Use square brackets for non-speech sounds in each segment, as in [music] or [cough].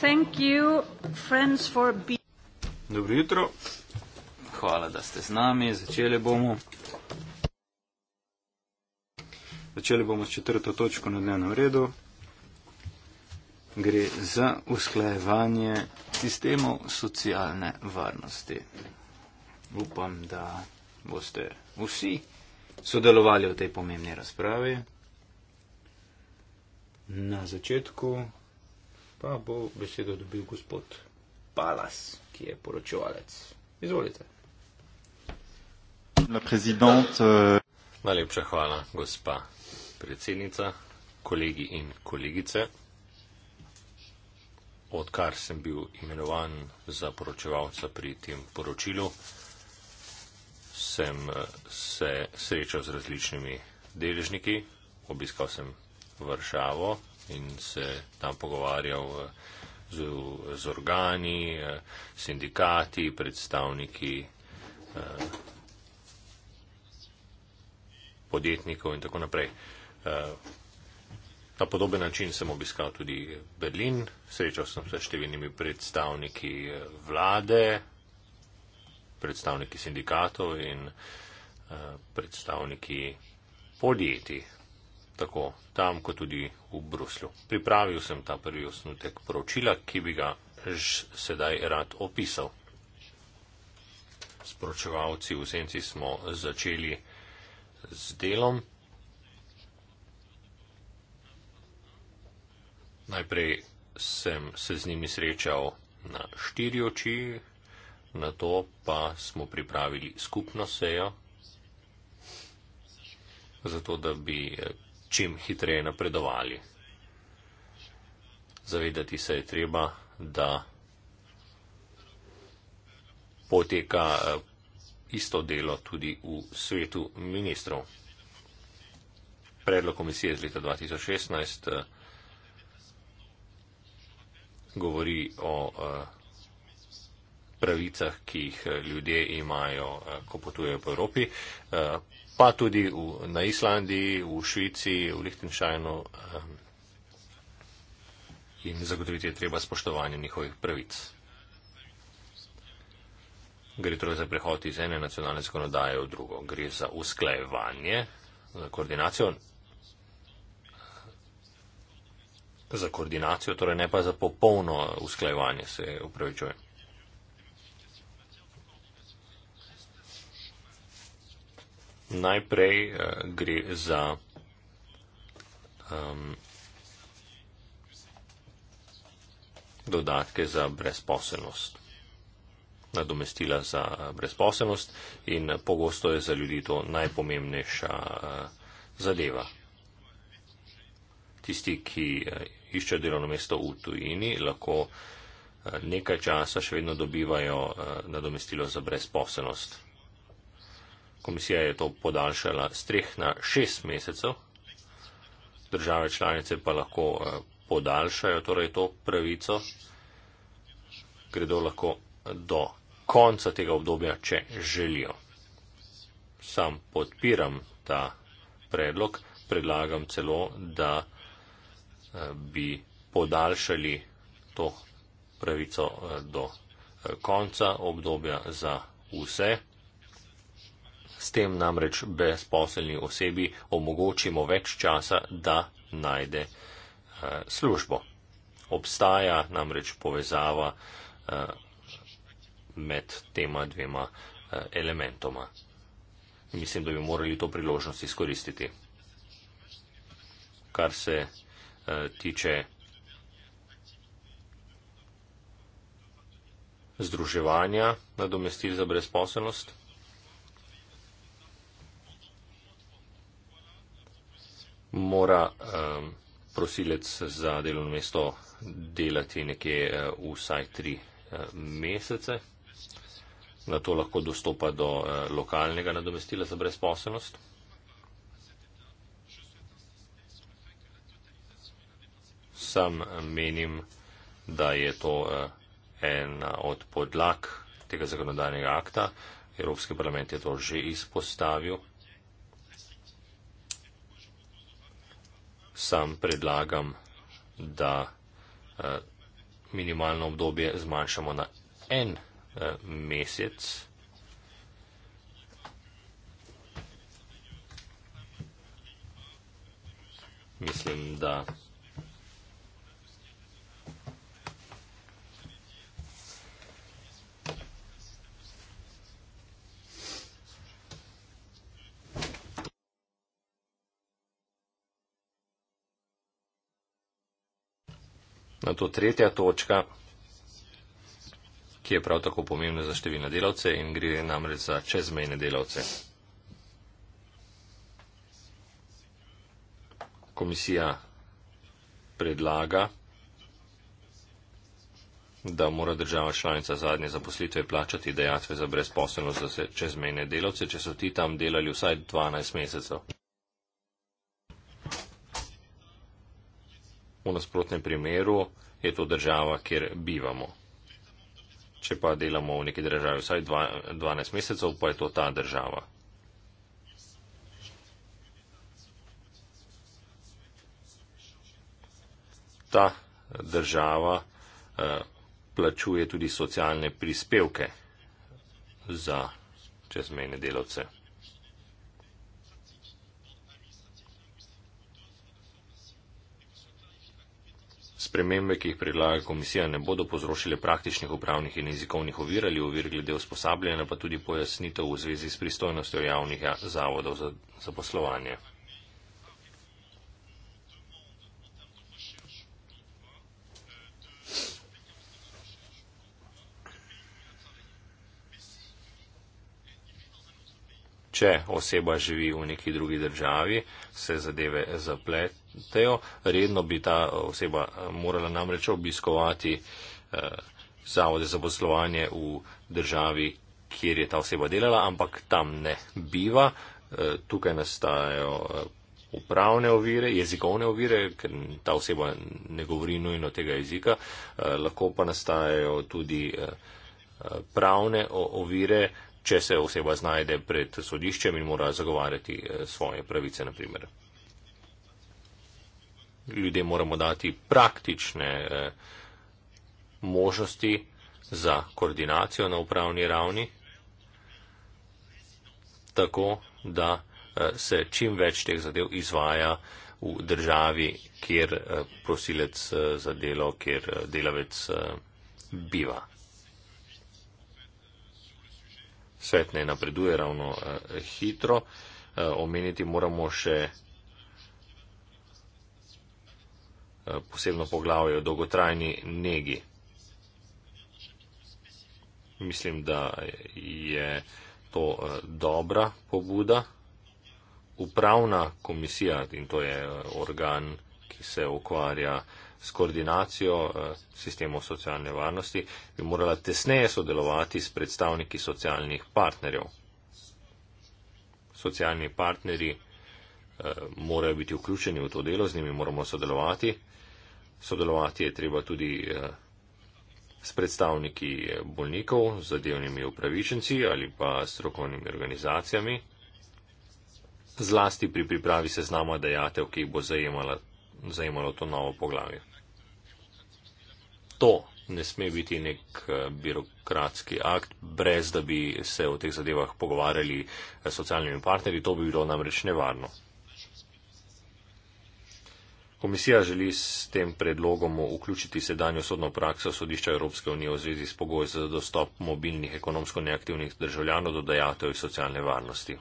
Thank you, friends, for Dobro jutro, hvala, da ste z nami. Začeli bomo, Začeli bomo s četrto točko na dnevnem redu. Gre za usklajevanje sistemov socialne varnosti. Upam, da boste vsi sodelovali v tej pomembni razpravi. Na začetku pa bo besedo dobil gospod Palas, ki je poročevalec. Izvolite. Euh, Najlepša hvala, gospa predsednica, kolegi in kolegice. Odkar sem bil imenovan za poročevalca pri tem poročilu, sem eh, se srečal z različnimi deležniki, obiskal sem Varšavo in se tam pogovarjal eh, z, z organi, eh, sindikati, predstavniki podjetnikov in tako naprej. Na podoben način sem obiskal tudi Berlin, srečal sem se s številnimi predstavniki vlade, predstavniki sindikatov in eh, predstavniki podjetij, tako tam kot tudi v Bruslju. Pripravil sem ta prvi osnutek poročila, ki bi ga sedaj rad opisal. Sporočevalci v senci smo začeli z delom. Najprej sem se z njimi srečal na štiri oči, na to pa smo pripravili skupno sejo, zato da bi eh, čim hitreje napredovali. Zavedati se je treba, da poteka eh, isto delo tudi v svetu ministrov. Predlog komisije iz leta 2016 eh, govori o pravicah, ki jih eh, ljudje imajo, eh, ko potujejo po Evropi, eh, pa tudi v, na Islandiji, v Švici, v Lichtenšajnu. In zagotoviti je treba spoštovanje njihovih pravic. Gre torej za prehod iz ene nacionalne zakonodaje v drugo. Gre za usklajevanje, za koordinacijo. Za koordinacijo, torej ne pa za popolno usklajevanje, se upravičujem. najprej uh, gre za um, dodatke za brezposelnost, nadomestila za eh, brezposelnost in eh, pogosto je za ljudi to najpomembnejša uh, zadeva. Tisti, ki uh, iščejo delovno mesto v tujini, lahko uh, nekaj časa še vedno dobivajo uh, nadomestilo za brezposelnost. Komisija je to podaljšala z treh na šest mesecev, države članice pa lahko eh, podaljšajo torej to pravico, gredo lahko do konca tega obdobja, če želijo. Sam podpiram ta predlog, predlagam celo, da eh, bi podaljšali to pravico eh, do konca obdobja za vse. S tem namreč brezposelni osebi omogočimo več časa, da najde eh, službo. Obstaja namreč povezava eh, med tema dvema eh, elementoma. Mislim, da bi morali to priložnost izkoristiti. Kar se eh, tiče združevanja nadomestil za brezposelnost. mora um, prosilec za delovno mesto delati nekje uh, vsaj tri uh, mesece. Na to lahko dostopa do uh, lokalnega nadomestila za brezposelnost. Sam menim, da je to uh, ena od podlag tega zakonodajnega akta. Evropski parlament je to že izpostavil. sam predlagam, da eh, minimalno obdobje zmanjšamo na en eh, mesec. Mislim, da Na to tretja točka, ki je prav tako pomembna za številne delavce in gre namreč za čezmejne delavce. Komisija predlaga, da mora država članica zadnje zaposlitve plačati dejatve za brezposelnost za čezmejne delavce, če so ti tam delali vsaj 12 mesecev. V nasprotnem primeru je to država, kjer bivamo. Če pa delamo v neki državi vsaj 12 mesecev, pa je to ta država. Ta država eh, plačuje tudi socialne prispevke za čezmejne delavce. Spremembe, ki jih predlaga komisija, ne bodo povzročile praktičnih upravnih in jezikovnih ovir ali ovir glede usposabljanja, pa tudi pojasnitev v zvezi s pristojnostjo javnih ja, zavodov za, za poslovanje. Če oseba živi v neki drugi državi, se zadeve zaplet, Tejo, redno bi ta oseba eh, morala namreč obiskovati eh, zavode za poslovanje v državi, kjer je ta oseba delala, ampak tam ne biva. Eh, tukaj nastajajo eh, upravne ovire, jezikovne ovire, ker ta oseba ne govori nujno tega jezika. Eh, lahko pa nastajajo tudi eh, eh pravne ovire, če se oseba znajde pred sodiščem in mora zagovarjati eh, svoje pravice, naprimer ljudem moramo dati praktične eh, možnosti za koordinacijo na upravni ravni, tako da eh, se čim več teh zadev izvaja v državi, kjer eh, prosilec za delo, kjer delavec biva. Svet ne napreduje ravno hitro. Omeniti moramo še Eh, posebno poglavje o dolgotrajni negi. Mislim, da je to eh, dobra pobuda. Upravna komisija, in to je eh, organ, ki se ukvarja s koordinacijo sistemov socialne varnosti, bi morala tesneje sodelovati s predstavniki socialnih partnerjev. Socialni partnerji morajo biti vključeni v to delo, z njimi moramo sodelovati sodelovati je treba tudi eh, s predstavniki eh, bolnikov, zadevnimi upravičenci ali pa strokovnimi organizacijami, zlasti pri pripravi seznama dejatev, ki jih bo zajemala, zajemalo to novo poglavje. To ne sme biti nek eh, birokratski akt, brez da bi se o teh zadevah pogovarjali s socialnimi partnerji, to bi bilo namreč nevarno. Komisija želi s tem predlogom vključiti sedanjo sodno prakso sodišča Evropske unije v zvezi s pogoji za dostop mobilnih ekonomsko neaktivnih državljanov do dajatev in socialne varnosti.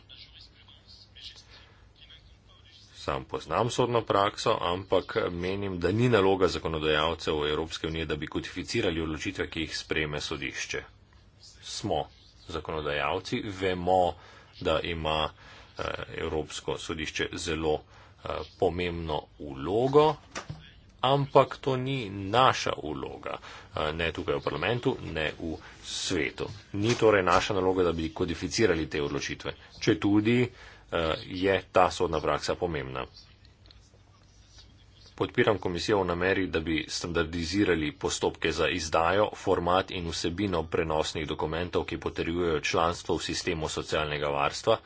Sam poznam sodno prakso, ampak menim, da ni naloga zakonodajalcev Evropske unije, da bi kodificirali odločitve, ki jih spreme sodišče. Smo zakonodajalci, vemo, da ima eh, Evropsko sodišče zelo pomembno vlogo, ampak to ni naša vloga, eh, ne tukaj v parlamentu, ne v svetu. Ni torej naša naloga, da bi kodificirali te odločitve, če tudi eh, je ta sodna praksa pomembna. Podpiram komisijo v nameri, da bi standardizirali postopke za izdajo, format in vsebino prenosnih dokumentov, ki potrjujejo članstvo v sistemu socialnega varstva,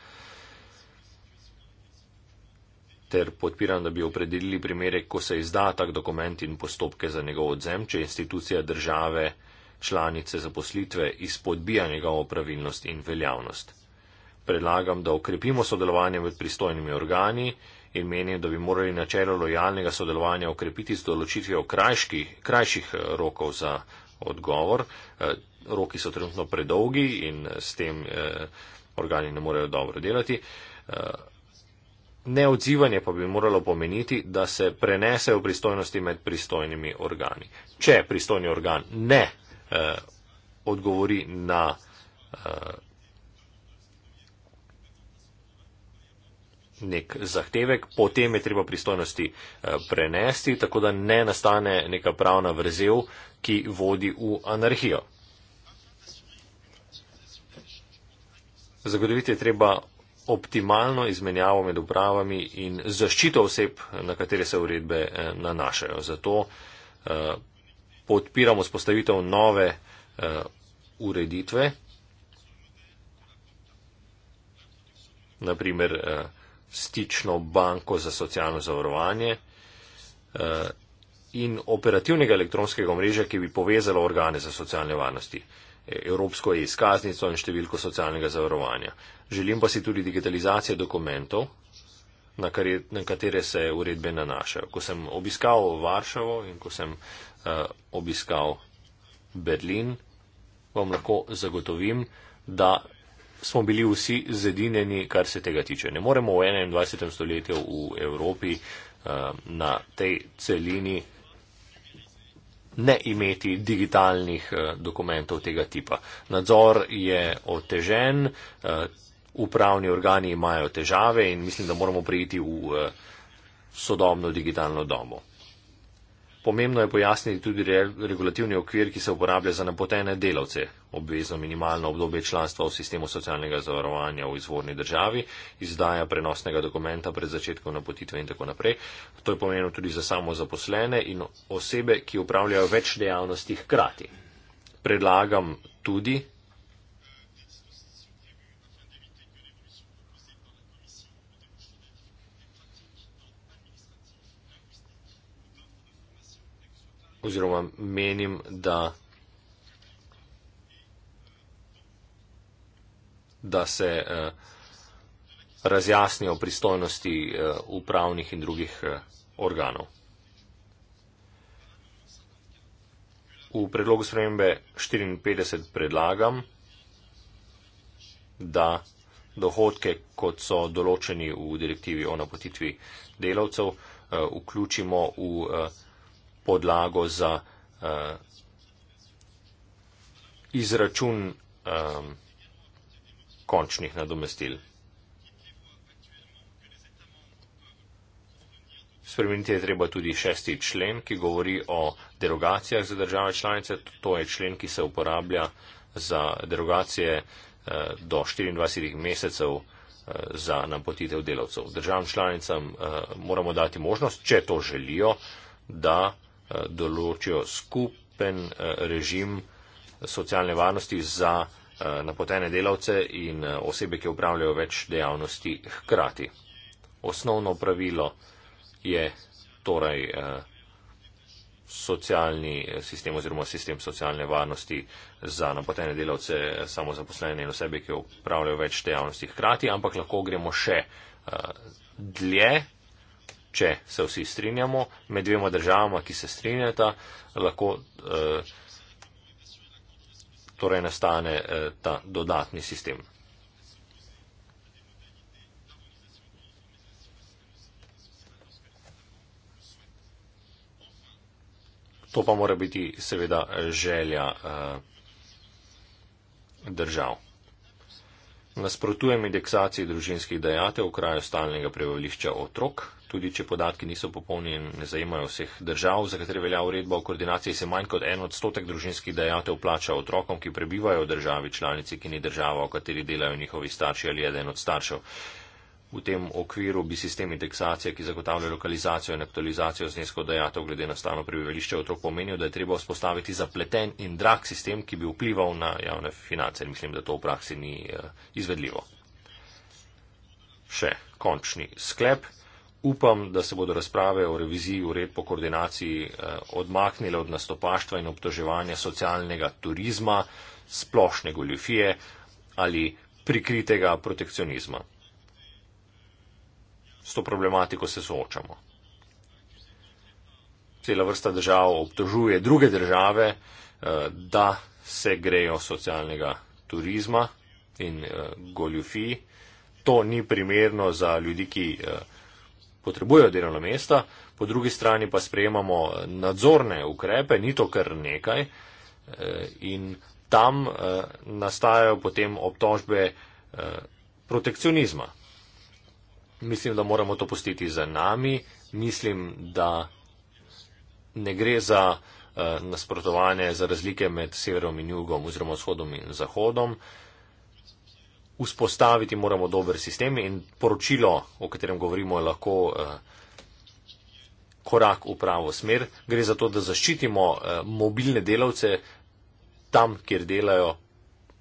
ter podpiram, da bi opredelili primere, ko se izda tak dokument in postopke za njegov odzem, če institucija države, članice zaposlitve izpodbija njegovo pravilnost in veljavnost. Predlagam, da okrepimo sodelovanje med pristojnimi organi in menim, da bi morali načelo lojalnega sodelovanja okrepiti z določitvijo krajških, krajših eh, rokov za odgovor. Eh, roki so trenutno predolgi in eh, s tem organi ne morejo dobro delati. Neodzivanje pa bi moralo pomeniti, da se prenesejo pristojnosti med pristojnimi organi. Če pristojni organ ne eh, odgovori na eh, nek zahtevek, potem je treba pristojnosti eh, prenesti, tako da ne nastane neka pravna vrzel, ki vodi v anarhijo. Zagotoviti je treba optimalno izmenjavo med upravami in zaščito oseb, na katere se uredbe eh, nanašajo. Zato eh, podpiramo spostavitev nove eh, ureditve, naprimer stično banko za socialno zavarovanje in operativnega elektronskega omrežja, ki bi povezalo organe za socialne varnosti evropsko izkaznico in številko socialnega zavarovanja. Želim pa si tudi digitalizacije dokumentov, na, kar je, na katere se uredbe nanašajo. Ko sem obiskal Varšavo in ko sem uh, obiskal Berlin, vam lahko zagotovim, da smo bili vsi zedineni, kar se tega tiče. Ne moremo v 21. stoletju v Evropi eh, na tej celini ne imeti digitalnih eh, dokumentov tega tipa. Nadzor je otežen, eh, upravni organi imajo težave in mislim, da moramo prijeti v eh, sodobno digitalno domo. Pomembno je pojasniti tudi regulativni okvir, ki se uporablja za napotene delavce, obvezno minimalno obdobje članstva v sistemu socialnega zavarovanja v izvorni državi, izdaja prenosnega dokumenta pred začetkom napotitve in tako naprej. To je pomenilo tudi za samo zaposlene in osebe, ki upravljajo več dejavnosti hkrati. Predlagam tudi, oziroma menim, da, da se eh, razjasnijo pristojnosti eh, upravnih in drugih eh, organov. V predlogu spremembe 54 predlagam, da dohodke, kot so določeni v direktivi o napotitvi delavcev, vključimo v podlago za uh, izračun um, končnih nadomestil. Spremeniti je treba tudi šesti člen, ki govori o derogacijah za države članice. To je člen, ki se uporablja za derogacije eh, do 24 mesecev eh, za napotitev delavcev. Državam članicam eh, moramo dati možnost, če to želijo, da Eh, določijo skupen eh, režim socialne varnosti za eh, napotene delavce in osebe, ki upravljajo več dejavnosti hkrati. Osnovno pravilo je torej socialni sistem oziroma sistem socialne varnosti za napotene delavce, samozaposlene in osebe, ki upravljajo več dejavnosti hkrati, ampak lahko gremo še dlje če se vsi strinjamo, med dvema državama, ki se strinjata, lahko eh, torej nastane eh, ta dodatni sistem. To pa mora biti seveda želja eh, držav. Nasprotujem indeksaciji družinskih dejatev v kraju stalnega prebivališča otrok, tudi če podatki niso popolni in ne zajemajo vseh držav, za katere velja uredba o koordinaciji, se manj kot en odstotek družinskih dejatev plača otrokom, ki prebivajo v državi članici, ki ni država, v kateri delajo njihovi starši ali eden od staršev. V tem okviru bi sistem indeksacije, ki zagotavlja lokalizacijo in aktualizacijo zneskov dejatev glede na stano prebivališče otrok, pomenil, da je treba vzpostaviti zapleten in drag sistem, ki bi vplival na javne finance. Mislim, da to v praksi ni eh, izvedljivo. Še končni sklep upam, da se bodo razprave o reviziji ured po koordinaciji eh, odmaknile od nastopaštva in obtoževanja socialnega turizma, splošne goljufije ali prikritega protekcionizma. S to problematiko se soočamo. Cela vrsta držav obtožuje druge države, eh, da se grejo socialnega turizma in eh, goljufiji. To ni primerno za ljudi, ki potrebujejo delovna mesta, po drugi strani pa sprejemamo nadzorne ukrepe, ni to kar nekaj eh, in tam eh, nastajajo potem obtožbe eh, protekcionizma. Mislim, da moramo to postiti za nami, mislim, da ne gre za nasprotovanje, za razlike med severom in jugom oziroma vzhodom in zahodom vzpostaviti moramo dober sistem in poročilo, o katerem govorimo, je lahko eh, korak v pravo smer. Gre za to, da zaščitimo eh, mobilne delavce tam, kjer delajo,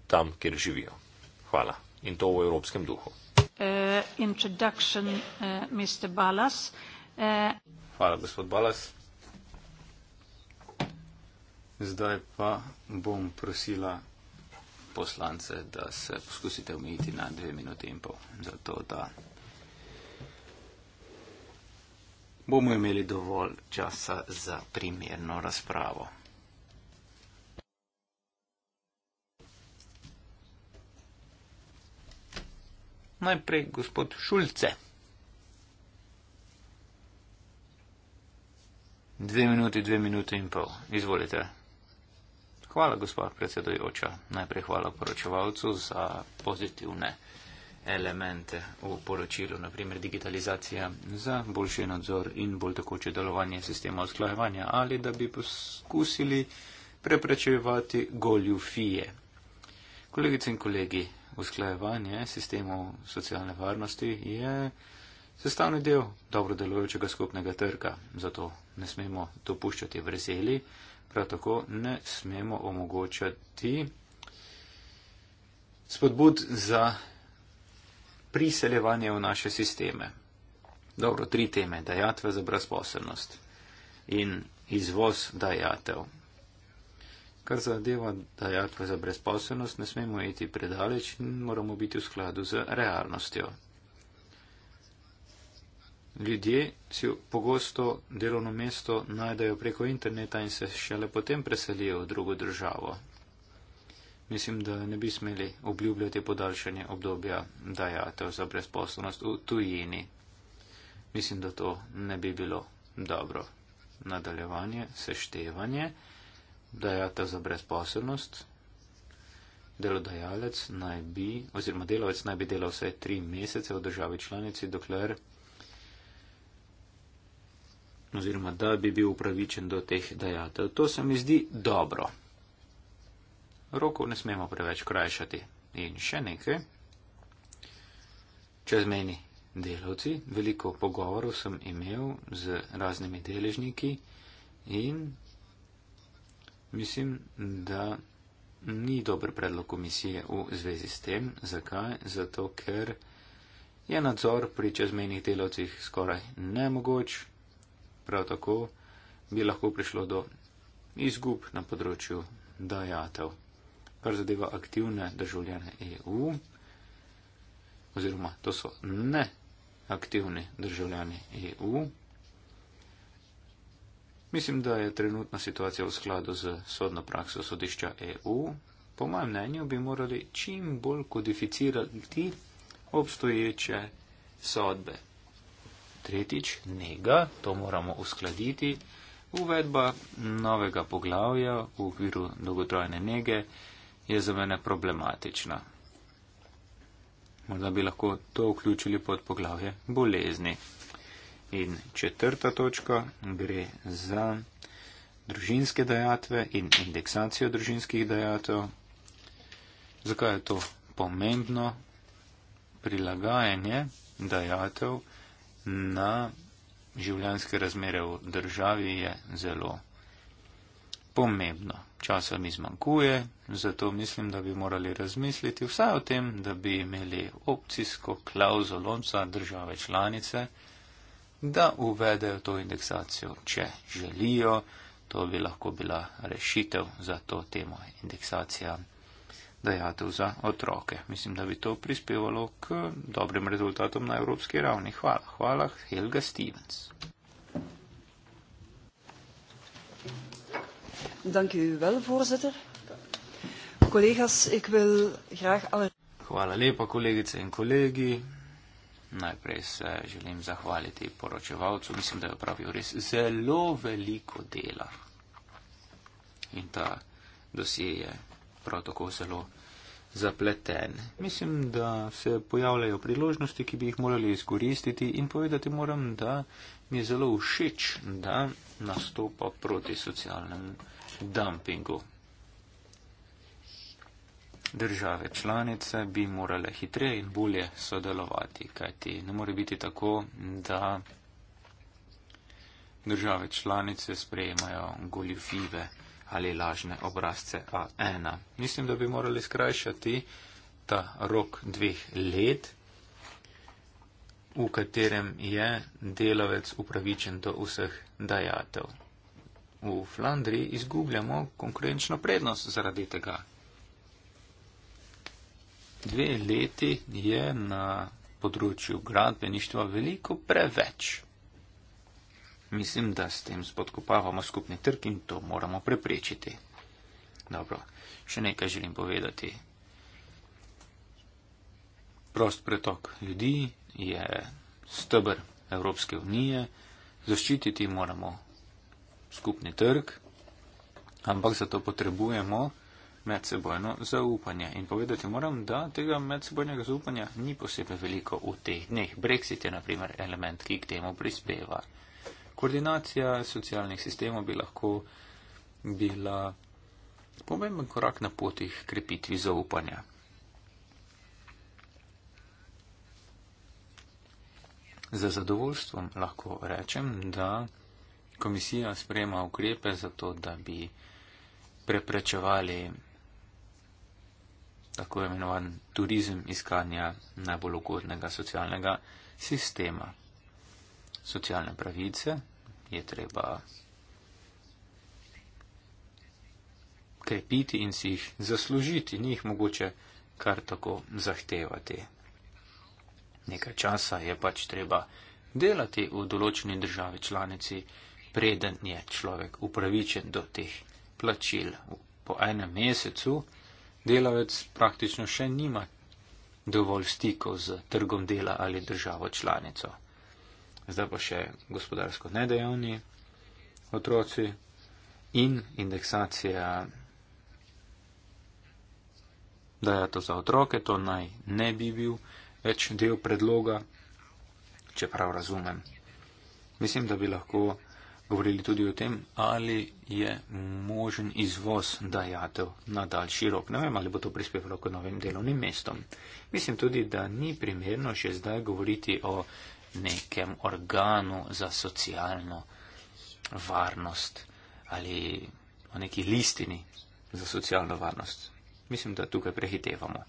tam, kjer živijo. Hvala. In to v evropskem duhu. Uh, Hvala, gospod Balas. Zdaj pa bom prosila poslance, da se poskusite umiti na dve minuti in pol, zato da bomo imeli dovolj časa za primerno razpravo. Najprej gospod Šulce. Dve minuti, dve minuti in pol. Izvolite. Hvala, gospod predsedojoča. Najprej hvala poročevalcu za pozitivne elemente v poročilu, naprimer digitalizacija za boljši nadzor in bolj takoče delovanje sistema usklajevanja ali da bi poskusili preprečevati goljufije. Kolegice in kolegi, usklajevanje sistemov socialne varnosti je sestavni del dobro delujočega skupnega trga, zato ne smemo dopuščati vrzeli. Prav tako ne smemo omogočati spodbud za priseljevanje v naše sisteme. Dobro, tri teme. Dajatve za brezposobnost in izvoz dajatev. Kar zadeva dajatve za brezposobnost, ne smemo iti predaleč in moramo biti v skladu z realnostjo ljudje si pogosto delovno mesto najdejo preko interneta in se šele potem preselijo v drugo državo. Mislim, da ne bi smeli obljubljati podaljšanje obdobja dajatev za brezposobnost v tujini. Mislim, da to ne bi bilo dobro. Nadaljevanje, seštevanje, dajatev za brezposobnost. Delodajalec naj bi, oziroma delavec naj bi delal vse tri mesece v državi članici, dokler oziroma da bi bil upravičen do teh dajatev. To se mi zdi dobro. Rokov ne smemo preveč krajšati. In še nekaj. Čezmeni delavci, veliko pogovorov sem imel z raznimi deležniki in mislim, da ni dober predlog komisije v zvezi s tem. Zakaj? Zato, ker je nadzor pri čezmenih delavcih skoraj nemogoč, prav tako bi lahko prišlo do izgub na področju dajatev. Kar zadeva aktivne državljane EU, oziroma to so neaktivni državljani EU, mislim, da je trenutna situacija v skladu z sodno prakso sodišča EU. Po mojem mnenju bi morali čim bolj kodificirati obstoječe sodbe. Tretjič, nega, to moramo uskladiti. Uvedba novega poglavja v okviru dolgotrajne nege je za mene problematična. Morda bi lahko to vključili pod poglavje bolezni. In četrta točka gre za družinske dejatve in indeksacijo družinskih dejatev. Zakaj je to pomembno? Prilagajanje dejatev na življenske razmere v državi je zelo pomembno. Časa mi zmanjkuje, zato mislim, da bi morali razmisliti vsaj o tem, da bi imeli opcijsko klauzulonca države članice, da uvedejo to indeksacijo, če želijo. To bi lahko bila rešitev za to temo indeksacija dajatev za otroke. Mislim, da bi to prispevalo k dobrim rezultatom na evropski ravni. Hvala. Hvala, Helga Stevens. Dank u wel, voorzitter. Collega's, ik wil graag alle. Hvala lepa, kolegice in kolegi. Najprej se želim zahvaliti poročevalcu. Mislim, da je opravil res zelo veliko dela. In ta dosje je prav tako zelo zapleten. Mislim, da se pojavljajo priložnosti, ki bi jih morali izkoristiti in povedati moram, da mi je zelo všeč, da nastopa proti socialnemu dumpingu. Države članice bi morale hitreje in bolje sodelovati, kajti ne more biti tako, da države članice sprejemajo goljufive ali lažne obrazce A1. Mislim, da bi morali skrajšati ta rok dveh let, v katerem je delavec upravičen do vseh dajatev. V Flandriji izgubljamo konkurenčno prednost zaradi tega. Dve leti je na področju gradbeništva veliko preveč. Mislim, da s tem spodkopavamo skupni trg in to moramo preprečiti. Dobro, še nekaj želim povedati. Prost pretok ljudi je stebr Evropske unije, zaščititi moramo skupni trg, ampak zato potrebujemo medsebojno zaupanje. In povedati moram, da tega medsebojnega zaupanja ni posebej veliko v teh dneh. Brexit je naprimer element, ki k temu prispeva koordinacija socialnih sistemov bi lahko bila pomemben korak na poti k krepitvi zaupanja. Za zadovoljstvom lahko rečem, da komisija sprema ukrepe za to, da bi preprečevali tako imenovan turizem iskanja najbolj ugodnega socialnega sistema socialne pravice, je treba krepiti in si jih zaslužiti, ni jih mogoče kar tako zahtevati. Nekaj časa je pač treba delati v določeni državi članici, preden je človek upravičen do teh plačil. Po enem mesecu delavec praktično še nima dovolj stikov z trgom dela ali državo članico zdaj pa še gospodarsko nedejavni otroci in indeksacija daja to za otroke, to naj ne bi bil več del predloga, čeprav razumem. Mislim, da bi lahko govorili tudi o tem, ali je možen izvoz dajatev na daljši rok. Ne vem, ali bo to prispevalo k novim delovnim mestom. Mislim tudi, da ni primerno še zdaj govoriti o nekem organu za socialno varnost ali o neki listini za socialno varnost. Mislim, da tukaj prehitevamo.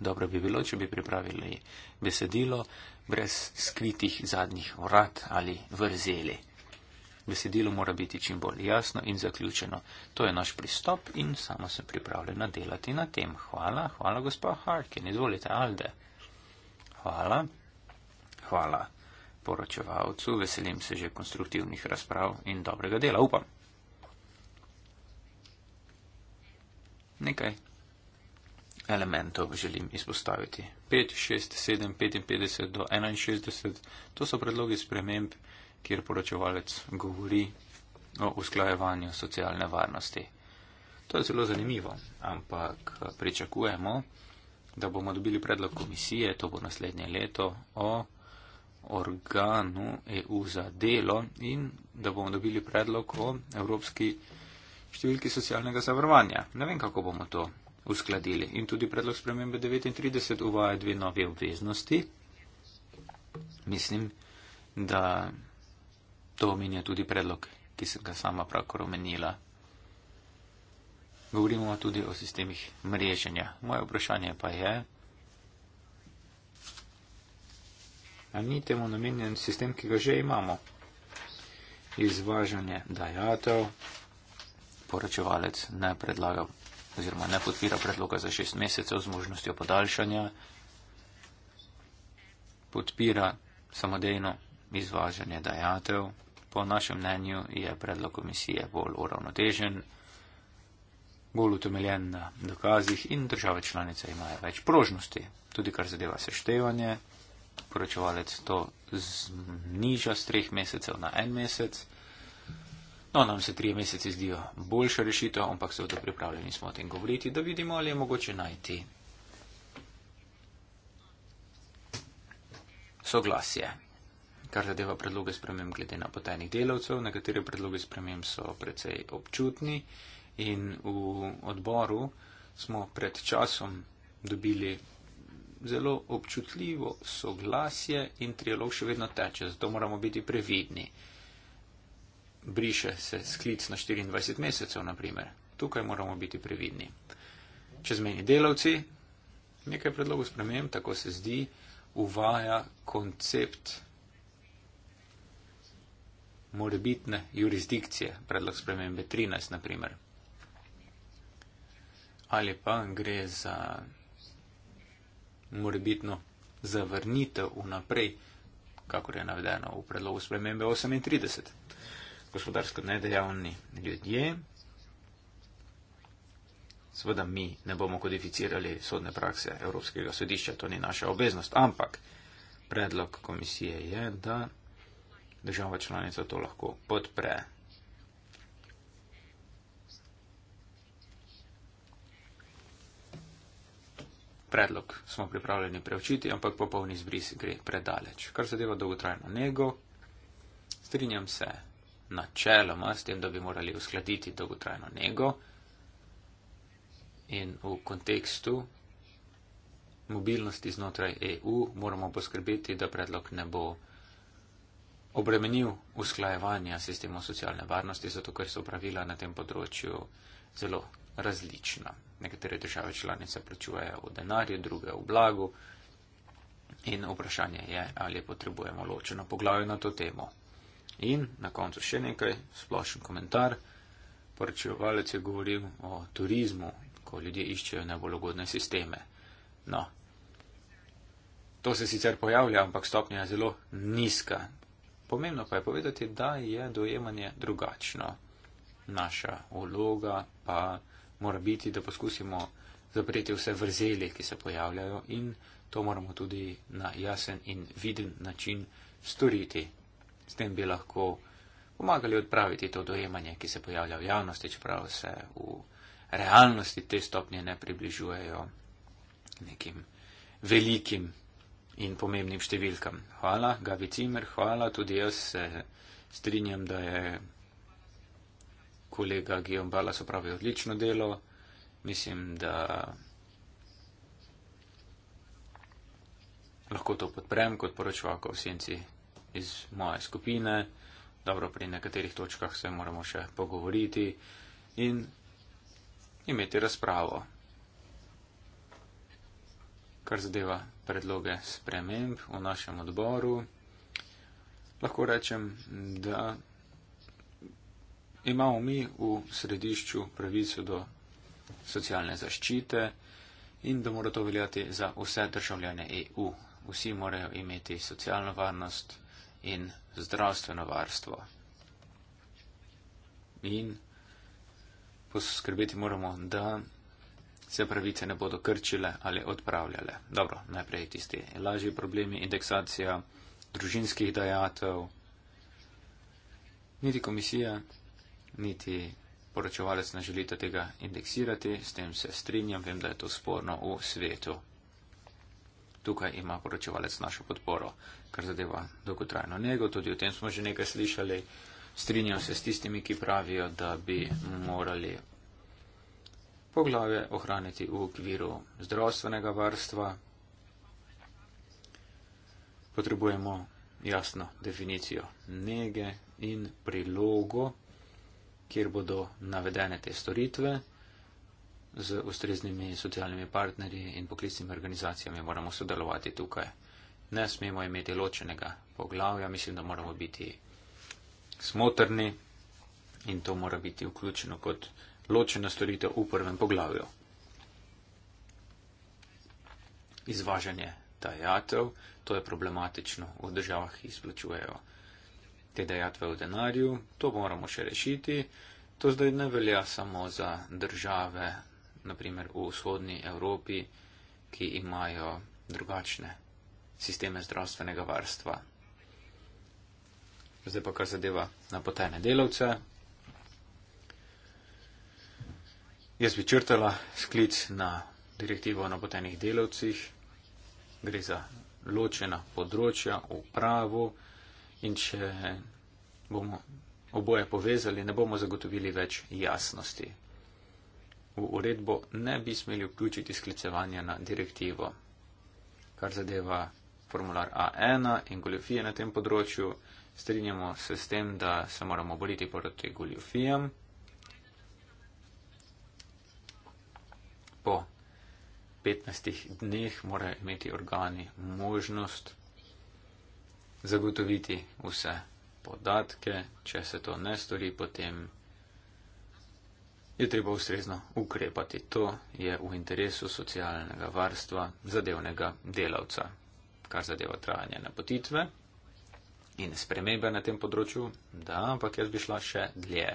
Dobro bi bilo, če bi pripravili besedilo brez skritih zadnjih vrat ali vrzeli. Besedilo mora biti čim bolj jasno in zaključeno. To je naš pristop in samo sem pripravljena delati na tem. Hvala, hvala gospod Harkin, izvolite Alde. Hvala hvala poročevalcu, veselim se že konstruktivnih razprav in dobrega dela, upam. Nekaj elementov želim izpostaviti. 5, 6, 7, 55 do 61, to so predlogi sprememb, kjer poročevalec govori o usklajevanju socialne varnosti. To je zelo zanimivo, ampak pričakujemo, da bomo dobili predlog komisije, to bo naslednje leto, o organu EU za delo in da bomo dobili predlog o evropski številki socialnega zavarovanja. Ne vem, kako bomo to uskladili. In tudi predlog spremembe 39 uvaja dve nove obveznosti. Mislim, da to omenja tudi predlog, ki sem ga sama pravkar omenila. Govorimo tudi o sistemih mreženja. Moje vprašanje pa je, A ni temu namenjen sistem, ki ga že imamo? Izvažanje dajatev, poročevalec ne predlaga oziroma ne podpira predloga za šest mesecev z možnostjo podaljšanja, podpira samodejno izvažanje dajatev. Po našem mnenju je predlog komisije bolj uravnotežen, bolj utemeljen na dokazih in države članice imajo več prožnosti, tudi kar zadeva seštevanje poročevalec to zniža z treh mesecev na en mesec. No, nam se tri mesece zdijo boljša rešitev, ampak seveda pripravljeni smo o tem govoriti, da vidimo, ali je mogoče najti soglasje. Kar zadeva predloge spremem glede na potajnih delavcev, nekateri predloge spremem so precej občutni in v odboru smo pred časom dobili zelo občutljivo soglasje in trialog še vedno teče, zato moramo biti previdni. Briše se sklic na 24 mesecev, naprimer. Tukaj moramo biti previdni. Čezmeni delavci, nekaj predlogov spremem, tako se zdi, uvaja koncept morebitne jurisdikcije, predlog spremembe 13, naprimer. Ali pa gre za morbitno zavrnitev vnaprej, kako je navedeno v predlogu spremembe 38. Gospodarsko nedejavni ljudje, seveda mi ne bomo kodificirali sodne prakse Evropskega sodišča, to ni naša obveznost, ampak predlog komisije je, da država članica to lahko podpre. predlog smo pripravljeni preučiti, ampak popolni izbris gre predaleč. Kar zadeva dolgotrajno nego, strinjam se načeloma s tem, da bi morali uskladiti dolgotrajno nego in v kontekstu mobilnosti znotraj EU moramo poskrbeti, da predlog ne bo obremenil usklajevanja sistemov socialne varnosti, zato ker so pravila na tem področju zelo različna. Nekatere države članice plačujejo v denarju, druge v blagu. In vprašanje je, ali potrebujemo ločeno poglavje na to temo. In na koncu še nekaj, splošen komentar. Poročevalec je govoril o turizmu, ko ljudje iščejo najbolj ugodne sisteme. No, to se sicer pojavlja, ampak stopnja je zelo nizka. Pomembno pa je povedati, da je dojemanje drugačno. Naša vloga pa je mora biti, da poskusimo zapreti vse vrzeli, ki se pojavljajo in to moramo tudi na jasen in viden način storiti. S tem bi lahko pomagali odpraviti to dojemanje, ki se pojavlja v javnosti, čeprav se v realnosti te stopnje ne približujejo nekim velikim in pomembnim številkam. Hvala, Gavi Cimer, hvala, tudi jaz se strinjam, da je kolega Giambala so pravi odlično delo. Mislim, da lahko to podprem kot poročvalko v senci iz moje skupine. Dobro, pri nekaterih točkah se moramo še pogovoriti in imeti razpravo. Kar zadeva predloge sprememb v našem odboru, lahko rečem, da imamo mi v središču pravico do socialne zaščite in da mora to veljati za vse državljane EU. Vsi morajo imeti socialno varnost in zdravstveno varstvo. In poskrbeti moramo, da se pravice ne bodo krčile ali odpravljale. Dobro, najprej tisti lažji problemi, indeksacija družinskih dajatev. Niti komisija niti poročevalec ne želi tega indeksirati, s tem se strinjam, vem, da je to sporno v svetu. Tukaj ima poročevalec našo podporo, kar zadeva dolgotrajno nego, tudi o tem smo že nekaj slišali. Strinjam se s tistimi, ki pravijo, da bi morali poglave ohraniti v okviru zdravstvenega varstva. Potrebujemo jasno definicijo nege in prilogo, kjer bodo navedene te storitve z ustreznimi socialnimi partnerji in poklicnimi organizacijami. Moramo sodelovati tukaj. Ne smemo imeti ločenega poglavja, mislim, da moramo biti smotrni in to mora biti vključeno kot ločena storitev v prvem poglavju. Izvažanje tajatev, to je problematično v državah, ki izplačujejo bankarske dejatve v denarju, to moramo še rešiti. To zdaj ne velja samo za države, naprimer v vzhodni Evropi, ki imajo drugačne sisteme zdravstvenega varstva. Zdaj pa kar zadeva napotene delavce. Jaz bi črtala sklic na direktivo o napotenih delavcih. Gre za ločena področja v pravu. In če bomo oboje povezali, ne bomo zagotovili več jasnosti. V uredbo ne bi smeli vključiti sklicevanja na direktivo, kar zadeva formular A1 in goljofije na tem področju. Strinjamo se s tem, da se moramo boriti proti goljofijam. Po 15 dneh morajo imeti organi možnost zagotoviti vse podatke, če se to ne stori, potem je treba ustrezno ukrepati. To je v interesu socialnega varstva zadevnega delavca, kar zadeva trajanje napotitve in spremembe na tem področju, da, ampak jaz bi šla še dlje.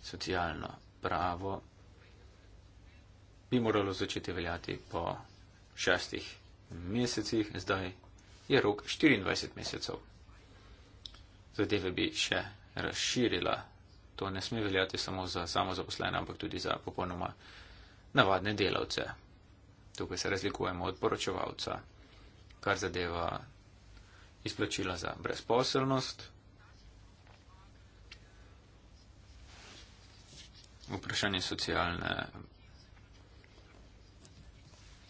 Socialno pravo bi moralo začeti veljati po šestih mesecih, zdaj je rok 24 mesecev. Zadeve bi še razširila. To ne sme veljati samo za samozaposlene, ampak tudi za popolnoma navadne delavce. Tukaj se razlikujemo od poročevalca, kar zadeva izplačila za brezposelnost. Vprašanje socialne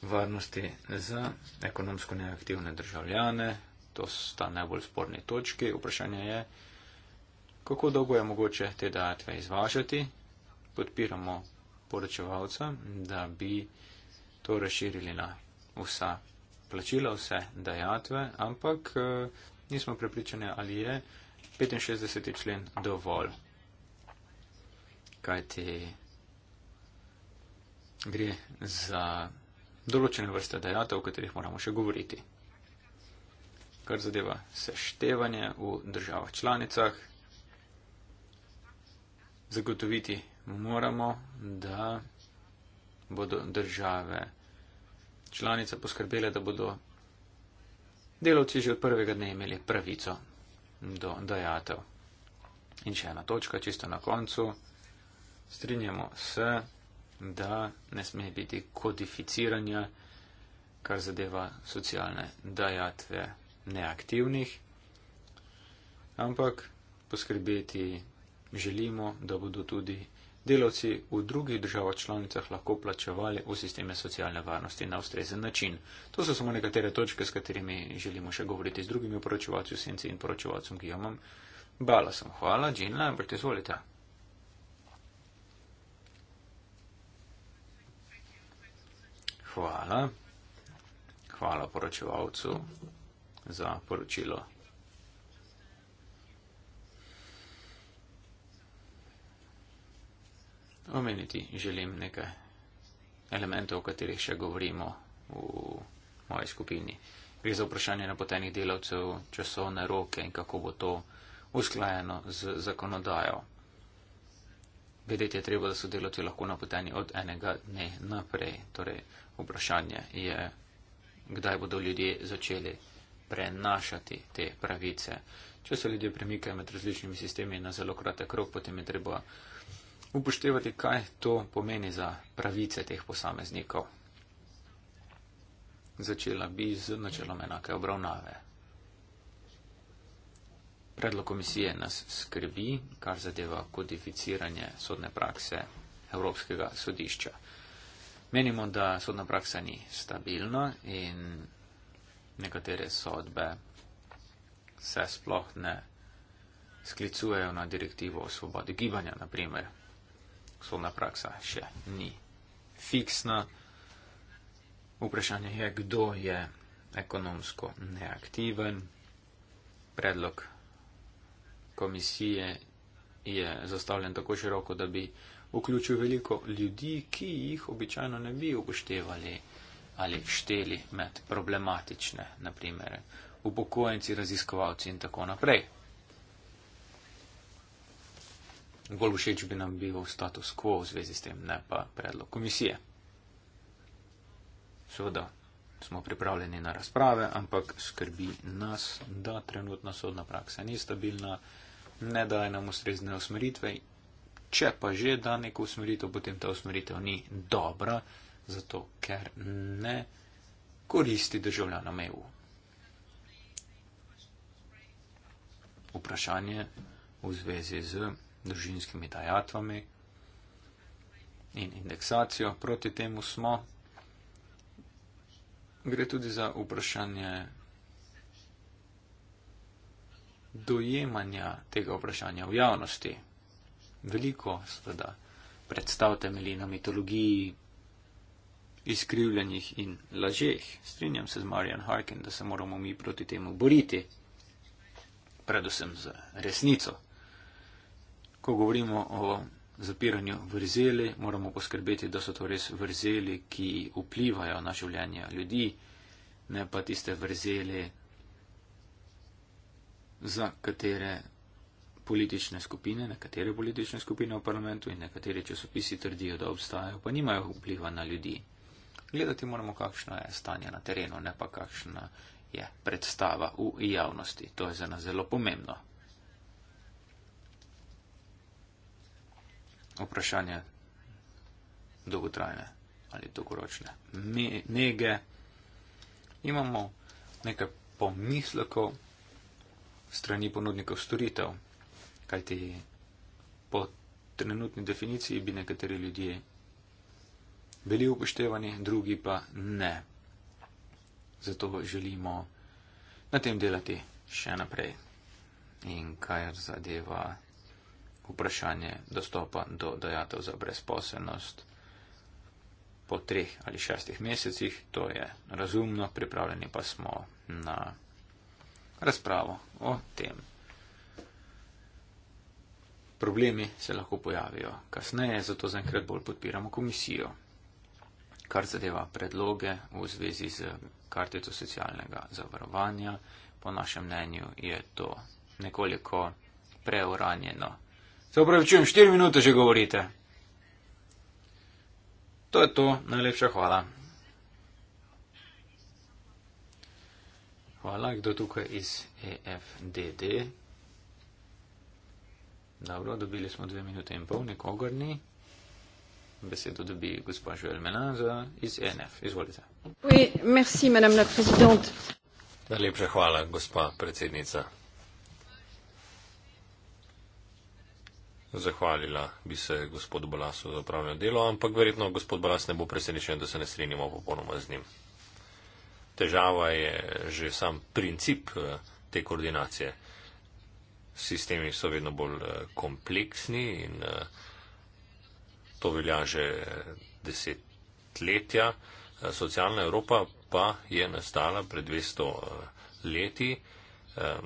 varnosti za ekonomsko neaktivne državljane. To sta najbolj sporni točki. Vprašanje je, kako dolgo je mogoče te dajatve izvažati. Podpiramo poročevalca, da bi to razširili na vsa plačila, vse dajatve, ampak eh, nismo prepričani, ali je 65. člen dovolj. Kaj ti gre za določene vrste dejatev, o katerih moramo še govoriti. Kar zadeva seštevanje v državah članicah, zagotoviti moramo, da bodo države članice poskrbele, da bodo delavci že od prvega dne imeli pravico do dajatev. In še ena točka, čisto na koncu. Strinjamo se, da ne sme biti kodificiranja, kar zadeva socialne dajatve neaktivnih, ampak poskrbeti želimo, da bodo tudi delavci v drugih državah članicah lahko plačevali v sisteme socialne varnosti na ustrezen način. To so samo nekatere točke, s katerimi želimo še govoriti z drugimi poročevalci v senci in poročevalcem Gijomom. Bala sem, hvala, Džinla, brte, izvolite. Hvala. Hvala poročevalcu za poročilo. Omeniti želim nekaj elementov, o katerih še govorimo v moji skupini. Gre za vprašanje napotenih delavcev, časovne roke in kako bo to usklajeno z zakonodajo. Vedeti je treba, da so delavci lahko napoteni od enega dne naprej. Torej, vprašanje je, kdaj bodo ljudje začeli prenašati te pravice. Če se ljudje premikajo med različnimi sistemi na zelo kratek rok, potem je treba upoštevati, kaj to pomeni za pravice teh posameznikov. Začela bi z načelom enake obravnave. Predlog komisije nas skrbi, kar zadeva kodificiranje sodne prakse Evropskega sodišča. Menimo, da sodna praksa ni stabilna in nekatere sodbe se sploh ne sklicujejo na direktivo o svobodi gibanja, naprimer. Sodna praksa še ni fiksna. Vprašanje je, kdo je ekonomsko neaktiven. Predlog komisije je zastavljen tako široko, da bi vključil veliko ljudi, ki jih običajno ne bi upoštevali ali šteli med problematične, naprimer upokojenci, raziskovalci in tako naprej. Bolj všeč bi nam bil status quo v zvezi s tem, ne pa predlog komisije. Seveda smo pripravljeni na razprave, ampak skrbi nas, da trenutna sodna praksa ni stabilna, ne daje nam ustrezne usmeritve če pa že da neko usmeritev, potem ta usmeritev ni dobra, zato ker ne koristi državljanom EU. Vprašanje v zvezi z družinskimi dajatvami in indeksacijo proti temu smo. Gre tudi za vprašanje dojemanja tega vprašanja v javnosti veliko, seveda, predstav temelji na mitologiji, izkrivljenih in lažeh. Strinjam se z Marian Harkin, da se moramo mi proti temu boriti, predvsem z resnico. Ko govorimo o zapiranju vrzeli, moramo poskrbeti, da so to res vrzeli, ki vplivajo na življenje ljudi, ne pa tiste vrzeli, za katere politične skupine, nekatere politične skupine v parlamentu in nekateri časopisi trdijo, da obstajajo, pa nimajo vpliva na ljudi. Gledati moramo, kakšno je stanje na terenu, ne pa kakšna je predstava v javnosti. To je za nas zelo pomembno. Vprašanje dolgotrajne ali dolgoročne nege. Imamo nekaj pomislekov strani ponudnikov storitev kajti po trenutni definiciji bi nekateri ljudje bili upoštevani, drugi pa ne. Zato želimo na tem delati še naprej. In kar zadeva vprašanje dostopa do dajatev za brezposelnost po treh ali šestih mesecih, to je razumno, pripravljeni pa smo na razpravo o tem problemi se lahko pojavijo kasneje, zato zaenkrat bolj podpiramo komisijo, kar zadeva predloge v zvezi z kartico socialnega zavarovanja. Po našem mnenju je to nekoliko preuranjeno. Se upravičujem, 4 minute že govorite. To je to, najlepša hvala. Hvala, kdo tukaj iz EFDD. Dobro, dobili smo dve minute in pol, nikogor ni. Besedo dobi gospod Žuel Menaza iz ENF. Izvolite. Oui, merci, madame la présidente. Najlepša hvala, gospa predsednica. Zahvalila bi se gospodu Balasu za upravljeno delo, ampak verjetno gospod Balas ne bo presenečen, da se ne strinjamo popolnoma z njim. Težava je že sam princip eh, te koordinacije sistemi so vedno bolj eh, kompleksni in eh, to velja že desetletja. Eh, socialna Evropa pa je nastala pred 200 leti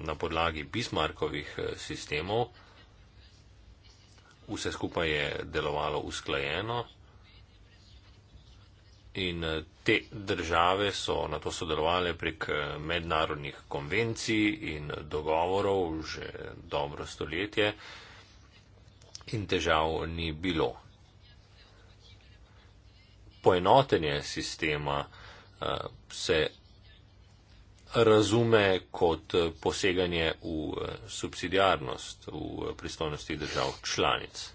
na podlagi Bismarckovih sistemov. Vse skupaj je delovalo usklajeno. In eh, te države so na to sodelovali prek eh, mednarodnih konvencij in dogovorov že dobro stoletje in težav ni bilo. Poenotenje sistema eh, se razume kot poseganje v subsidiarnost v pristojnosti držav članic.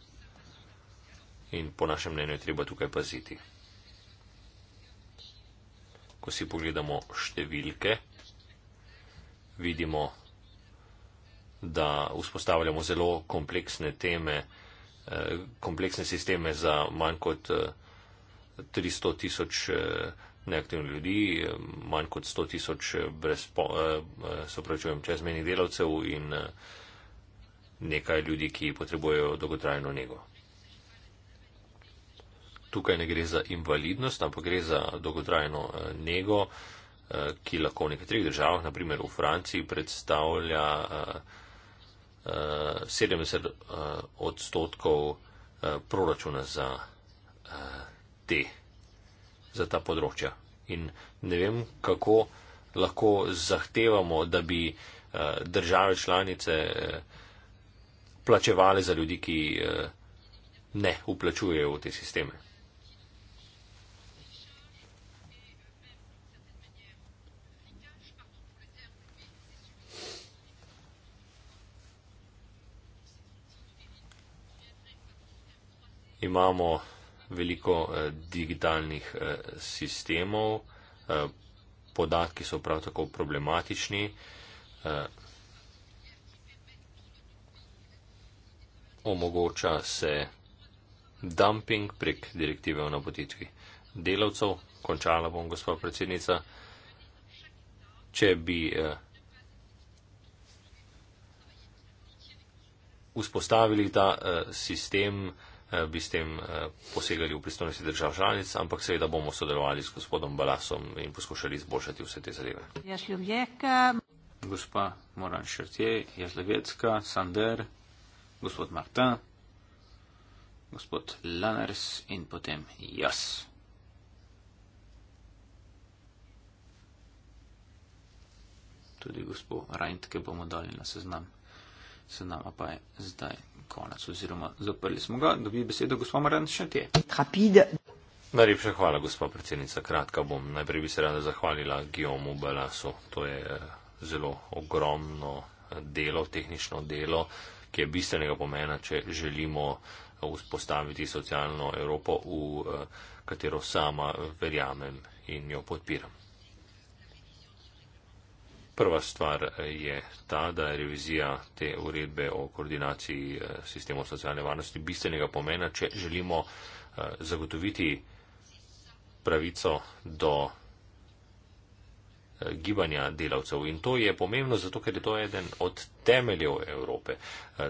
In po našem mnenju je treba tukaj paziti ko si pogledamo številke, vidimo, da vzpostavljamo zelo kompleksne teme, eh, kompleksne sisteme za manj kot 300 eh, tisoč eh, neaktivnih ljudi, manj kot 100 tisoč brezpravčujem čezmenih delavcev in nekaj ljudi, ki potrebujejo dolgotrajno njego tukaj ne gre za invalidnost, ampak gre za dolgotrajno eh, nego, eh, ki lahko v nekaterih državah, naprimer v Franciji, predstavlja 70 eh, odstotkov proračuna za, te, za ta področja. In ne vem, kako lahko zahtevamo, da bi države članice plačevali za ljudi, ki ne uplačujejo v te sisteme. imamo veliko eh, digitalnih eh, sistemov, eh, podatki so prav tako problematični. Omogoča se dumping prek direktive o napotitvi delavcev. Končala bom, gospod predsednica. Če bi uh, vzpostavili ta uh, sistem, uh, Eh, bi s tem eh, posegali v pristojnosti držav članic, ampak seveda bomo sodelovali s gospodom Balasom in poskušali izboljšati vse te zadeve. Gospa Moran Šrtje, Jazlevecka, Sander, gospod Marta, gospod Lanners in potem jaz. Tudi gospod Rajntke bomo dali na seznam se nama pa je zdaj konec oziroma zaprli smo ga. Dobi besedo gospod Maran Šantje. Najlepša hvala, gospa predsednica. Kratka bom. Najprej bi se rada zahvalila Gijomu Balasu. To je eh, zelo ogromno eh, delo, tehnično delo, ki je bistvenega pomena, če želimo eh, vzpostaviti socialno Evropo, v katero sama verjamem in jo podpiram prva stvar je ta, da je revizija te uredbe o koordinaciji eh, sistemov socialne varnosti bistvenega pomena, če želimo eh, zagotoviti pravico do eh, gibanja delavcev. In to je pomembno, zato ker je to eden od temeljev Evrope.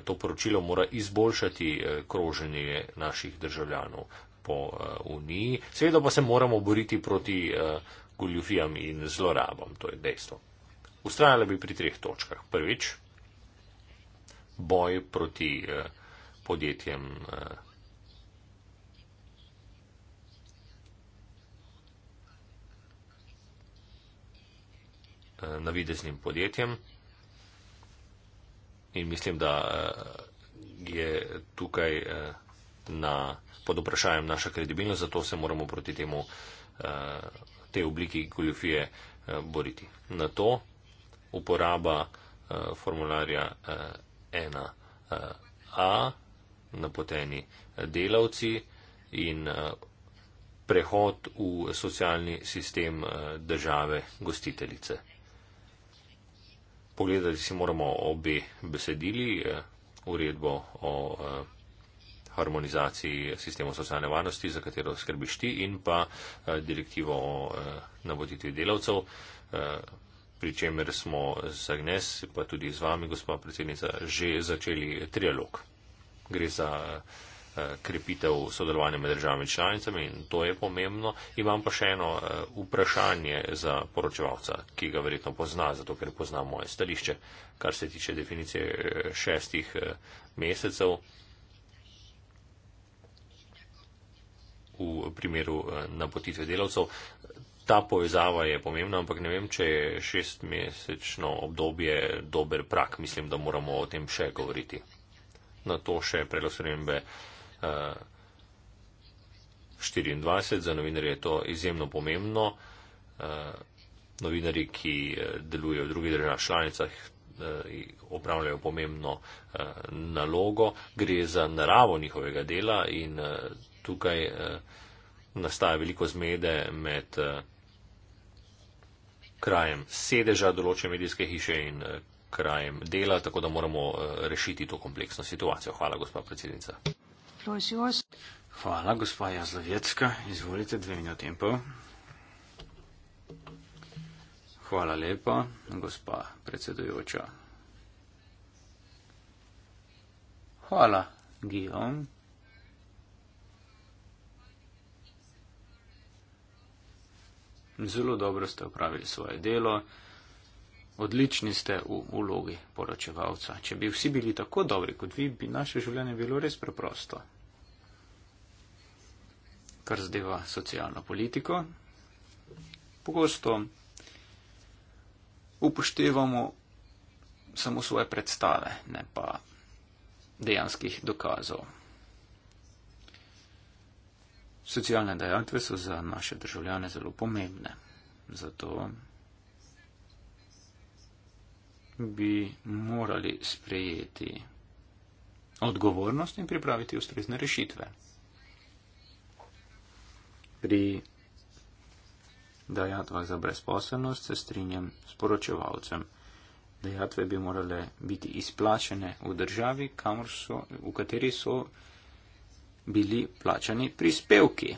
To poročilo mora izboljšati kroženje naših državljanov po Uniji. Seveda pa se moramo boriti proti goljufijam in zlorabam, to je dejstvo. Ustrajala bi pri treh točkah. Prvič, boj proti eh, podjetjem eh, eh, navideznim podjetjem. In mislim, da je tukaj na, pod vprašanjem naša kredibilnost, zato se moramo proti temu, tej obliki goljofije boriti. Na to uporaba uh, formularja uh, 1a, uh, napoteni eh, delavci in uh, prehod v socialni sistem uh, države gostiteljice. Pogledati si moramo obe besedili, uh, uredbo o uh, harmonizaciji sistemov socialne varnosti, za katero skrbiš ti, in pa direktivo o navoditvi delavcev pri čemer smo z Agnes, pa tudi z vami, gospod predsednica, že začeli trialog. Gre za eh, krepitev sodelovanja med državami članicami in to je pomembno. Imam pa še eno eh, vprašanje za poročevalca, ki ga verjetno pozna, zato ker pozna moje stališče, kar se tiče definicije eh, šestih mesecev. V primeru napotitve delavcev, ta povezava je pomembna, ampak ne vem, če je šestmesečno obdobje dober prak. Mislim, da moramo o tem še govoriti. Na to še preloserembe uh, eh, 24. Za novinarje je to izjemno pomembno. Uh, eh, novinari, ki eh, delujejo v drugih državah članicah, opravljajo pomembno nalogo. Gre za naravo njihovega dela in tukaj nastaja veliko zmede med krajem sedeža določene medijske hiše in eh, krajem dela, tako da moramo eh, rešiti to kompleksno situacijo. Hvala, gospa predsednica. Hvala, gospa Jazlovecka. Izvolite dve minuti in pol. Hvala lepa, gospa predsedujoča. Hvala, Guillaume. Zelo dobro ste upravili svoje delo. Odlični ste v ulogi poročevalca. Če bi vsi bili tako dobri kot vi, bi naše življenje bilo res preprosto. Kar zdeva socialno politiko, pogosto upoštevamo samo svoje predstave, ne pa dejanskih dokazov. Socialne dejatve so za naše državljane zelo pomembne. Zato bi morali sprejeti odgovornost in pripraviti ustrezne rešitve. Pri dejatvah za brezposelnost se strinjam s poročevalcem. Dejatve bi morale biti izplačene v državi, so, v kateri so bili plačani prispevki.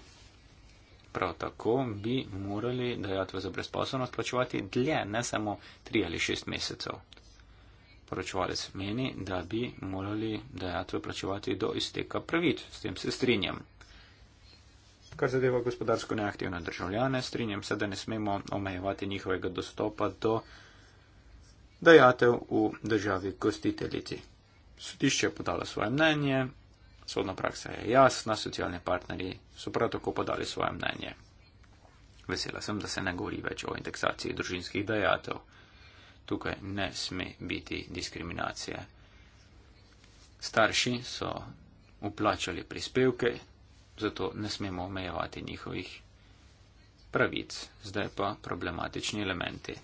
Prav tako bi morali dajatve za brezposobnost plačevati dlje, ne samo tri ali šest mesecev. Poročevalec meni, da bi morali dajatve plačevati do izteka pravic, s tem se strinjam. Kar zadeva gospodarsko neaktivne državljane, strinjam se, da ne smemo omejevati njihovega dostopa do dajatev v državi gostiteljici. Sodišče je podalo svoje mnenje, Sodna praksa je jasna, socialni partnerji so prav tako podali svoje mnenje. Vesela sem, da se ne govori več o indeksaciji družinskih dejatev. Tukaj ne sme biti diskriminacije. Starši so uplačali prispevke, zato ne smemo omejevati njihovih pravic. Zdaj pa problematični elementi.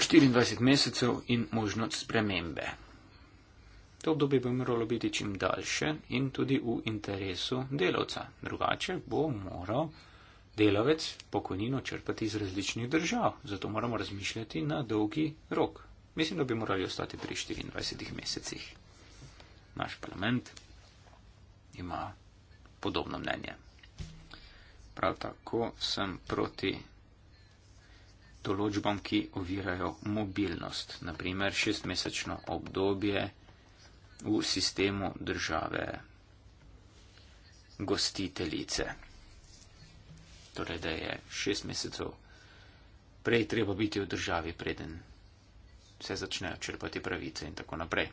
24 mesecev in možnost spremembe. To obdobje bi moralo biti čim daljše in tudi v interesu delavca. Drugače bo moral delavec pokojnino črpati iz različnih držav. Zato moramo razmišljati na dolgi rok. Mislim, da bi morali ostati pri 24 mesecih. Naš parlament ima podobno mnenje. Prav tako sem proti določbam, ki ovirajo mobilnost, naprimer šestmesečno obdobje v sistemu države gostiteljice. Torej, da je šest mesecev prej treba biti v državi, preden se začnejo črpati pravice in tako naprej.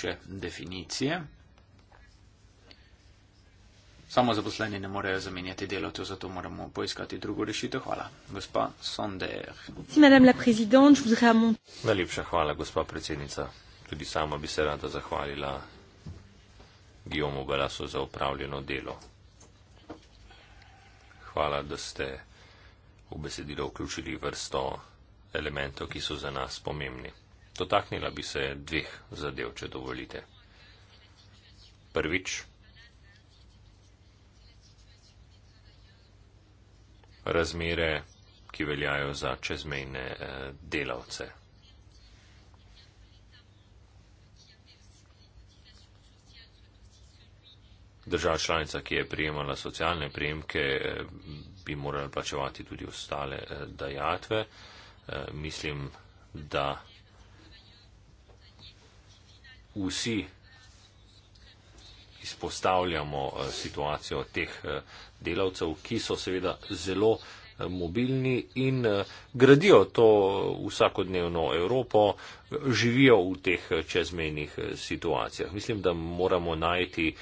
še definicije. Samo zaposleni ne morejo zamenjati delovcev, zato moramo poiskati drugo rešitev. Hvala. Gospa Sonder. Najlepša hvala, gospa predsednica. Tudi sama bi se rada zahvalila Gijomu Galasu za upravljeno delo. Hvala, da ste v besedilo vključili vrsto elementov, ki so za nas pomembni. Dotaknila bi se dveh zadev, če dovolite. Prvič, razmere, ki veljajo za čezmejne eh, delavce. Država članica, ki je prijemala socialne prijemke, eh, bi morala plačevati tudi ostale eh, dajatve. Mislim, da vsi izpostavljamo eh, situacijo teh eh, delavcev, ki so seveda zelo eh, mobilni in gradijo to vsakodnevno Evropo, živijo v teh čezmejnih situacijah. Mislim, da moramo najti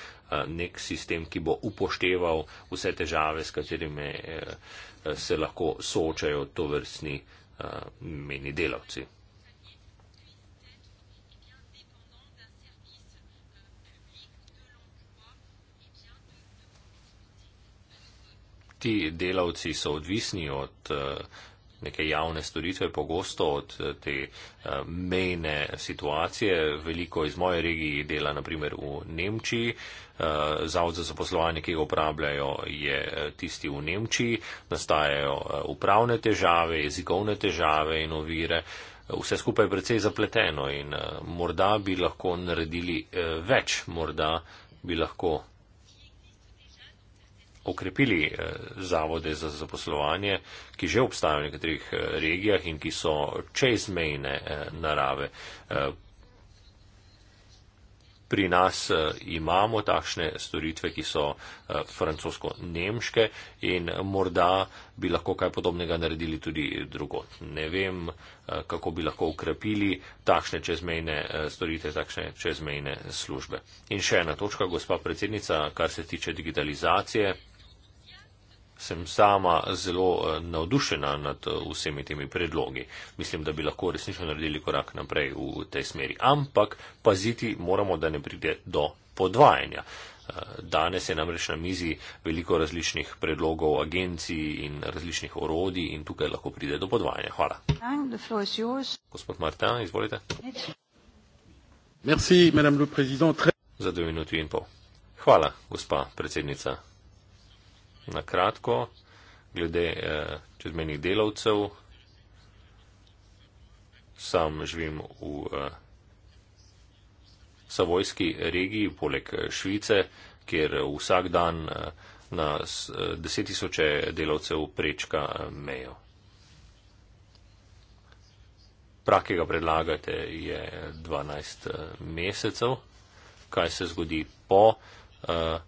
nek sistem, ki bo upošteval vse težave, s katerimi se lahko soočajo to vrstni meni delavci. ti delavci so odvisni od eh, neke javne storitve, pogosto od eh, te eh, mejne situacije. Veliko iz moje regiji dela naprimer v Nemčiji, zavod za zaposlovanje, ki ga uporabljajo, je tisti v Nemčiji, nastajajo upravne težave, jezikovne težave in ovire. Vse skupaj je precej zapleteno in morda bi lahko naredili več, morda bi lahko okrepili eh, zavode za zaposlovanje, ki že obstajajo v nekaterih eh, regijah in ki so čezmejne eh, narave. Pri nas imamo takšne storitve, ki so francosko-nemške in morda bi lahko kaj podobnega naredili tudi drugot. Ne vem, kako bi lahko ukrepili takšne čezmejne storitve, takšne čezmejne službe. In še ena točka, gospa predsednica, kar se tiče digitalizacije sem sama zelo eh, navdušena nad eh, vsemi temi predlogi. Mislim, da bi lahko resnično naredili korak naprej v tej smeri. Ampak paziti moramo, da ne pride do podvajanja. Eh, danes je namreč na mizi veliko različnih predlogov agencij in različnih orodij in tukaj lahko pride do podvajanja. Hvala. Gospod Martin, izvolite. Merci, madame le président. Tre... Za dve minuti in pol. Hvala, gospa predsednica na kratko, glede eh, čezmenih delavcev. Sam živim v eh, Savojski regiji, poleg eh, Švice, kjer vsak dan eh, na eh, deset tisoče delavcev prečka eh, mejo. Prak, ki ga predlagate, je 12 eh, mesecev. Kaj se zgodi po? Eh,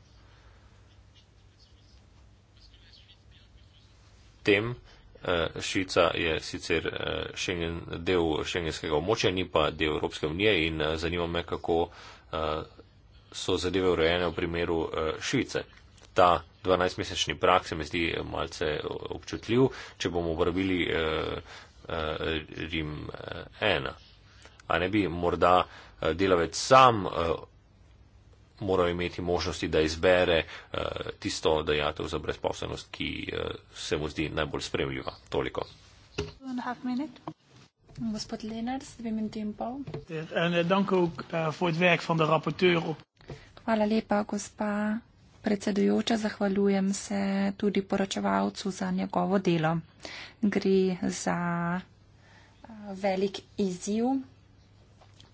tem. Eh, Švica je sicer šengen, eh, del šengenskega območja, ni pa del Evropske unije in eh, zanima me, kako so zadeve urejene v primeru Švice. Ta 12-mesečni prak se mi zdi malce občutljiv, če bomo uporabili Rim 1. A ne bi morda delavec sam morajo imeti možnosti, da izbere eh, tisto dejatev za brezposobnost, ki eh, se mu zdi najbolj spremljiva. Toliko. Gospod Lenars, dve minuti in pol. Ja, eh, Hvala lepa, gospa predsedujoča. Zahvaljujem se tudi poročevalcu za njegovo delo. Gre za velik izziv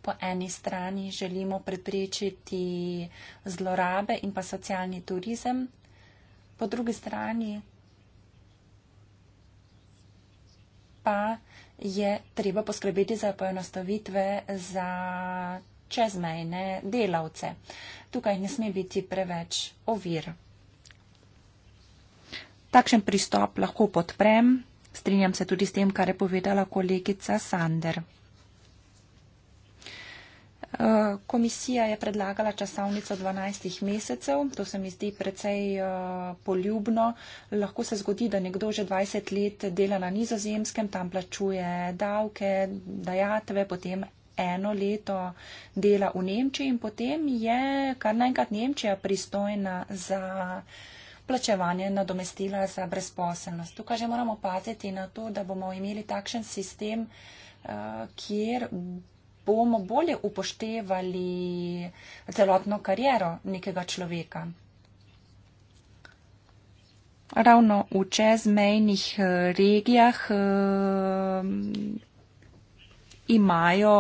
po eni strani želimo preprečiti zlorabe in pa socialni turizem, po drugi strani pa je treba poskrbeti za poenostavitve za čezmejne delavce. Tukaj ne sme biti preveč ovir. Takšen pristop lahko podprem. Strinjam se tudi s tem, kar je povedala kolegica Sander. Eh, komisija je predlagala časovnico 12 mesecev, to se mi zdi precej eh, poljubno. Lahko se zgodi, da nekdo že 20 let dela na nizozemskem, tam plačuje davke, dajatve, potem eno leto dela v Nemčiji in potem je kar naenkrat Nemčija pristojna za plačevanje nadomestila za brezposelnost. Tukaj že moramo paziti na to, da bomo imeli takšen sistem, eh, kjer bomo bolje upoštevali celotno kariero nekega človeka. Ravno v čezmejnih eh, regijah eh, imajo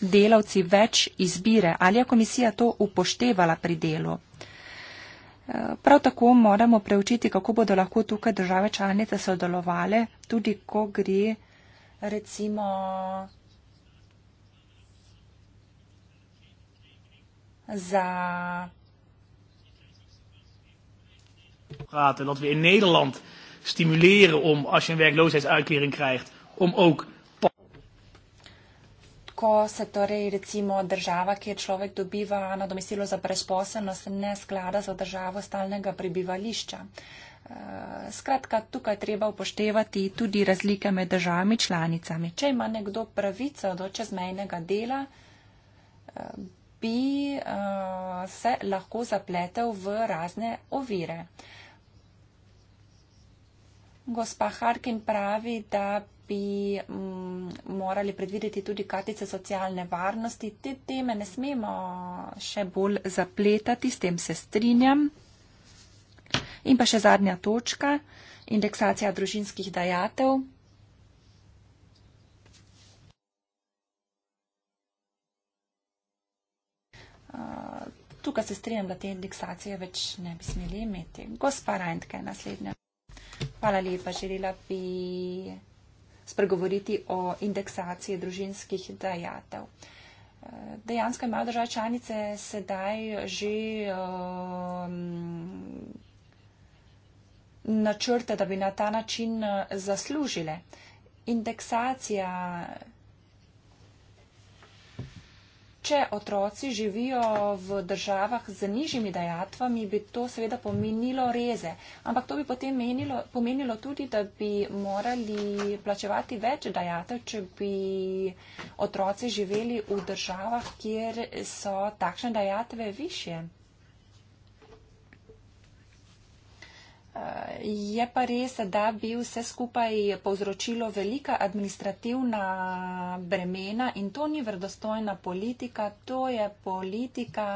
delavci več izbire. Ali je komisija to upoštevala pri delu? Eh, prav tako moramo preučiti, kako bodo lahko tukaj države članice sodelovale, tudi ko gre recimo za. praten dat we in Nederland stimuleren om als je een werkloosheidsuitkering krijgt, om ook. Ko se torej recimo država, kjer človek dobiva nadomestilo za brezposelnost, ne sklada za državo stalnega prebivališča. Eh, skratka, tukaj treba upoštevati tudi razlike med državami članicami. Če ima nekdo pravico do čezmejnega dela, eh, bi uh, se lahko zapletel v razne ovire. Gospa Harkin pravi, da bi um, morali predvideti tudi kartice socialne varnosti. Te teme ne smemo še bolj zapletati, s tem se strinjam. In pa še zadnja točka, indeksacija družinskih dajatev. Tukaj se strinjam, da te indeksacije več ne bi smeli imeti. Gospa Rajntke, naslednja. Hvala lepa. Želela bi spregovoriti o indeksaciji družinskih dajatev. Dejansko imajo države članice sedaj že um, načrte, da bi na ta način uh, zaslužile. Indeksacija Če otroci živijo v državah z nižjimi dejatvami, bi to seveda pomenilo reze. Ampak to bi potem menilo, pomenilo tudi, da bi morali plačevati več dejatev, če bi otroci živeli v državah, kjer so takšne dejatve više. Je pa res, da bi vse skupaj povzročilo velika administrativna bremena in to ni vredostojna politika, to je politika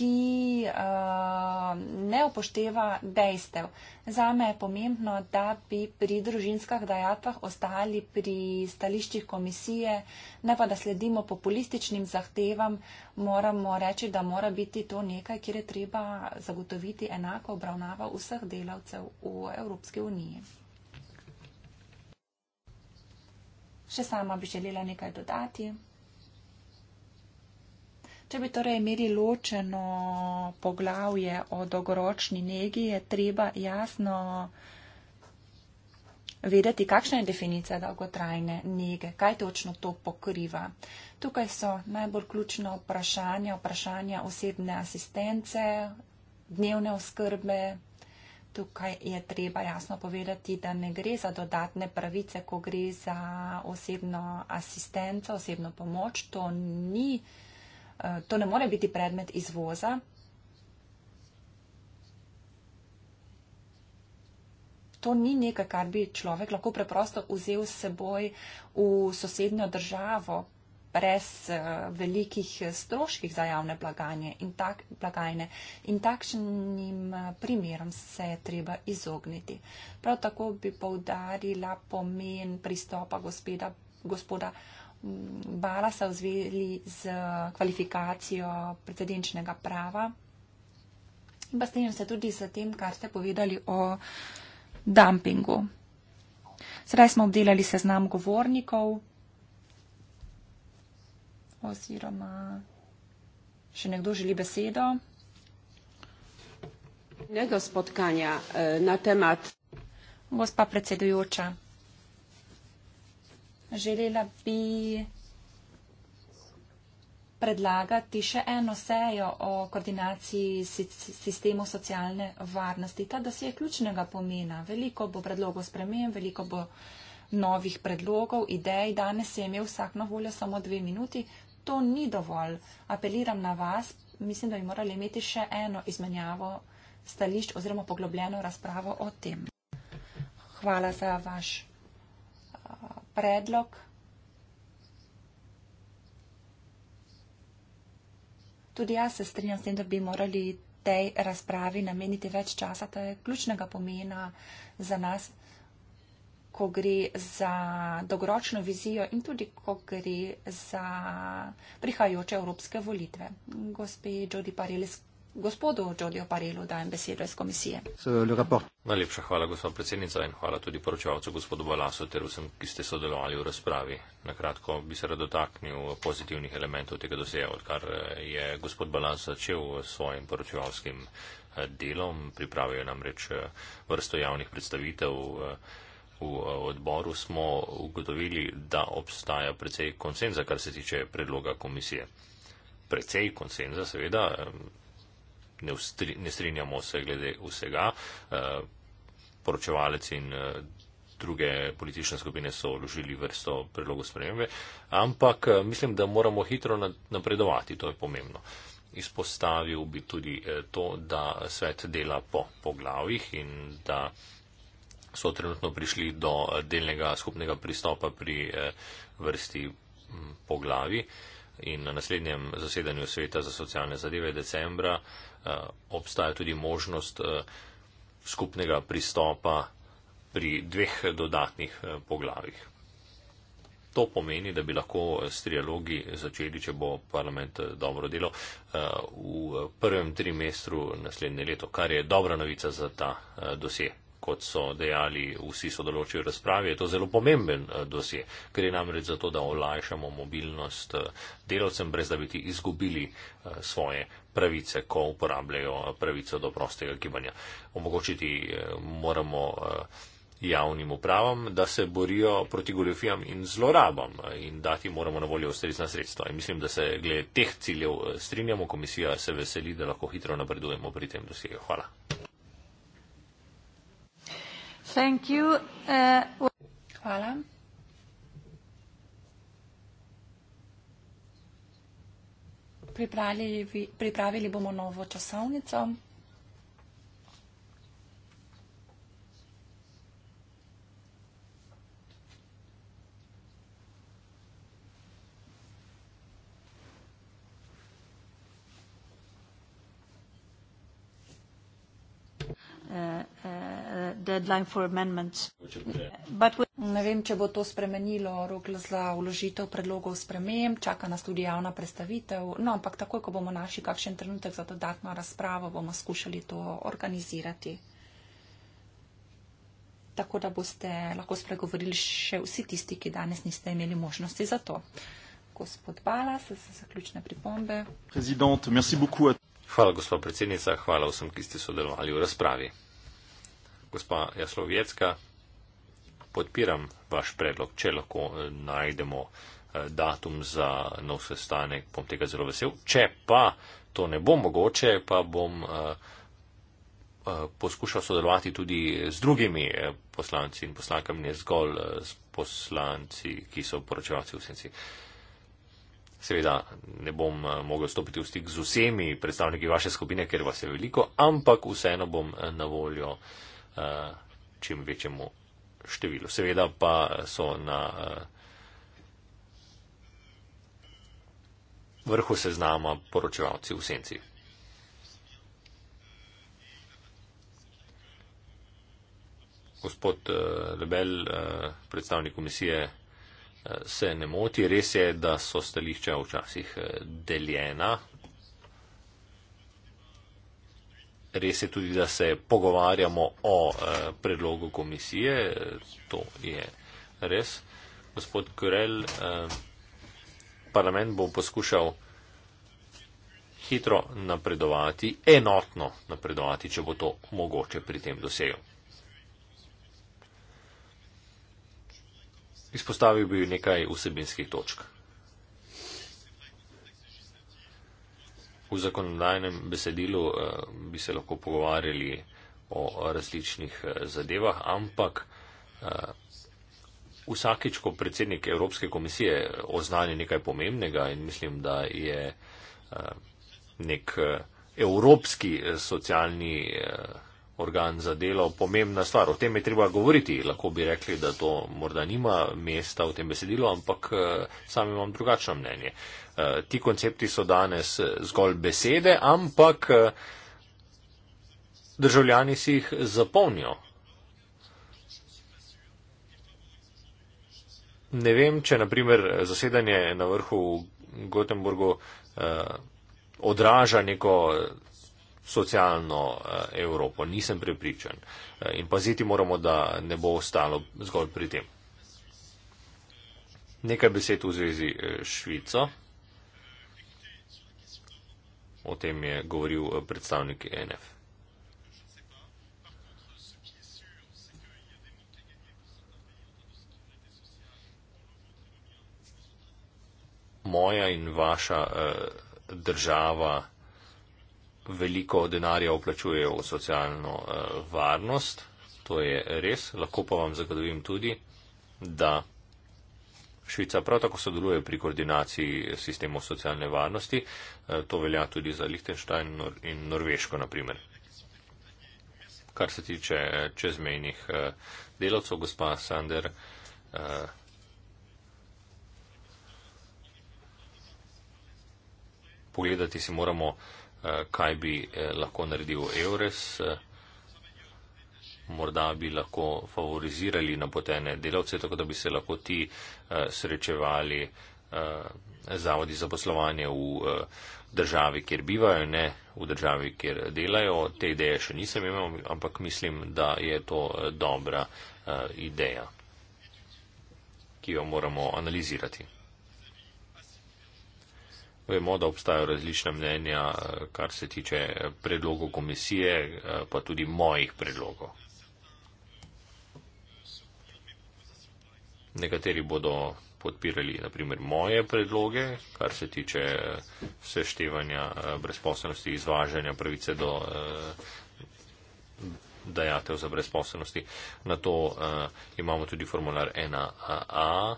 ki uh, ne upošteva dejstev. Zame je pomembno, da bi pri družinskih dajatvah ostali pri stališčih komisije, ne pa da sledimo populističnim zahtevam. Moramo reči, da mora biti to nekaj, kjer je treba zagotoviti enako obravnava vseh delavcev v Evropski uniji. Še sama bi želela nekaj dodati. Če bi torej imeli ločeno poglavje o dolgoročni negi, je treba jasno vedeti, kakšna je definicija dolgotrajne nege, kaj točno to pokriva. Tukaj so najbolj ključna vprašanja, vprašanja osebne asistence, dnevne oskrbe. Tukaj je treba jasno povedati, da ne gre za dodatne pravice, ko gre za osebno asistenco, osebno pomoč. To ni. Eh, to ne more biti predmet izvoza. To ni nekaj, kar bi človek lahko preprosto vzel s seboj v sosednjo državo brez eh, velikih eh, stroških za javne blagajne in, tak, blagajne. in takšnim primerom se je treba izogniti. Prav tako bi poudarila pomen pristopa gospeda, gospoda balasa v zvezi z kvalifikacijo precedenčnega prava. In pa strinjam se tudi z tem, kar ste povedali o dumpingu. Sedaj smo obdelali seznam govornikov oziroma še nekdo želi besedo. Gospod Kanja, eh, na temat. Gospa predsedujoča, Želela bi predlagati še eno sejo o koordinaciji sistemov socialne varnosti. Ta dosje je ključnega pomena. Veliko bo predlogov spremen, veliko bo novih predlogov, idej. Danes je imel vsak na voljo samo dve minuti. To ni dovolj. Apeliram na vas. Mislim, da bi morali imeti še eno izmenjavo stališč oziroma poglobljeno razpravo o tem. Hvala za vaš predlog. Tudi jaz se strinjam s tem, da bi morali tej razpravi nameniti več časa. To je ključnega pomena za nas, ko gre za dogoročno vizijo in tudi, ko gre za prihajajoče evropske volitve. Gospe Jodi Parelis, Gospodu Džodijo Parelu dajem besedo iz komisije. Najlepša hvala, gospod predsednica, in hvala tudi poročevalcu gospodu Balasu ter vsem, ki ste sodelovali v razpravi. Na kratko bi se rad dotaknil pozitivnih elementov tega doseja, odkar eh, je gospod Balas začel svojim poročevalskim eh, delom. Pripravijo nam reč eh, vrsto javnih predstavitev. V odboru smo ugotovili, da obstaja precej konsenza, kar se tiče predloga komisije. Precej konsenza, seveda, ne, ustri, ne strinjamo se glede vsega. Uh, poročevalec in uh, druge politične skupine so vložili vrsto predlogov spremembe, ampak uh, mislim, da moramo hitro napredovati, to je pomembno. Izpostavil bi tudi uh, to, da svet dela po poglavjih in da so trenutno prišli do delnega skupnega pristopa pri uh, vrsti um, poglavi. In na naslednjem zasedanju sveta za socialne zadeve decembra uh, Eh, obstaja tudi možnost eh, skupnega pristopa pri dveh dodatnih eh, poglavih. To pomeni, da bi lahko s trialogi začeli, če bo parlament dobro delo, v prvem trimestru naslednje leto, kar je dobra novica za ta dosje kot so dejali vsi sodelovci v razpravi, je to zelo pomemben eh, dosje, ker je namreč zato, da olajšamo mobilnost eh, delavcem, brez da bi ti izgubili eh, svoje pravice, ko uporabljajo pravico do prostega gibanja. Omogočiti moramo javnim upravam, da se borijo proti goljofijam in zlorabam in dati moramo na voljo ustrezna sredstva. In mislim, da se glede teh ciljev strinjamo, komisija se veseli, da lahko hitro napredujemo pri tem dosegu. Hvala. Thank you. Uh, Hvala. Pripravili bomo novo časovnico. deadline for amendments. But we... Ne vem, če bo to spremenilo rok za uložitev predlogov sprememb, čaka nas tudi javna predstavitev, no ampak takoj, ko bomo našli kakšen trenutek za dodatno razpravo, bomo skušali to organizirati. Tako da boste lahko spregovorili še vsi tisti, ki danes niste imeli možnosti za to. Gospod Bala, se za zaključne pripombe. Hvala, gospod predsednica, hvala vsem, ki ste sodelovali v razpravi gospa Jaslovjecka, podpiram vaš predlog, če lahko eh, najdemo eh, datum za nov sestanek, bom tega zelo vesel. Če pa to ne bo mogoče, pa bom eh, poskušal sodelovati tudi z drugimi poslanci in poslankami, ne zgolj s poslanci, ki so poročevalci v senci. Seveda ne bom mogel stopiti v stik z vsemi predstavniki vaše skupine, ker vas je veliko, ampak vseeno bom na voljo. Eh, čim večjemu številu. Seveda pa so na eh, vrhu seznama poročevalci v senci. Gospod eh, Lebel, predstavnik komisije, se ne moti. Res je, da so stališča včasih deljena, Res je tudi, da se pogovarjamo o eh, predlogu komisije, to je res. Gospod Kurel, eh, parlament bo poskušal hitro napredovati, enotno napredovati, če bo to mogoče pri tem dosegel. Izpostavil bi nekaj vsebinskih točk. V zakonodajnem besedilu eh, bi se lahko pogovarjali o različnih eh, zadevah, ampak eh, vsakeč, ko predsednik Evropske komisije oznani nekaj pomembnega in mislim, da je nek evropski socialni organ za delo pomembna stvar. O tem je treba govoriti. Lahko bi rekli, da to morda nima mesta v tem besedilu, ampak eh, sam imam drugačno mnenje. Eh, ti koncepti so danes eh, zgolj besede, ampak državljani si jih zapolnijo. Ne vem, če naprimer zasedanje na vrhu v Gotemburgu eh, odraža neko socialno eh, Evropo. Nisem prepričan. Eh, in paziti moramo, da ne bo ostalo zgolj pri tem. Nekaj besed v zvezi eh, s Švico. O tem je govoril predstavnik e NF. Moja in vaša država veliko denarja uplačujejo v socialno eh, varnost. To je res. Lahko pa vam zagotovim tudi, da Švica prav tako sodeluje pri koordinaciji sistemov socialne varnosti. Eh, to velja tudi za Lichtenstein in Norveško, naprimer. Kar se tiče eh, čezmejnih delavcev, gospa Sander, pogledati si moramo, Eh, kaj bi eh, lahko naredil Eures. Eh, morda bi lahko favorizirali napotene delavce, tako da bi se lahko ti srečevali zavodi za poslovanje v državi, kjer bivajo, ne v državi, kjer delajo. Te ideje še nisem imel, ampak mislim, da je to dobra ideja, ki jo moramo analizirati. Vemo, da obstajajo različna mnenja, eh, kar se tiče eh, predlogov komisije, eh, pa tudi mojih predlogov. Nekateri bodo podpirali naprimer moje predloge, kar se tiče seštevanja brezposobnosti, izvažanja pravice do dajatev za brezposobnosti. Na to imamo tudi formular 1a.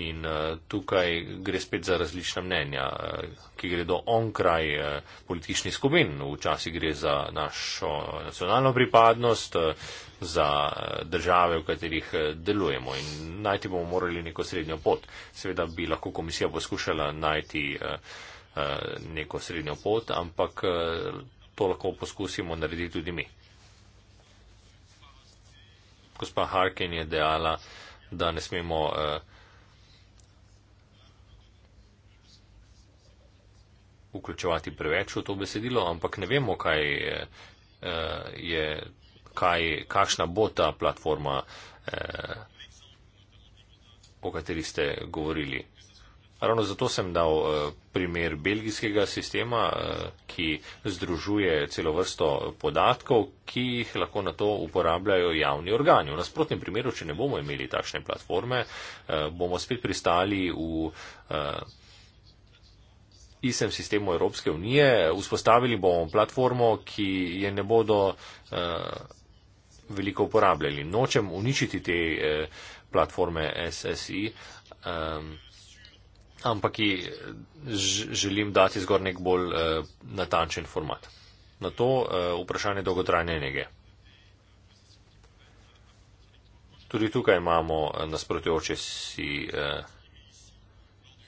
In uh, tukaj gre spet za različna mnenja, uh, ki gredo onkraj uh, političnih skupin. Včasih gre za našo nacionalno pripadnost, uh, za države, v katerih delujemo. In najti bomo morali neko srednjo pot. Seveda bi lahko komisija poskušala najti uh, uh, neko srednjo pot, ampak uh, to lahko poskusimo narediti tudi mi. Gospa Harkin je dejala, da ne smemo. Uh, vključevati preveč v to besedilo, ampak ne vemo, kaj eh, je, kaj, kakšna bo ta platforma, eh, o kateri ste govorili. Ravno zato sem dal eh, primer belgijskega sistema, eh, ki združuje celo vrsto podatkov, ki jih lahko na to uporabljajo javni organi. V nasprotnem primeru, če ne bomo imeli takšne platforme, eh, bomo spet pristali v. Eh, ISEM sistemu Evropske unije. Vzpostavili bomo platformo, ki je ne bodo uh, veliko uporabljali. Nočem uničiti te uh, platforme SSI, um, ampak ji želim dati zgornji nek bolj uh, natančen format. Na to uh, vprašanje dolgotrajne nege. Tudi tukaj imamo nasprotujoče si uh,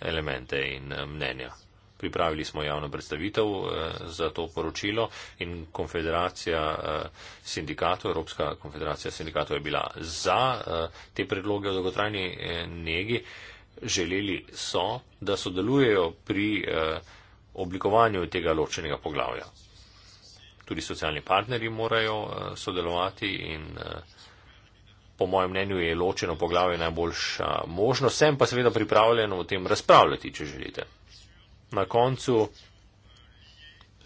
elemente in mnenja pripravili smo javno predstavitev eh, za to poročilo in konfederacija eh, sindikatov, Evropska konfederacija sindikatov je bila za eh, te predloge o dolgotrajni negi. Želeli so, da sodelujejo pri oblikovanju tega ločenega poglavja. Tudi socialni partnerji morajo sodelovati in po mojem mnenju je ločeno poglavje najboljša možnost. Sem pa seveda pripravljen o tem razpravljati, če želite na koncu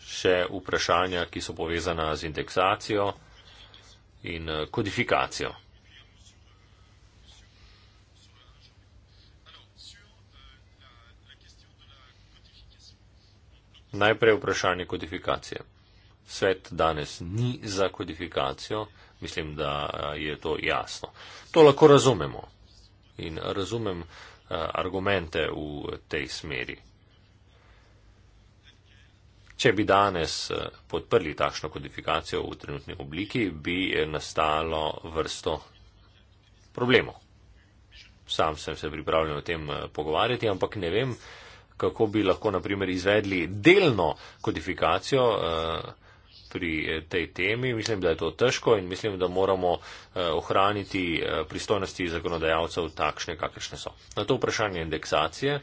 še vprašanja, ki so povezana z indeksacijo in eh, kodifikacijo. Najprej vprašanje kodifikacije. Svet danes ni za kodifikacijo, mislim, da eh, je to jasno. To lahko razumemo in razumem eh, argumente v tej smeri. Če bi danes eh, podprli takšno kodifikacijo v trenutni obliki, bi eh, nastalo vrsto problemov. Sam sem se pripravljen o tem eh, pogovarjati, ampak ne vem, kako bi lahko naprimer izvedli delno kodifikacijo pri tej temi. Mislim, da je to težko in mislim, da moramo ohraniti pristojnosti zakonodajalcev takšne, kakršne so. Na to vprašanje indeksacije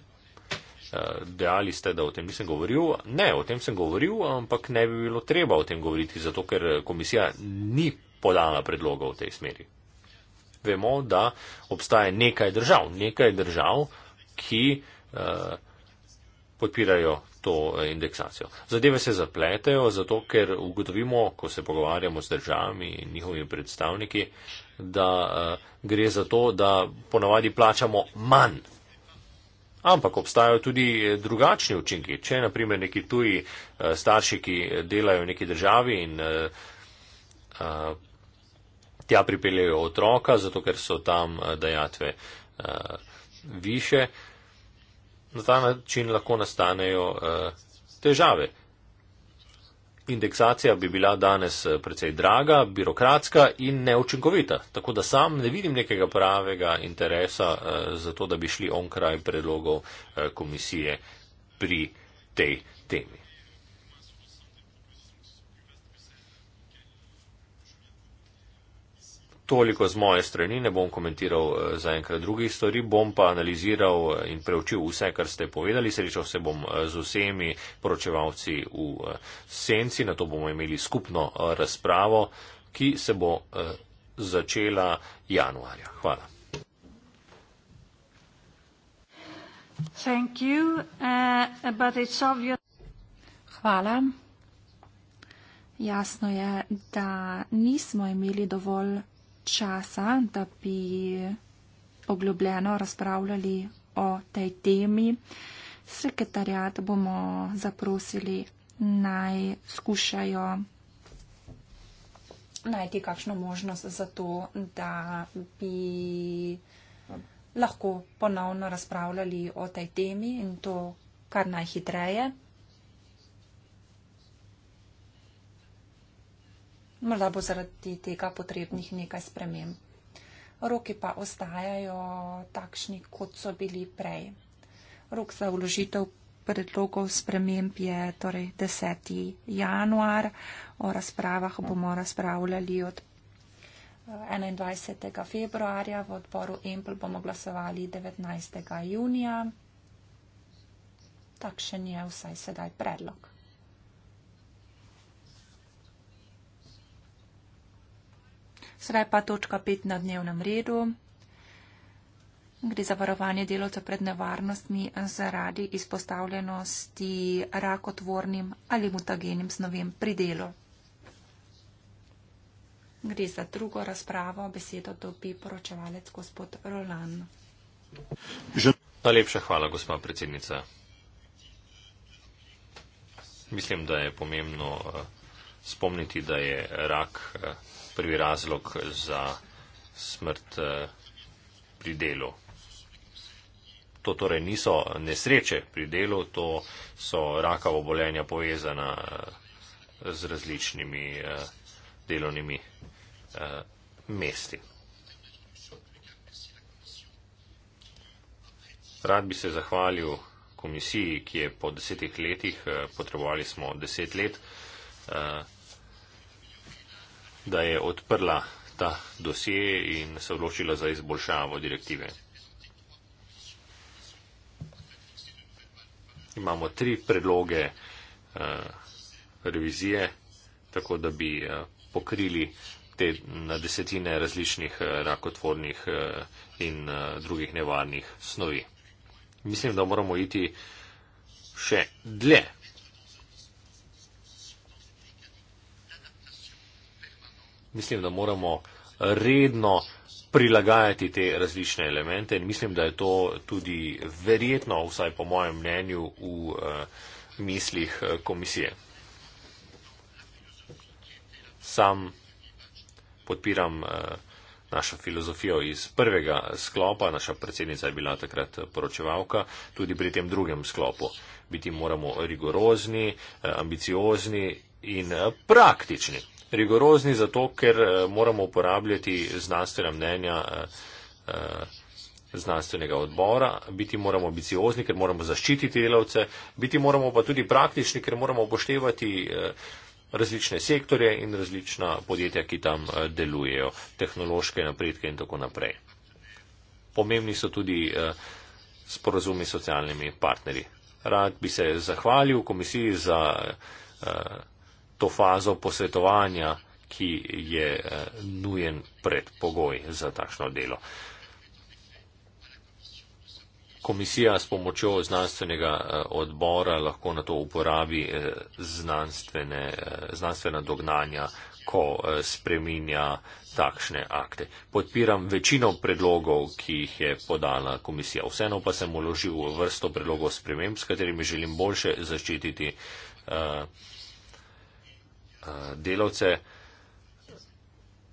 Eh, dejali ste, da o tem nisem govoril. Ne, o tem sem govoril, ampak ne bi bilo treba o tem govoriti, zato ker eh, komisija ni podala predloga v tej smeri. Vemo, da obstaja nekaj držav, nekaj držav, ki eh, podpirajo to indeksacijo. Zadeve se zapletejo, zato ker ugotovimo, ko se pogovarjamo z državami in njihovimi predstavniki, da gre za to, da ponavadi plačamo manj Ampak obstajajo tudi eh, drugačni učinki. Če naprimer neki tuji eh, starši, ki delajo v neki državi in eh, tja pripeljajo otroka, zato ker so tam dajatve više, na ta način lahko nastanejo težave indeksacija bi bila danes eh, precej draga, birokratska in neučinkovita. Tako da sam ne vidim nekega pravega interesa eh, za to, da bi šli onkraj predlogov eh, komisije pri tej temi. toliko z moje strani, ne bom komentiral eh, za enkrat drugih stvari, bom pa analiziral eh, in preučil vse, kar ste povedali. Srečal se bom eh, z vsemi poročevalci v senci, na to bomo imeli skupno razpravo, ki se bo začela januarja. Hvala. Thank you, uh, but it's obvious... Hvala. Jasno je, da nismo imeli dovolj časa, da bi oglobljeno razpravljali o tej temi. Sekretarjat bomo zaprosili naj skušajo najti kakšno možnost za to, da bi lahko ponovno razpravljali o tej temi in to kar najhitreje. morda bo zaradi tega potrebnih nekaj sprememb. Roki pa ostajajo takšni, kot so bili prej. Rok za vložitev predlogov sprememb je torej 10. januar. O razpravah bomo razpravljali od 21. Eh, februarja, v odboru EMPL bomo glasovali 19. junija. Takšen je vsaj sedaj predlog. Sedaj pa točka 5 na dnevnem redu. Gre za varovanje delovca pred nevarnostmi zaradi izpostavljenosti rakotvornim ali mutagenim snovem pri delu. Gre za drugo razpravo. Besedo dobi poročevalec gospod Rolan. Najlepša hvala, gospa predsednica. Mislim, da je pomembno eh, spomniti, da je rak eh, prvi razlog za smrt eh, pri delu. To torej niso nesreče pri delu, to so rakavo bolenja povezana eh, z različnimi eh, delovnimi mesti. Rad bi se zahvalil komisiji, ki je po desetih letih, potrebovali smo deset let, da je odprla ta dosje in se odločila za izboljšavo direktive. Imamo tri predloge uh, revizije, tako da bi uh, pokrili te na desetine različnih uh, rakotvornih uh, in uh, drugih nevarnih snovi. Mislim, da moramo iti še dlje. mislim, da moramo redno prilagajati te različne elemente in mislim, da je to tudi verjetno, vsaj po mojem mnenju, v eh, mislih eh, komisije. Sam podpiram eh, našo filozofijo iz prvega sklopa, naša predsednica je bila takrat poročevalka, tudi pri tem drugem sklopu. Biti moramo rigorozni, ambiciozni in praktični rigorozni zato, ker eh, moramo uporabljati znanstvena mnenja eh, eh, znanstvenega odbora, biti moramo ambiciozni, ker moramo zaščititi delavce, biti moramo pa tudi praktični, ker moramo upoštevati različne sektorje in različna podjetja, ki tam delujejo, tehnološke napredke in tako naprej. Pomembni so tudi sporozumi s socialnimi partnerji. Rad bi se zahvalil komisiji za to fazo posvetovanja, ki je eh, nujen predpogoj za takšno delo. Komisija s pomočjo znanstvenega eh, odbora lahko na to uporabi eh, znanstvena dognanja, ko spreminja takšne akte. Podpiram večino predlogov, ki jih je podala komisija. Vseeno pa sem uložil vrsto predlogov sprememb, s katerimi želim boljše zaščititi. Uh, Eh, delavce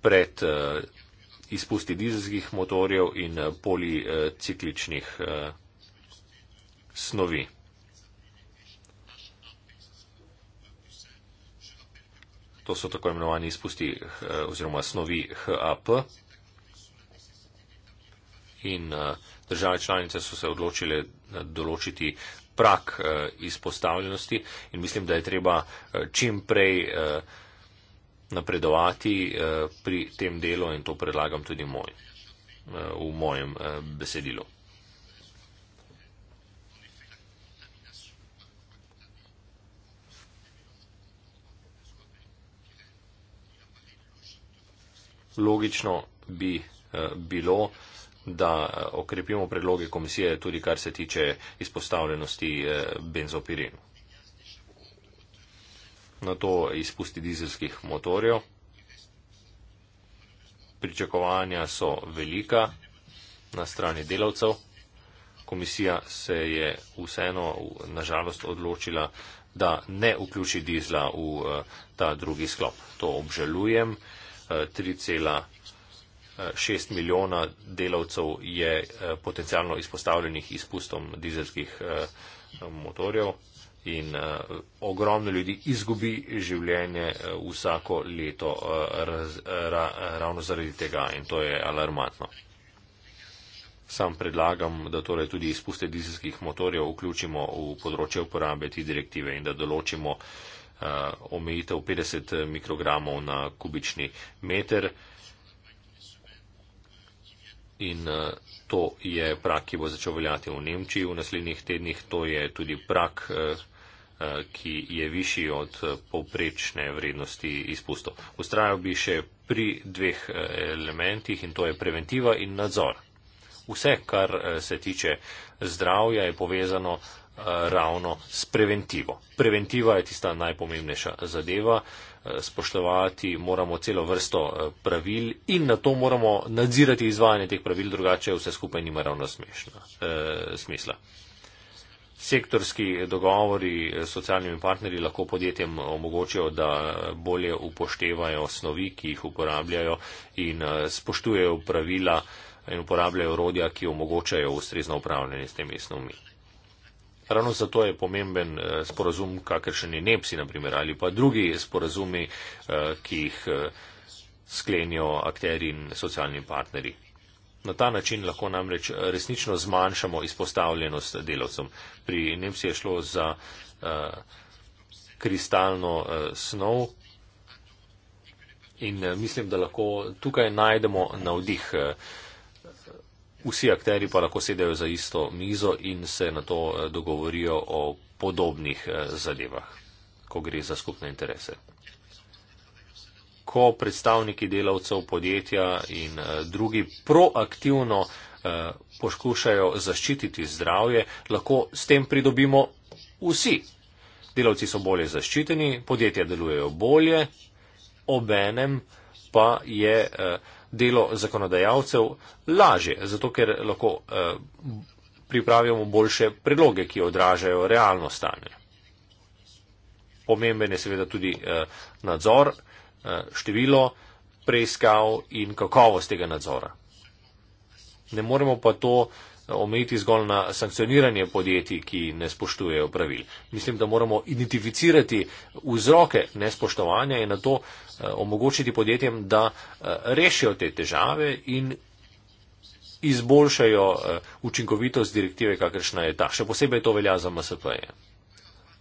pred eh, izpusti dizelskih motorjev in eh, policikličnih snovi. To so tako imenovani izpusti oziroma snovi HAP. In države članice so se odločile določiti prak eh, izpostavljenosti in mislim, da je treba eh, čim prej eh, napredovati pri tem delu in to predlagam tudi moj, v mojem besedilu. Logično bi eh, bilo, da eh, okrepimo predloge komisije tudi kar se tiče izpostavljenosti eh, benzopirinu. Na to izpusti dizelskih motorjev. Pričakovanja so velika na strani delavcev. Komisija se je vseeno nažalost odločila, da ne vključi dizla v eh, ta drugi sklop. To obžalujem. 6 milijona delavcev je eh, potencialno izpostavljenih izpustom dizelskih eh, motorjev in eh, ogromno ljudi izgubi življenje vsako leto raz, ra, ravno zaradi tega in to je alarmantno. Sam predlagam, da torej tudi izpuste dizelskih motorjev vključimo v področje uporabe te direktive in da določimo uh, omejitev 50 mikrogramov na kubični meter in eh, to je prak, ki bo začel veljati v Nemčiji v naslednjih tednih. To je tudi prak, eh, eh, ki je višji od povprečne vrednosti izpustov. Ustrajal bi še pri dveh elementih in to je preventiva in nadzor. Vse, kar se tiče zdravja, je povezano ravno s preventivo. Preventiva je tista najpomembnejša zadeva spoštovati moramo celo vrsto eh, pravil in na to moramo nadzirati izvajanje teh pravil, drugače vse skupaj nima ravno smešna, eh, smisla. Sektorski dogovori s socialnimi partnerji lahko podjetjem omogočajo, da bolje upoštevajo snovi, ki jih uporabljajo in eh, spoštujejo pravila in uporabljajo urodja, ki omogočajo ustrezno upravljanje s temi snovmi. Ravno zato je pomemben eh, sporazum, kakršen je Nepsi, naprimer, ali pa drugi sporazumi, eh, ki jih eh, sklenijo akteri in socialni partneri. Na ta način lahko namreč resnično zmanjšamo izpostavljenost delavcem. Pri Nemci je šlo za uh, kristalno uh, snov in mislim, da lahko tukaj najdemo navdih. Uh, vsi akteri pa lahko sedajo za isto mizo in se na to eh, dogovorijo o podobnih eh, zadevah, ko gre za skupne interese. Ko predstavniki delavcev podjetja in eh, drugi proaktivno poskušajo zaščititi zdravje, lahko s tem pridobimo vsi. Delavci so bolje zaščiteni, podjetja delujejo bolje, obenem pa je eh, delo zakonodajalcev lažje, zato ker lahko eh, pripravimo boljše predloge, ki odražajo realno stanje. Pomemben je seveda tudi eh, nadzor, eh, število preiskav in kakovost tega nadzora. Ne moremo pa to eh, omejiti zgolj na sankcioniranje podjetij, ki ne spoštujejo pravil. Mislim, da moramo identificirati vzroke nespoštovanja in na to eh, omogočiti podjetjem, da eh, rešijo te težave in izboljšajo eh, učinkovitost direktive, kakršna je ta. Še posebej to velja za MSP-je.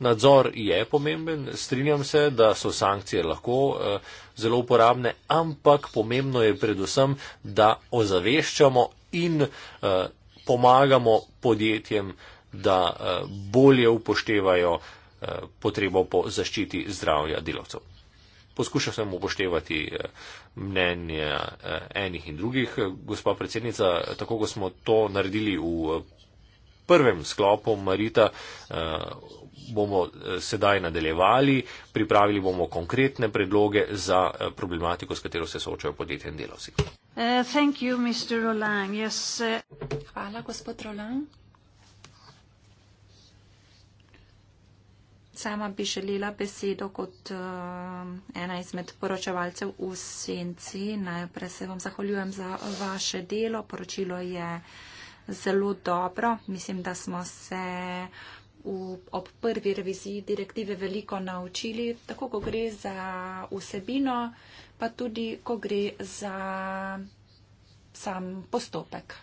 Nadzor je pomemben, strinjam se, da so sankcije lahko zelo uporabne, ampak pomembno je predvsem, da ozaveščamo in pomagamo podjetjem, da eh, bolje upoštevajo eh, potrebo po zaščiti zdravja delavcev. Poskušal sem upoštevati eh, mnenje enih in drugih. Gospa predsednica, tako kot smo to naredili v prvem sklopu Marita, bomo eh, sedaj nadaljevali, pripravili bomo konkretne predloge za eh, problematiko, s katero se soočajo podjetja in delavci. Uh, you, yes, uh... Hvala, gospod Roland. Sama bi želela besedo kot uh, ena izmed poročevalcev v senci. Najprej se vam zahvaljujem za vaše delo. Poročilo je zelo dobro. Mislim, da smo se uh, v, ob prvi reviziji direktive veliko naučili, tako ko gre za vsebino, pa tudi ko gre za sam postopek.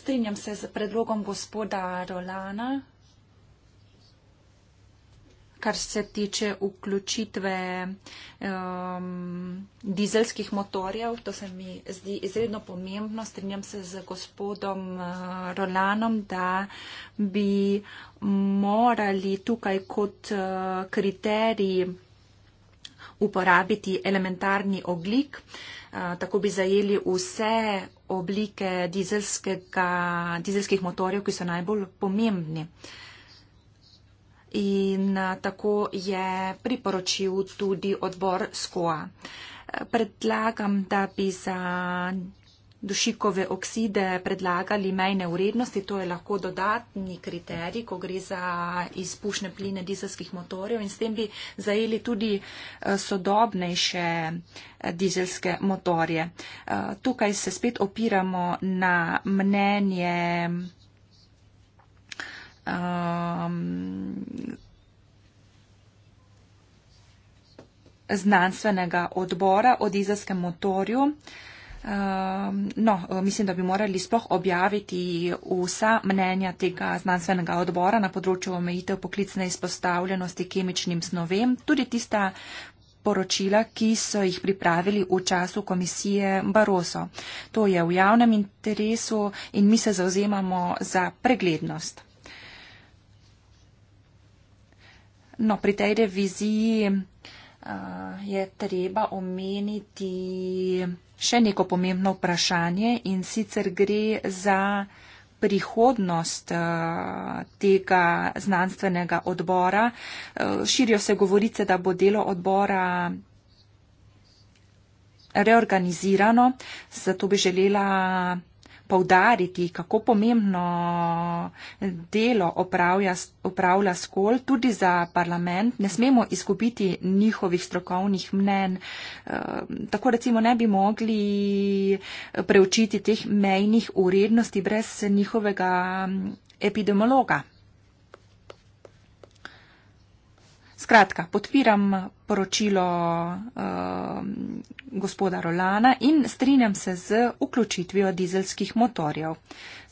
Strinjam se z predlogom gospoda Rolana, kar se tiče vključitve um, dizelskih motorjev. To se mi zdi izredno pomembno. Strinjam se z gospodom uh, Rolanom, da bi morali tukaj kot uh, kriterij uporabiti elementarni oglik. Eh, tako bi zajeli vse oblike dizelskih motorjev, ki so najbolj pomembni. Uh, in eh, tako je priporočil tudi odbor SKOA. Eh, predlagam, da bi za dušikove okside predlagali mejne urednosti, to je lahko dodatni kriterij, ko gre za izpušne pline dizelskih motorjev in s tem bi zajeli tudi eh, sodobnejše dizelske motorje. Tukaj se spet opiramo na mnenje um, znanstvenega odbora o dizelskem motorju. Um, no, mislim, da bi morali sploh objaviti vsa mnenja tega znanstvenega odbora na področju omejitev poklicne izpostavljenosti kemičnim snovem, tudi tista poročila, ki so jih pripravili v času komisije Baroso. To je v javnem interesu in mi se zauzemamo za preglednost. No, pri tej reviziji uh, je treba omeniti še neko pomembno vprašanje in sicer gre za prihodnost eh, tega znanstvenega odbora. Eh, širijo se govorice, da bo delo odbora reorganizirano, zato bi želela poudariti, kako pomembno delo opravlja, opravlja skol tudi za parlament. Ne smemo izgubiti njihovih strokovnih mnen. Ehm, tako recimo ne bi mogli preučiti teh mejnih urednosti brez njihovega epidemiologa. Skratka, podpiram poročilo uh, gospoda Rolana in strinjam se z vključitvijo dizelskih motorjev.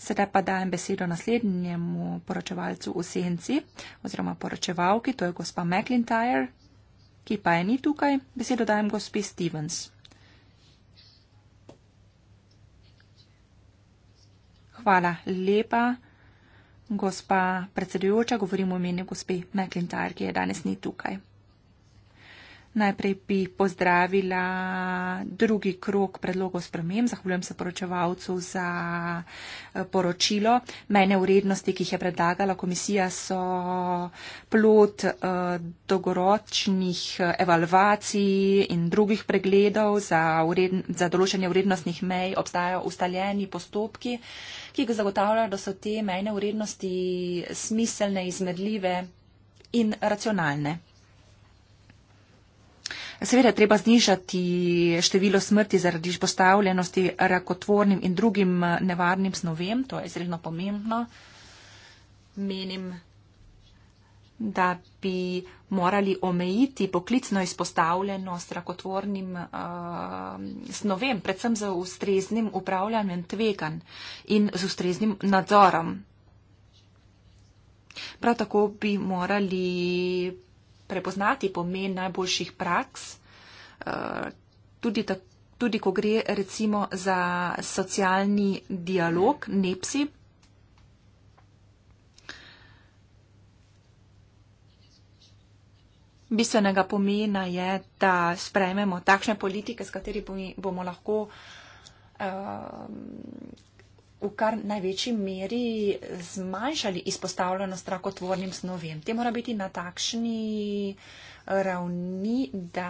Sedaj pa dajem besedo naslednjemu poročevalcu v senci oziroma poročevalki, to je gospa McIntyre, ki pa je ni tukaj. Besedo dajem gospi Stevens. Hvala lepa. Gospa predsedujoča, govorim o imenu gospe McIntyre, ki je danes ni tukaj. Najprej bi pozdravila drugi krok predlogov sprememb. Zahvaljujem se poročevalcu za eh, poročilo. Mene vrednosti, ki jih je predlagala komisija, so plot eh, dogoročnih eh, evalvacij in drugih pregledov. Za, uredn za določanje vrednostnih mej obstajajo ustaljeni postopki, ki ga zagotavljajo, da so te mejne vrednosti smiselne, izmedljive in racionalne. Seveda je treba znižati število smrti zaradi izpostavljenosti rakotvornim in drugim eh, nevarnim snovem, to je izredno pomembno. Menim, da bi morali omejiti poklicno izpostavljenost rakotvornim uh, snovem, predvsem z ustreznim upravljanjem tvegan in z ustreznim nadzorom. Prav tako bi morali prepoznati pomen najboljših praks, eh, tudi, ta, tudi ko gre recimo za socialni dialog, nepsi. Bistvenega pomena je, da sprejmemo takšne politike, s kateri bomo lahko eh, v kar največji meri zmanjšali izpostavljenost rakotvornim snovem. Te mora biti na takšni eh, ravni, da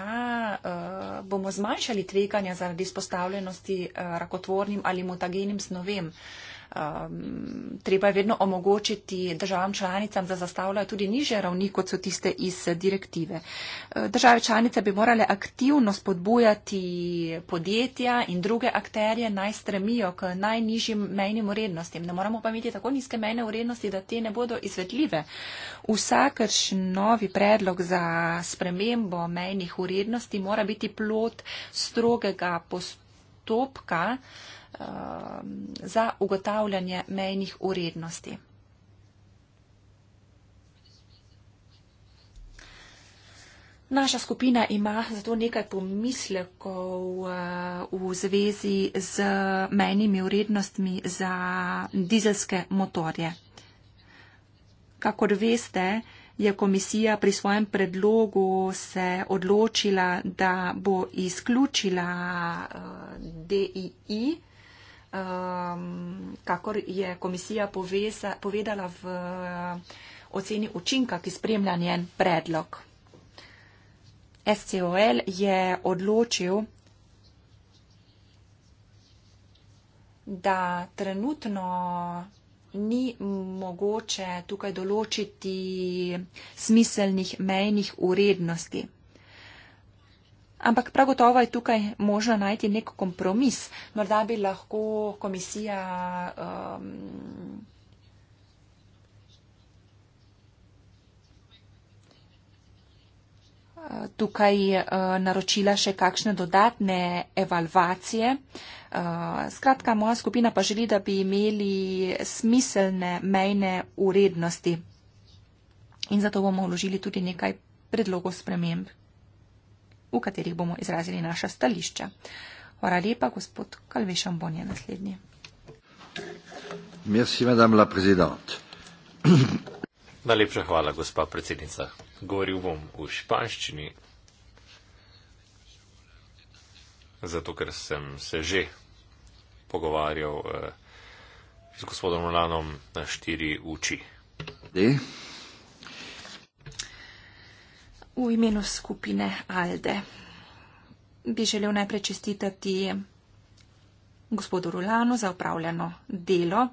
uh, bomo zmanjšali tveganja zaradi izpostavljenosti uh, rakotvornim ali mutagenim snovem. Uh, um, treba je vedno omogočiti državam članicam, da zastavljajo tudi niže ravni, kot so tiste iz eh, direktive. Eh, države članice bi morale aktivno spodbujati podjetja in druge akterje naj stremijo k najnižjim mejnim urednostim. Ne moramo pa imeti tako nizke mejne urednosti, da te ne bodo izvedljive. Vsakršen novi predlog za spremembo mejnih urednosti mora biti plot strogega postopka. Uh, Um, za ugotavljanje mejnih urednosti. Naša skupina ima zato nekaj pomislekov uh, v zvezi z menjimi urednostmi za dizelske motorje. Kakor veste, je komisija pri svojem predlogu se odločila, da bo izključila uh, DII um, kakor je komisija povesa, povedala v eh, oceni učinka, ki spremlja njen predlog. SCOL je odločil, da trenutno ni mogoče tukaj določiti smiselnih mejnih urednosti. Ampak prav gotovo je tukaj možno najti nek kompromis. Morda bi lahko komisija. Um, Tukaj uh, naročila še kakšne dodatne evalvacije. Uh, skratka, moja skupina pa želi, da bi imeli smiselne mejne urednosti in zato bomo vložili tudi nekaj predlogov sprememb v katerih bomo izrazili naša stališča. Hvala lepa, gospod Kalvešan Bonje, naslednji. Merci, madame la présidente. [clears throat] Najlepša hvala, gospa predsednica. Govoril bom v španščini, zato ker sem se že pogovarjal eh, z gospodom Lanom na štiri uči. De? V imenu skupine Alde bi želel najprej čestitati gospodu Rulanu za upravljeno delo.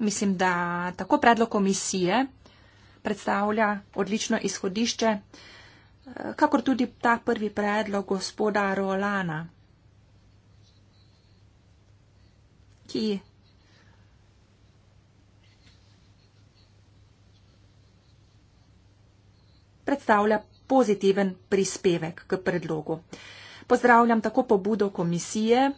Mislim, da tako predlog komisije predstavlja odlično izhodišče, kakor tudi ta prvi predlog gospoda Rolana, ki predstavlja pozitiven prispevek k predlogu. Pozdravljam tako pobudo komisije,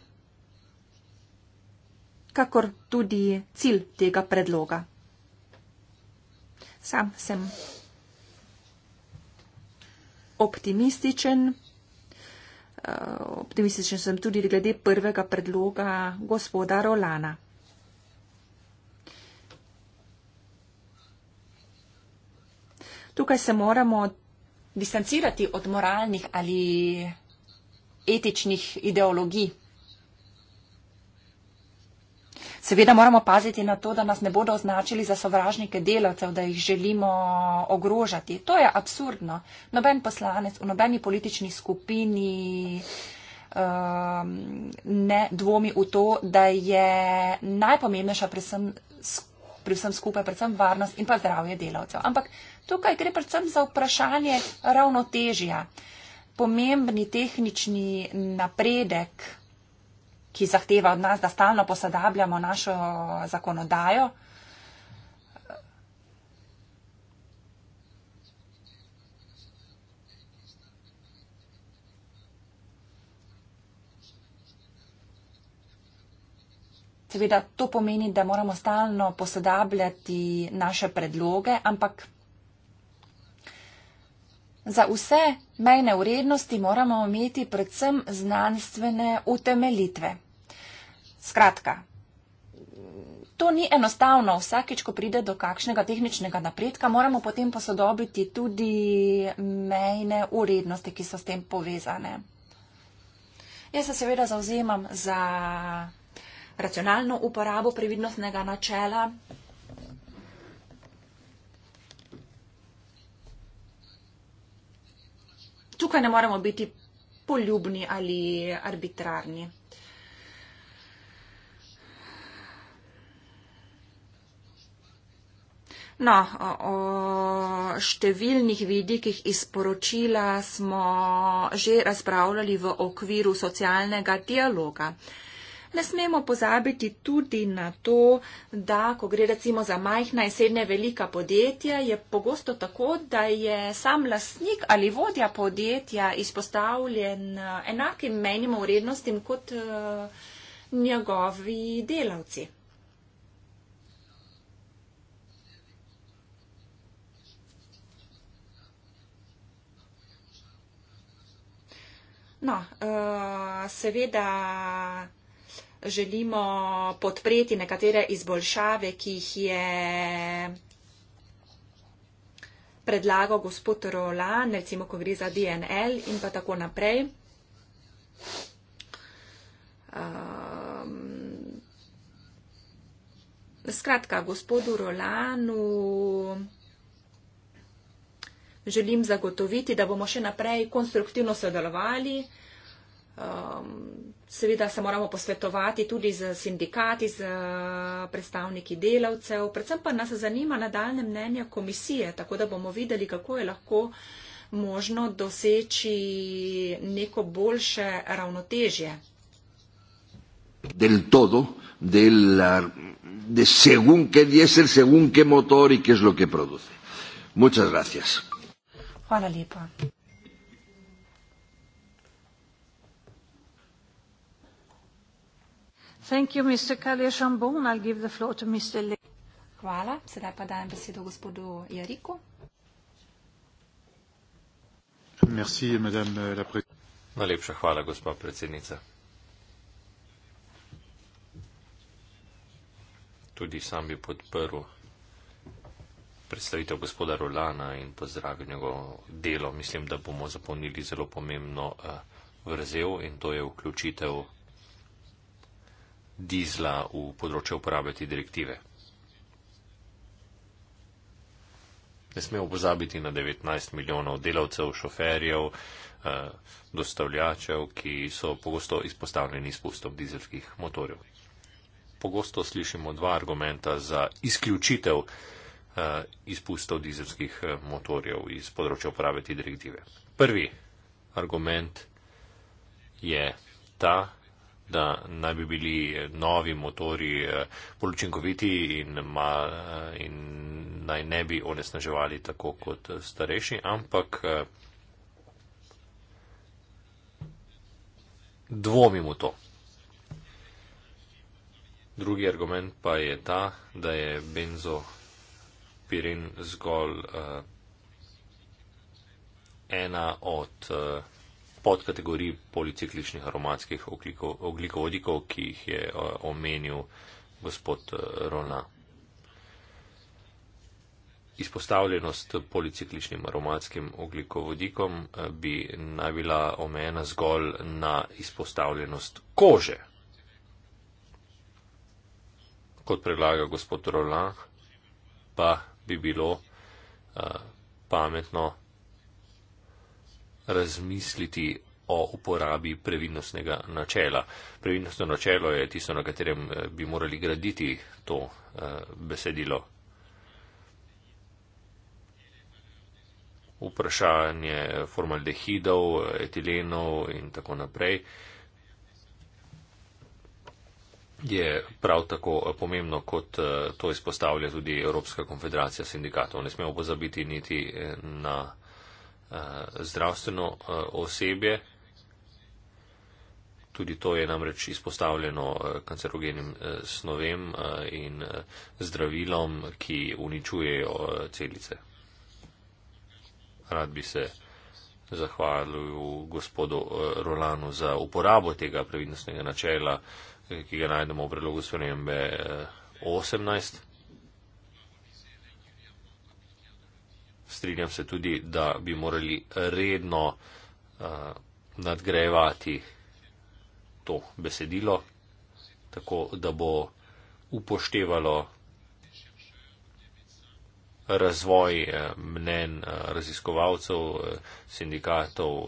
kakor tudi cilj tega predloga. Sam sem optimističen. Eh, optimističen sem tudi glede prvega predloga gospoda Rolana. tukaj se moramo distancirati od moralnih ali etičnih ideologij. Seveda moramo paziti na to, da nas ne bodo označili za sovražnike delavcev, da jih želimo ogrožati. To je absurdno. Noben poslanec v nobeni politični skupini um, ne dvomi v to, da je najpomembnejša predvsem skupina pri vsem skupaj, predvsem varnost in pa zdravje delavcev. Ampak tukaj gre predvsem za vprašanje ravnotežja. Pomembni tehnični napredek, ki zahteva od nas, da stalno posodabljamo našo zakonodajo, seveda to pomeni, da moramo stalno posodabljati naše predloge, ampak za vse mejne vrednosti moramo imeti predvsem znanstvene utemelitve. Skratka, to ni enostavno. Vsakič, ko pride do kakšnega tehničnega napredka, moramo potem posodobiti tudi mejne vrednosti, ki so s tem povezane. Jaz se seveda zauzemam za racionalno uporabo previdnostnega načela. Tukaj ne moremo biti poljubni ali arbitrarni. No, o številnih vidikih iz poročila smo že razpravljali v okviru socialnega dialoga. Ne smemo pozabiti tudi na to, da ko gre recimo za majhna in srednje velika podjetja, je pogosto tako, da je sam lasnik ali vodja podjetja izpostavljen eh, enakim menjim vrednostim kot eh, njegovi delavci. No, uh, seveda želimo podpreti nekatere izboljšave, ki jih je predlagal gospod Rolan, recimo, ko gre za DNL in pa tako naprej. Um, skratka, gospodu Rolanu želim zagotoviti, da bomo še naprej konstruktivno sodelovali. Um, seveda se moramo posvetovati tudi z sindikati, z eh, predstavniki delavcev, predvsem pa nas zanima nadaljne mnenja komisije, tako da bomo videli, kako je lahko možno doseči neko boljše ravnotežje. Del todo, del, eh, de según qué diesel, según qué motor y qué es lo que produce. Muchas gracias. Hvala lepa. Thank you, Mr. Kalešambon. I'll give the floor to Mr. Le Hvala. Sedaj pa dajem besedo gospodu Jariku. Merci, madame la Najlepša hvala, gospod predsednica. Tudi sam bi podprl predstavitev gospoda Rolana in pozdravil njegovo delo. Mislim, da bomo zapolnili zelo pomembno eh, vrzel in to je vključitev dizla v področje uporabe te direktive. Ne smemo pozabiti na 19 milijonov delavcev, šoferjev, eh, dostavljačev, ki so pogosto izpostavljeni izpustom dizelskih motorjev. Pogosto slišimo dva argumenta za izključitev eh, izpustov dizelskih eh, motorjev iz področja uporabe te direktive. Prvi argument je ta, da naj bi bili novi motori eh, bolj učinkoviti in, ma, eh, in naj ne bi onesnaževali tako kot starejši, ampak eh, dvomim v to. Drugi argument pa je ta, da je benzopirin zgolj uh, ena od uh, podkategoriji policikličnih aromatskih oglikovodikov, ki jih je eh, omenil gospod eh, Rona. Izpostavljenost policikličnim aromatskim oglikovodikom eh, bi naj bila omejena zgolj na izpostavljenost kože. Kot predlaga gospod Roland, pa bi bilo uh, pametno razmisliti o uporabi previdnostnega načela. Previdnostno načelo je tisto, na katerem eh, bi morali graditi to eh, besedilo. Vprašanje formaldehidov, etilenov in tako naprej je prav tako eh, pomembno, kot to izpostavlja tudi Evropska konfederacija sindikatov. Ne smemo pozabiti niti na. Eh, zdravstveno eh, osebje. Tudi to je namreč izpostavljeno eh, kancerogenim snovem in zdravilom, ki uničujejo celice. Rad bi se zahvalil gospodu Rolanu za uporabo tega previdnostnega načela, ki ga najdemo v predlogu spremembe 18. strinjam se tudi, da bi morali redno uh, nadgrajevati to besedilo, tako da bo upoštevalo razvoj eh, mnen eh, raziskovalcev, sindikatov,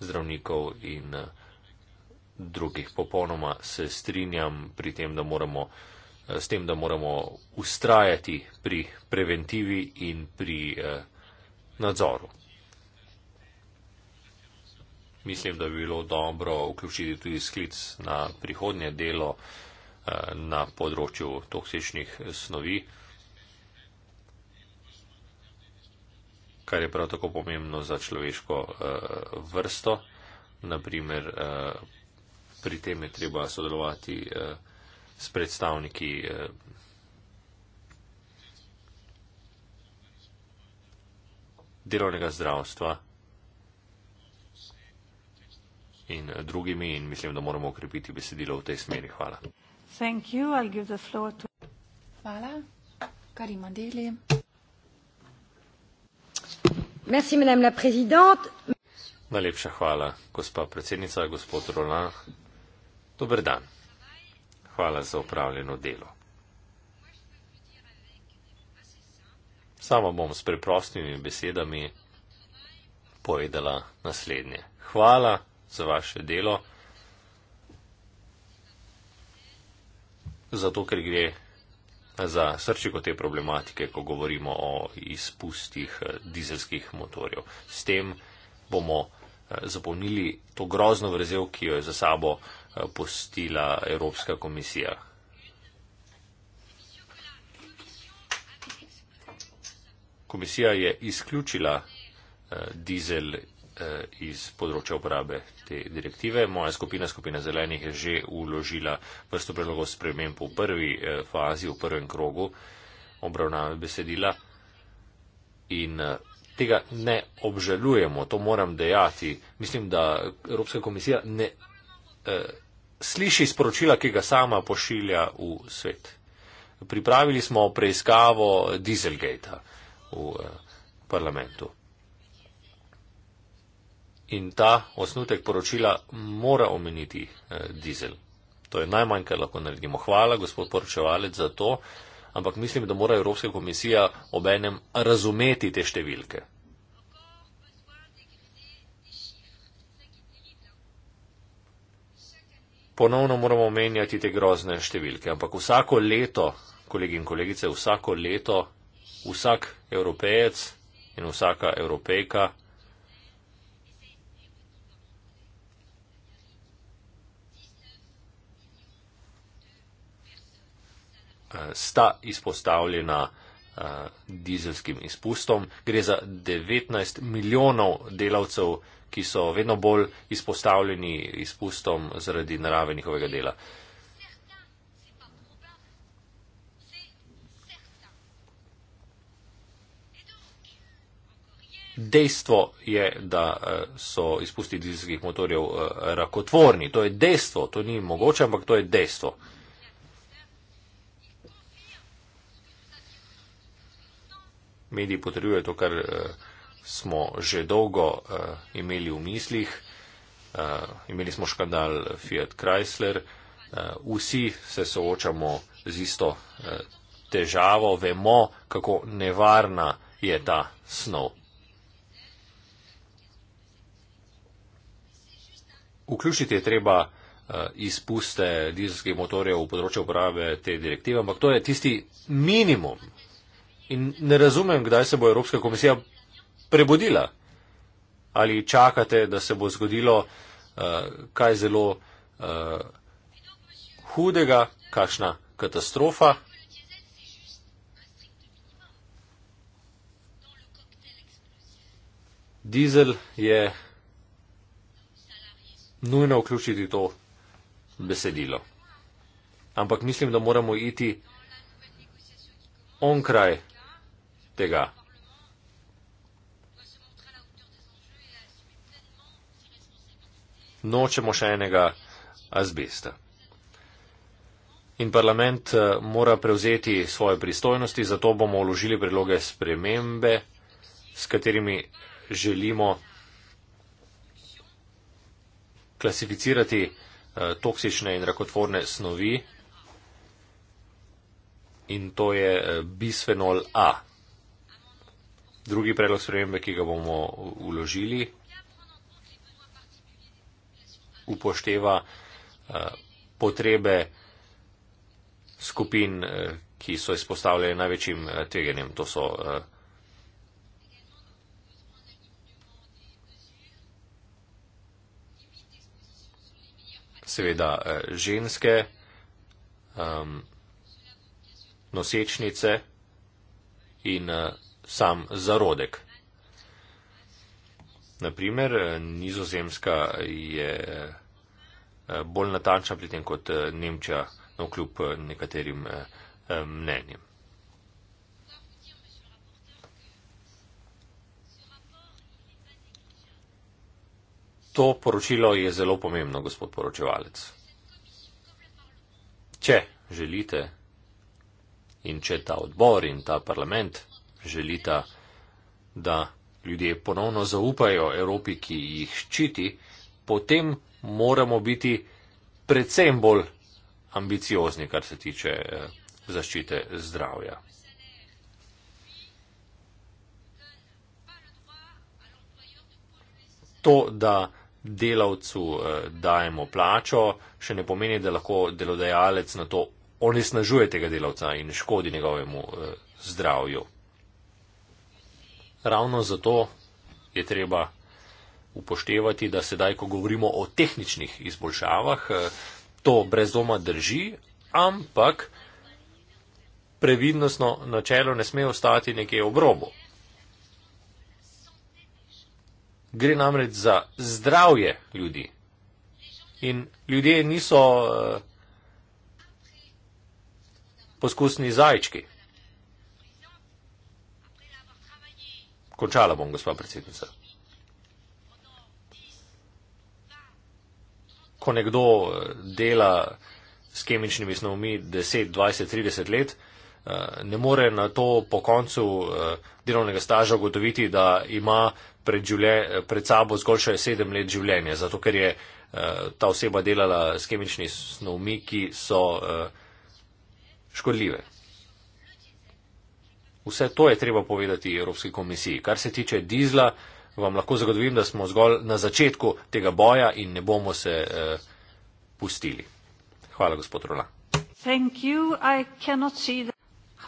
zdravnikov in drugih. Popolnoma se strinjam pri tem, da moramo uh, Eh, s tem, da moramo ustrajati pri preventivi in pri eh, nadzoru. Mislim, da bi bilo dobro vključiti tudi sklic na prihodnje delo eh, na področju toksičnih snovi, kar je prav tako pomembno za človeško vrsto. Naprimer, pri tem je treba sodelovati s predstavniki eh, delovnega zdravstva in eh, drugimi in mislim, da moramo ukrepiti besedilo v tej smeri. Hvala. Hvala. Karima Deli. Merci, madame la présidente. Najlepša hvala, gospa predsednica, gospod Roland. Dober dan hvala za upravljeno delo. Sama bom s preprostimi besedami povedala naslednje. Hvala za vaše delo, zato ker gre za srčiko te problematike, ko govorimo o izpustih eh, dizelskih motorjev. S tem bomo eh, zapolnili to grozno vrzel, ki jo je za sabo Eh, postila Evropska komisija. Komisija je izključila eh, dizel eh, iz področja uporabe te direktive. Moja skupina, skupina zelenih, je že uložila vrsto predlogov sprememb v prvi fazi, v prvem krogu obravnave besedila. In tega ne obžalujemo, to moram dejati. Mislim, da Evropska komisija ne. Eh, sliši sporočila, ki ga sama pošilja v svet. Pripravili smo preiskavo Dieselgate v eh, parlamentu. In ta osnutek poročila mora omeniti eh, Diesel. To je najmanj, kar lahko naredimo. Hvala, gospod poročevalec, za to. Ampak mislim, da mora Evropska komisija ob enem razumeti te številke. ponovno moramo omenjati te grozne številke, ampak vsako leto, kolegi in kolegice, vsako leto vsak evropejec in vsaka evropejka sta izpostavljena eh, dizelskim izpustom. Gre za 19 milijonov delavcev ki so vedno bolj izpostavljeni izpustom zaradi narave njihovega dela. Dejstvo je, da eh, so izpusti dizelskih motorjev eh, rakotvorni. To je dejstvo, to ni mogoče, ampak to je dejstvo. Mediji potrjujejo to, kar eh, smo že dolgo uh, imeli v mislih. Uh, imeli smo škandal Fiat Chrysler. Uh, vsi se soočamo z isto uh, težavo, vemo, kako nevarna je ta snov. Vključiti je treba uh, izpuste dizelskih motorjev v področje uporabe te direktive, ampak to je tisti minimum. In ne razumem, kdaj se bo Evropska komisija prebudila? Ali čakate, da se bo zgodilo uh, kaj zelo uh, hudega, kakšna katastrofa? Dizel je nujno vključiti to besedilo. Ampak mislim, da moramo iti onkraj tega. nočemo še enega azbesta. In parlament eh, mora prevzeti svoje pristojnosti, zato bomo uložili predloge spremembe, s katerimi želimo klasificirati eh, toksične in rakotvorne snovi. In to je eh, bisfenol A. Drugi predlog spremembe, ki ga bomo uložili, upošteva eh, potrebe skupin, eh, ki so izpostavljene največjim eh, tveganjem. To so seveda ženske, ehm, nosečnice in sam zarodek. Naprimer, Nizozemska je eh, bolj natančna pri tem kot eh, Nemčija, na no, vkljub eh, nekaterim mnenjem. To poročilo je zelo pomembno, gospod poročevalec. Če želite in če ta odbor in ta parlament želita, da ljudje ponovno zaupajo Evropi, ki jih ščiti, potem moramo biti predvsem bolj ambiciozni, kar se tiče eh, zaščite zdravja. To, da delavcu eh, dajemo plačo, še ne pomeni, da lahko delodajalec na to onesnažuje tega delavca in škodi njegovemu eh, zdravju. Ravno zato je treba upoštevati, da sedaj, ko govorimo o tehničnih izboljšavah, eh, to brez doma drži, ampak previdnostno načelo ne sme ostati nekje ob robu. Gre namreč za zdravje ljudi. In ljudje niso eh, poskusni zajčki. Končala bom, gospod predsednica. Ko nekdo eh, dela s kemičnimi snovmi 10, 20, 30 let, eh, ne more na to po koncu eh, delovnega staža ugotoviti, da ima pred, življenje, pred sabo zgolj še 7 let življenja, zato ker je ta oseba delala s kemičnimi snovmi, ki so škodljive. Vse to je treba povedati Evropski komisiji. Kar se tiče dizla, vam lahko zagotovim, da smo zgolj na začetku tega boja in ne bomo se eh, pustili. Hvala, gospod Rola.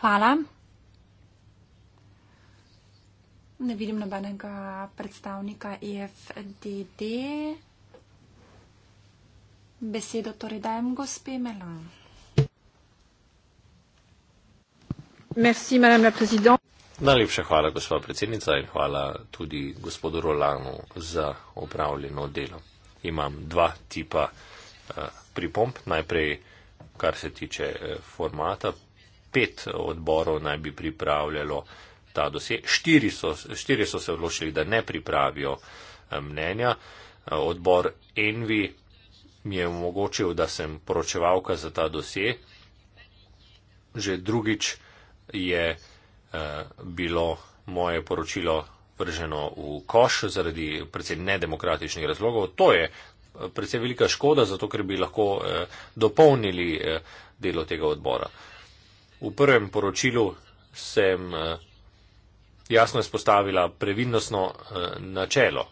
Hvala. Ne vidim nobenega predstavnika EFDD. Besedo torej dajem gospe Melon. Najlepša hvala, gospod predsednica, in hvala tudi gospodu Rolanu za opravljeno delo. Imam dva tipa eh, pripomp. Najprej, kar se tiče eh, formata, pet odborov naj bi pripravljalo ta dosje. Štiri so, štiri so se odločili, da ne pripravijo eh, mnenja. Odbor Envi mi je omogočil, da sem poročevalka za ta dosje. Že drugič je uh, bilo moje poročilo vrženo v koš zaradi predvsej nedemokratičnih razlogov. To je eh, predvsej velika škoda, zato ker bi lahko uh, dopolnili uh, delo tega odbora. V prvem poročilu sem uh, jasno izpostavila previdnostno uh, načelo,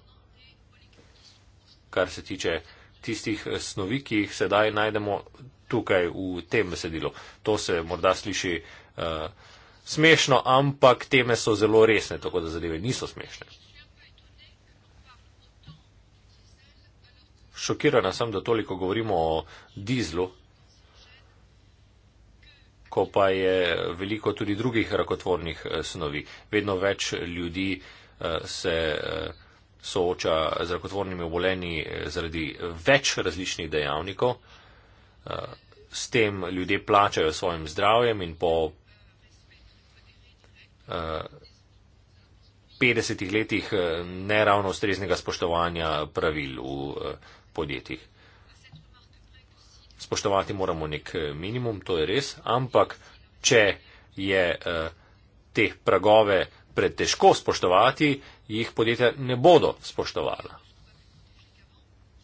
kar se tiče tistih snovi, ki jih sedaj najdemo tukaj v tem besedilu. To se morda sliši uh, uh, smešno, ampak teme so zelo resne, tako da zadeve niso smešne. Šokirana sem, da toliko govorimo o dizlu, ko pa je veliko tudi drugih rakotvornih eh, snovi. Vedno več ljudi eh, se sooča z rakotvornimi obolenji zaradi več različnih dejavnikov. S tem ljudje plačajo svojim zdravjem in po 50 letih eh, neravno ustreznega spoštovanja pravil v eh, podjetjih. Spoštovati moramo nek eh, minimum, to je res, ampak če je te pragove pretežko spoštovati, jih podjetja ne bodo spoštovala.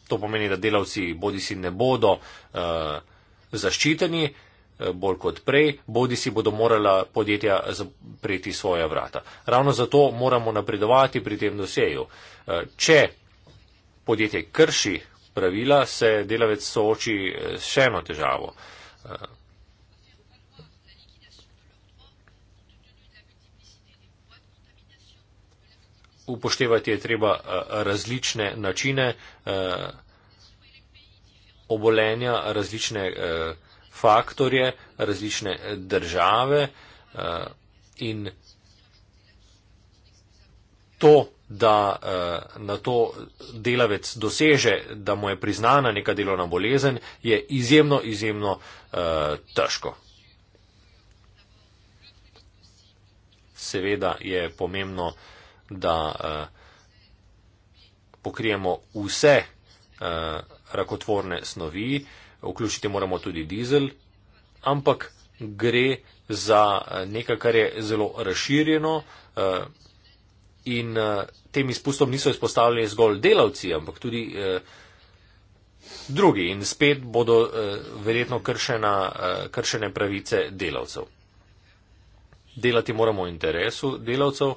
To pomeni, da delavci bodi si ne bodo uh, zaščiteni, uh, Eh, bolj kot prej, bodi si bodo morala podjetja zapreti svoja vrata. Ravno zato moramo napredovati pri tem doseju. Eh, če podjetje krši pravila, se delavec sooči eh, s še eno težavo. Upoštevati je treba različne načine obolenja, različne faktorje, različne države eh, in to, da eh, na to delavec doseže, da mu je priznana neka delovna bolezen, je izjemno, izjemno eh, težko. Seveda je pomembno, da pokrijemo vse rakotvorne snovi, vključiti moramo tudi dizel, ampak gre za eh, nekaj, kar je zelo razširjeno eh, in eh, tem izpustom niso izpostavljeni zgolj delavci, ampak tudi drugi in spet bodo verjetno kršena, kršene pravice delavcev. Delati moramo v interesu delavcev.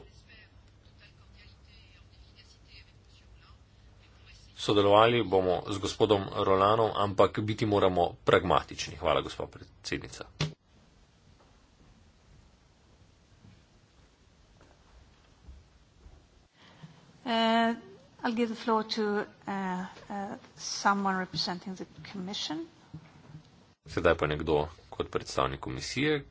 Sodelovali bomo z gospodom Rolanom, ampak biti moramo pragmatični. Hvala, gospod predsednica. Uh, uh, uh, Sedaj pa nekdo kot predstavnik komisije.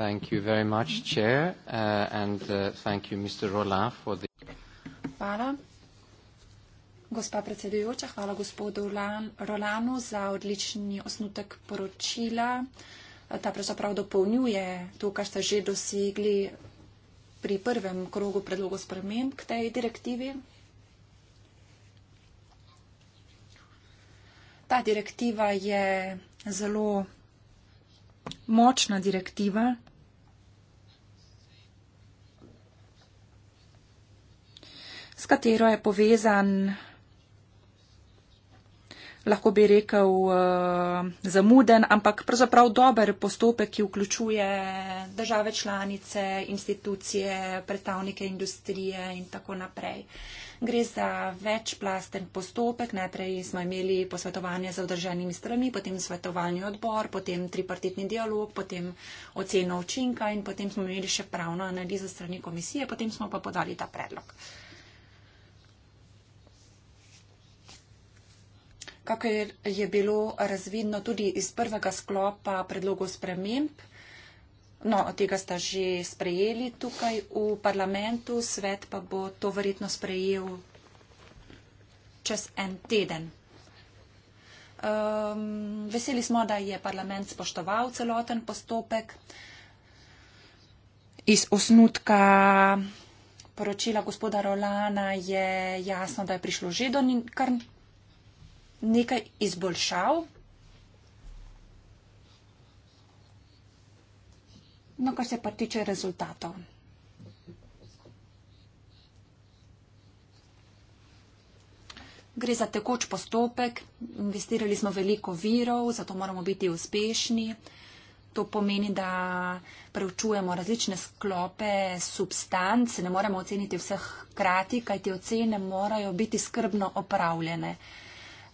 Thank you very much, Chair, uh, and uh, thank you, Mr. Roland, for the. Hvala, Gospa predsedujoča, hvala gospodu Rolanu za odlični osnutek poročila. Ta pravzaprav dopolnjuje to, kar ste že dosegli pri prvem krogu predlogu sprememb k tej direktivi. Ta direktiva je zelo močna direktiva. s katero je povezan lahko bi rekel, uh, zamuden, ampak pravzaprav dober postopek, ki vključuje države članice, institucije, predstavnike industrije in tako naprej. Gre za večplasten postopek. Najprej smo imeli posvetovanje z vdrženimi strani, potem svetovalni odbor, potem tripartitni dialog, potem oceno učinka in potem smo imeli še pravno analizo strani komisije, potem smo pa podali ta predlog. Uh, kako je bilo razvidno tudi iz prvega sklopa predlogov sprememb. No, tega sta že sprejeli tukaj v parlamentu, svet pa bo to verjetno sprejel čez en teden. Um, veseli smo, da je parlament spoštoval celoten postopek iz osnutka. Poročila gospoda Rolana je jasno, da je prišlo že do kar nekaj izboljšav, no, kar se pa tiče rezultatov. Gre za tekoč postopek, investirali smo veliko virov, zato moramo biti uspešni. To pomeni, da preučujemo različne sklope substanc, ne moremo oceniti vseh krati, kajti ocene morajo biti skrbno opravljene.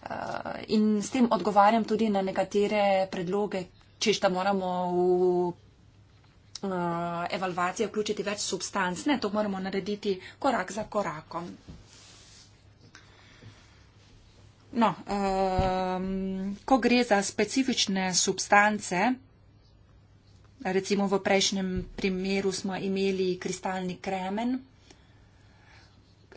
Eh, in s tem odgovarjam tudi na nekatere predloge, češ da moramo v eh, evalvacije vključiti več substanc. Ne, to moramo narediti korak za korakom. No, um, ko gre za specifične substance, recimo v prejšnjem primeru smo imeli kristalni kremen,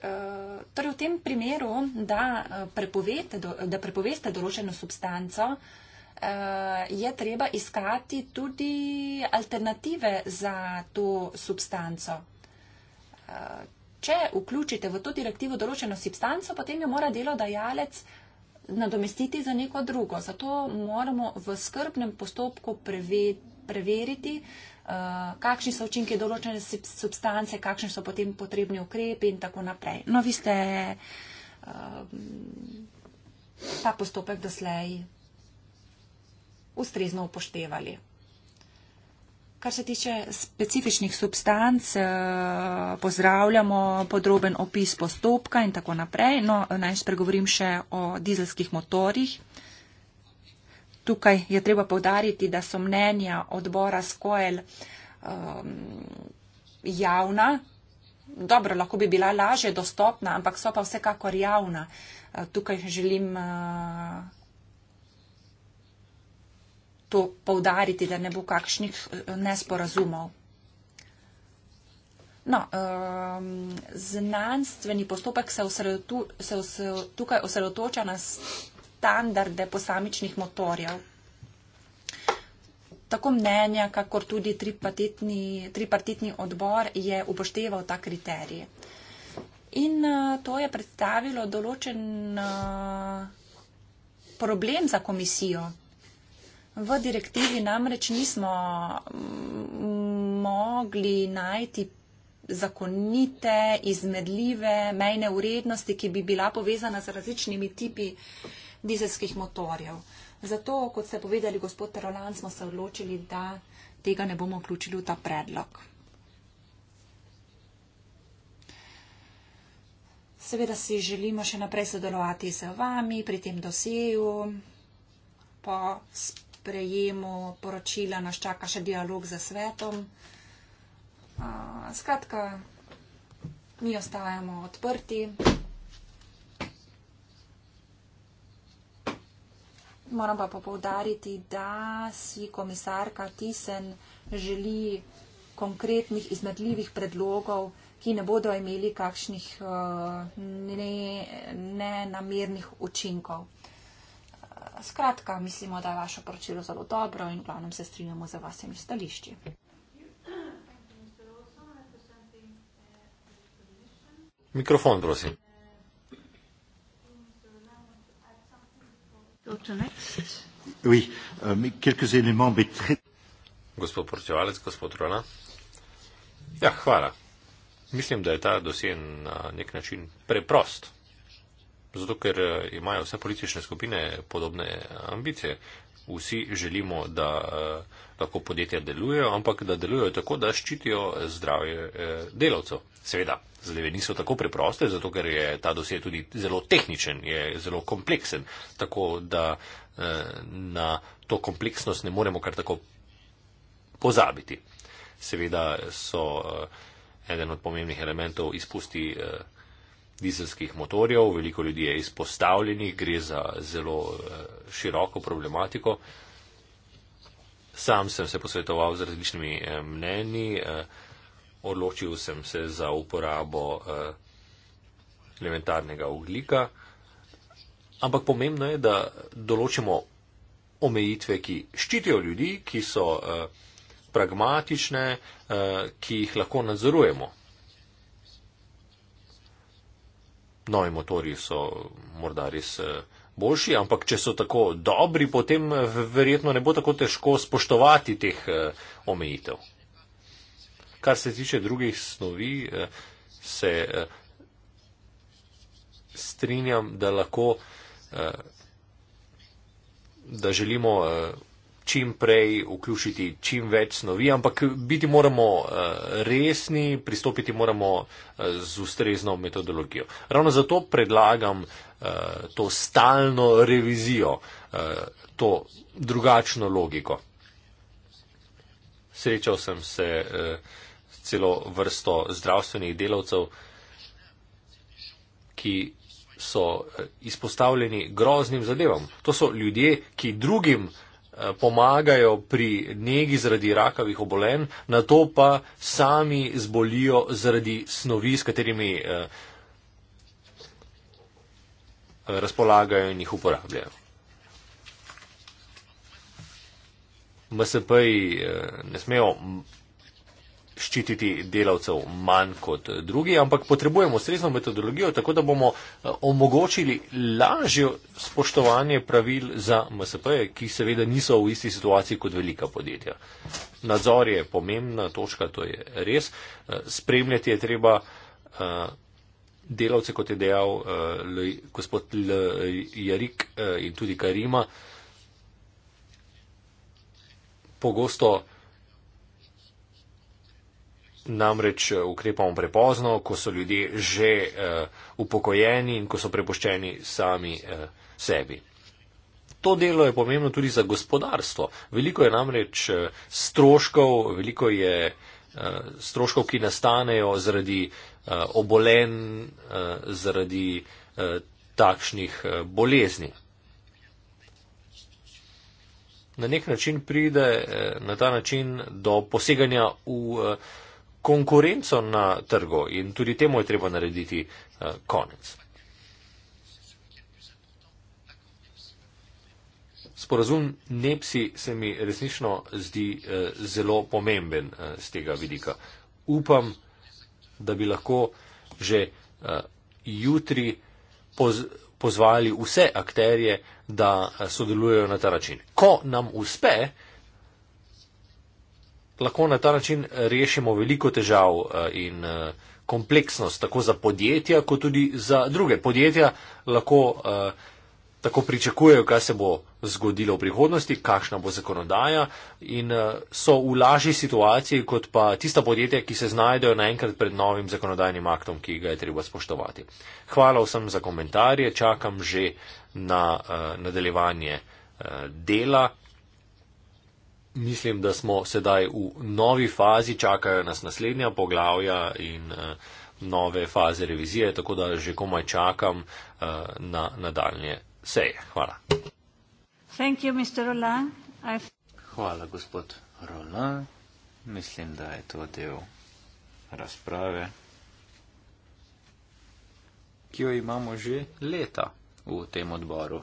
Eh, torej v tem primeru, da, eh, prepoveste, da prepoveste določeno substanco, eh, je treba iskati tudi alternative za to substanco. Če vključite v to direktivo določeno substanco, potem jo mora delodajalec nadomestiti za neko drugo. Zato moramo v skrbnem postopku preveriti, Eh, kakšni so učinki določene substance, kakšni so potem potrebni ukrepi in tako naprej. No, vi ste eh, ta postopek doslej ustrezno upoštevali. Kar se tiče specifičnih substanc, eh, pozdravljamo podroben opis postopka in tako naprej. No, naj spregovorim še o dizelskih motorjih. Tukaj je treba povdariti, da so mnenja odbora Skoel um, javna. Dobro, lahko bi bila laže dostopna, ampak so pa vsekakor javna. Uh, tukaj želim uh, to povdariti, da ne bo kakšnih uh, nesporazumov. No, um, znanstveni postopek se, osredotu, se os, tukaj osredotoča na standarde posamičnih motorjev. Tako mnenja, kakor tudi tripartitni, tripartitni odbor je upošteval ta kriterij. In eh, to je predstavilo določen eh, problem za komisijo. V direktivi namreč nismo mm, mogli najti zakonite, izmedljive, mejne urednosti, ki bi bila povezana z različnimi tipi uh, dizelskih motorjev. Zato, kot ste povedali, gospod Terolan, smo se odločili, da tega ne bomo vključili v ta predlog. Seveda si želimo še naprej sodelovati z vami pri tem doseju. Po sprejemu poročila nas čaka še dialog za svetom. Skratka, mi ostajamo odprti. Moram pa popovdariti, da si komisarka Tisen želi konkretnih izmedljivih predlogov, ki ne bodo imeli kakšnih eh, nenamernih ne učinkov. Skratka, mislimo, da je vaše poročilo zelo dobro in v glavnem se strinjamo za vasemi stališči. Mikrofon, prosim. Oui, euh, mais quelques éléments, mais très... Gospod Porčevalec, gospod Rona. Ja, hvala. Mislim, da je ta dosjen na nek način preprost. Zato, ker eh, imajo vse politične skupine podobne eh, ambicije vsi želimo, da eh, lahko podjetja delujejo, ampak da delujejo tako, da ščitijo zdravje eh, delavcev. Seveda, zadeve niso tako preproste, zato ker je ta dosje tudi zelo tehničen, je zelo kompleksen, tako da eh, na to kompleksnost ne moremo kar tako pozabiti. Seveda so eden od pomembnih elementov izpusti dizelskih motorjev, veliko ljudi je izpostavljenih, gre za zelo eh, široko problematiko. Sam sem se posvetoval z različnimi eh, mnenji, eh, odločil sem se za uporabo elementarnega oglika, ampak pomembno je, da določimo omejitve, ki ščitijo ljudi, ki so pragmatične, ki jih lahko nadzorujemo. novi motori so morda res eh, boljši, ampak če so tako dobri, potem eh, verjetno ne bo tako težko spoštovati teh eh, omejitev. Kar se tiče drugih snovi, se strinjam, da lahko, da želimo čim prej vključiti čim več snovi, ampak biti moramo eh, resni, pristopiti moramo eh, z ustrezno metodologijo. Ravno zato predlagam eh, to stalno revizijo, to drugačno logiko. Srečal sem se s celo vrsto zdravstvenih delavcev, ki so izpostavljeni groznim zadevam. To so ljudje, ki drugim pomagajo pri negi zaradi rakavih obolen, na to pa sami zbolijo zaradi snovi, s katerimi eh, razpolagajo in jih uporabljajo. MSP-ji eh, ne smejo ščititi delavcev manj kot drugi, ampak potrebujemo ustrezno metodologijo, tako da bomo eh, omogočili lažjo spoštovanje pravil za MSP, ki seveda niso v isti situaciji kot velika podjetja. Nadzor je pomembna točka, to je res. Eh, spremljati je treba eh, delavce, kot je dejal gospod L. Jarik in tudi Karima. Pogosto namreč eh, ukrepamo prepozno, ko so ljudje že uh, upokojeni in ko so prepuščeni sami uh, sebi. To delo je pomembno tudi za gospodarstvo. Veliko je namreč stroškov, veliko je uh, stroškov, ki nastanejo zaradi uh, obolen, uh, zaradi uh, takšnih uh, bolezni. Na nek način pride uh, na ta način do poseganja v uh, konkurenco na trgu in tudi temu je treba narediti eh, konec. Sporazum Nepsi se mi resnično zdi eh, zelo pomemben eh, z tega vidika. Upam, da bi lahko že jutri pozvali vse akterje, da sodelujejo na ta način. Ko nam uspe, lahko na ta način rešimo veliko težav eh, in eh, kompleksnost tako za podjetja, kot tudi za druge. Podjetja lahko eh, tako pričakujejo, kaj se bo zgodilo v prihodnosti, kakšna bo zakonodaja in so v lažji situaciji, kot pa tista podjetja, ki se znajdejo naenkrat pred novim zakonodajnim aktom, ki ga je treba spoštovati. Hvala vsem za komentarje, čakam že na nadaljevanje dela mislim, da smo sedaj v novi fazi, čakajo nas naslednja poglavja in uh, nove faze revizije, tako da že komaj čakam uh, na nadaljne seje. Hvala. You, Hvala, gospod Roland. Mislim, da je to del razprave, ki jo imamo že leta v tem odboru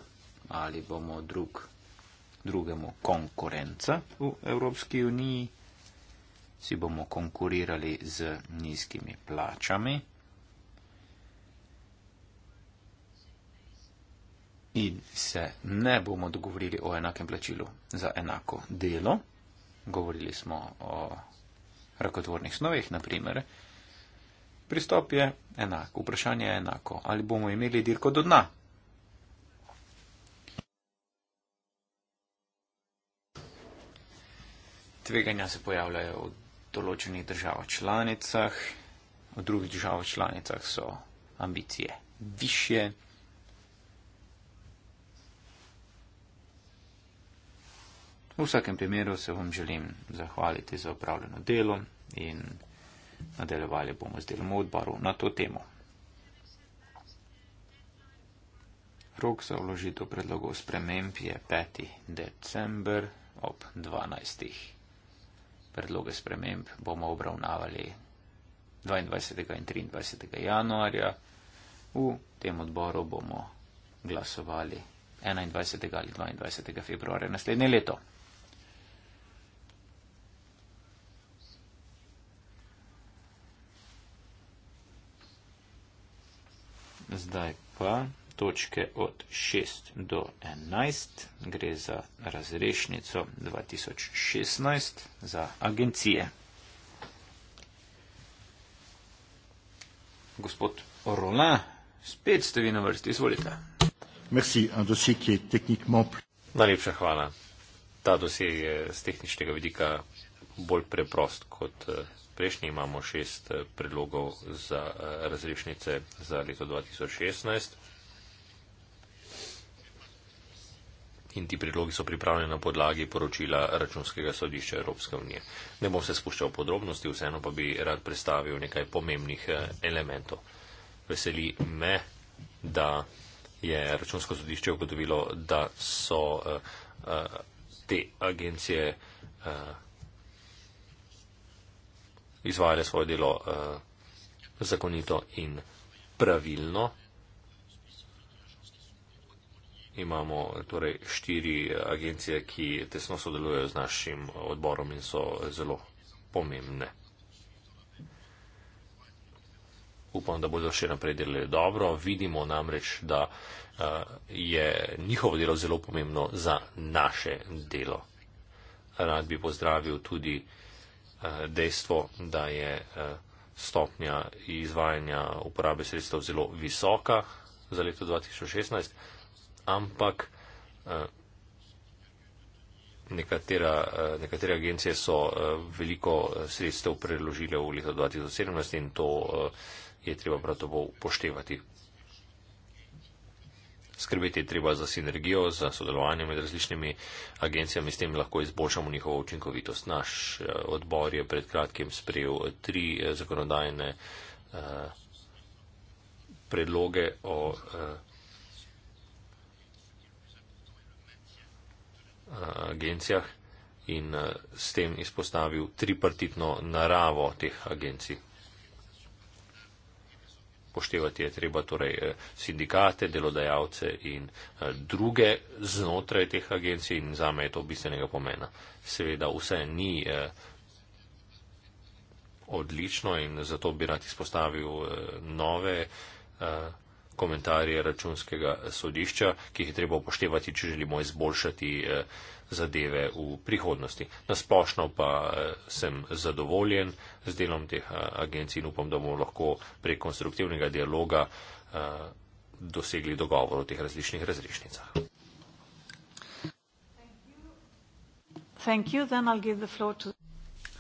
ali bomo drug drugemu konkurenca v Evropski uniji, si bomo konkurirali z nizkimi plačami. In se ne bomo dogovorili o enakem plačilu za enako delo. Govorili smo o rakotvornih snovih, naprimer. Pristop je enak, vprašanje je enako. Ali bomo imeli dirko do dna? tveganja se pojavljajo v določenih državah članicah, v drugih državah članicah so ambicije više. V vsakem primeru se vam želim zahvaliti za upravljeno delo in nadaljevali bomo z delom odboru na to temo. Rok za vložitev predlogov sprememb je 5. december ob 12 predloge sprememb bomo obravnavali 22. in 23. januarja. V tem odboru bomo glasovali 21. ali 22. februarja naslednje leto. Zdaj pa točke od 6 do 11, gre za razrešnico 2016 za agencije. Gospod Rola, spet ste vi na vrsti, izvolite. Merci, un dosje, ki je tehnično. Najlepša hvala. Ta dosje je z tehničnega vidika bolj preprost kot eh, prejšnji. Imamo šest eh, predlogov za eh, razrešnice za leto 2016. in ti predlogi so pripravljeni na podlagi poročila Računskega sodišča Evropske unije. Ne bom se spuščal v podrobnosti, vseeno pa bi rad predstavil nekaj pomembnih eh, elementov. Veseli me, da je Računsko sodišče ugotovilo, da so uh, uh, te agencije uh, izvajale svoje delo uh, zakonito in pravilno imamo torej štiri agencije, ki tesno sodelujejo z našim odborom in so zelo pomembne. Upam, da bodo še naprej delali dobro. Vidimo namreč, da eh, je njihovo delo zelo pomembno za naše delo. Rad bi pozdravil tudi eh, dejstvo, da je eh, stopnja izvajanja uporabe sredstev zelo visoka za leto 2016 ampak eh, nekatera, eh, nekatere agencije so eh, veliko sredstev preložile v leto 2017 in to je treba prav to upoštevati. Skrbeti je treba za sinergijo, za sodelovanje med različnimi agencijami, s tem lahko izboljšamo njihovo učinkovitost. Naš odbor je pred kratkim sprejel tri zakonodajne predloge o agencijah in eh, s tem izpostavil tripartitno naravo teh agencij. Poštevati je treba torej eh, sindikate, delodajalce in eh, druge znotraj teh agencij in za me je to bistvenega pomena. Seveda vse ni odlično in zato bi rad izpostavil nove komentarje računskega sodišča, ki jih je treba upoštevati, če želimo izboljšati eh, zadeve v prihodnosti. Nasplošno pa eh, sem zadovoljen z delom teh eh, agencij in upam, da bomo lahko prek konstruktivnega dialoga dosegli dogovor o teh različnih razrešnicah.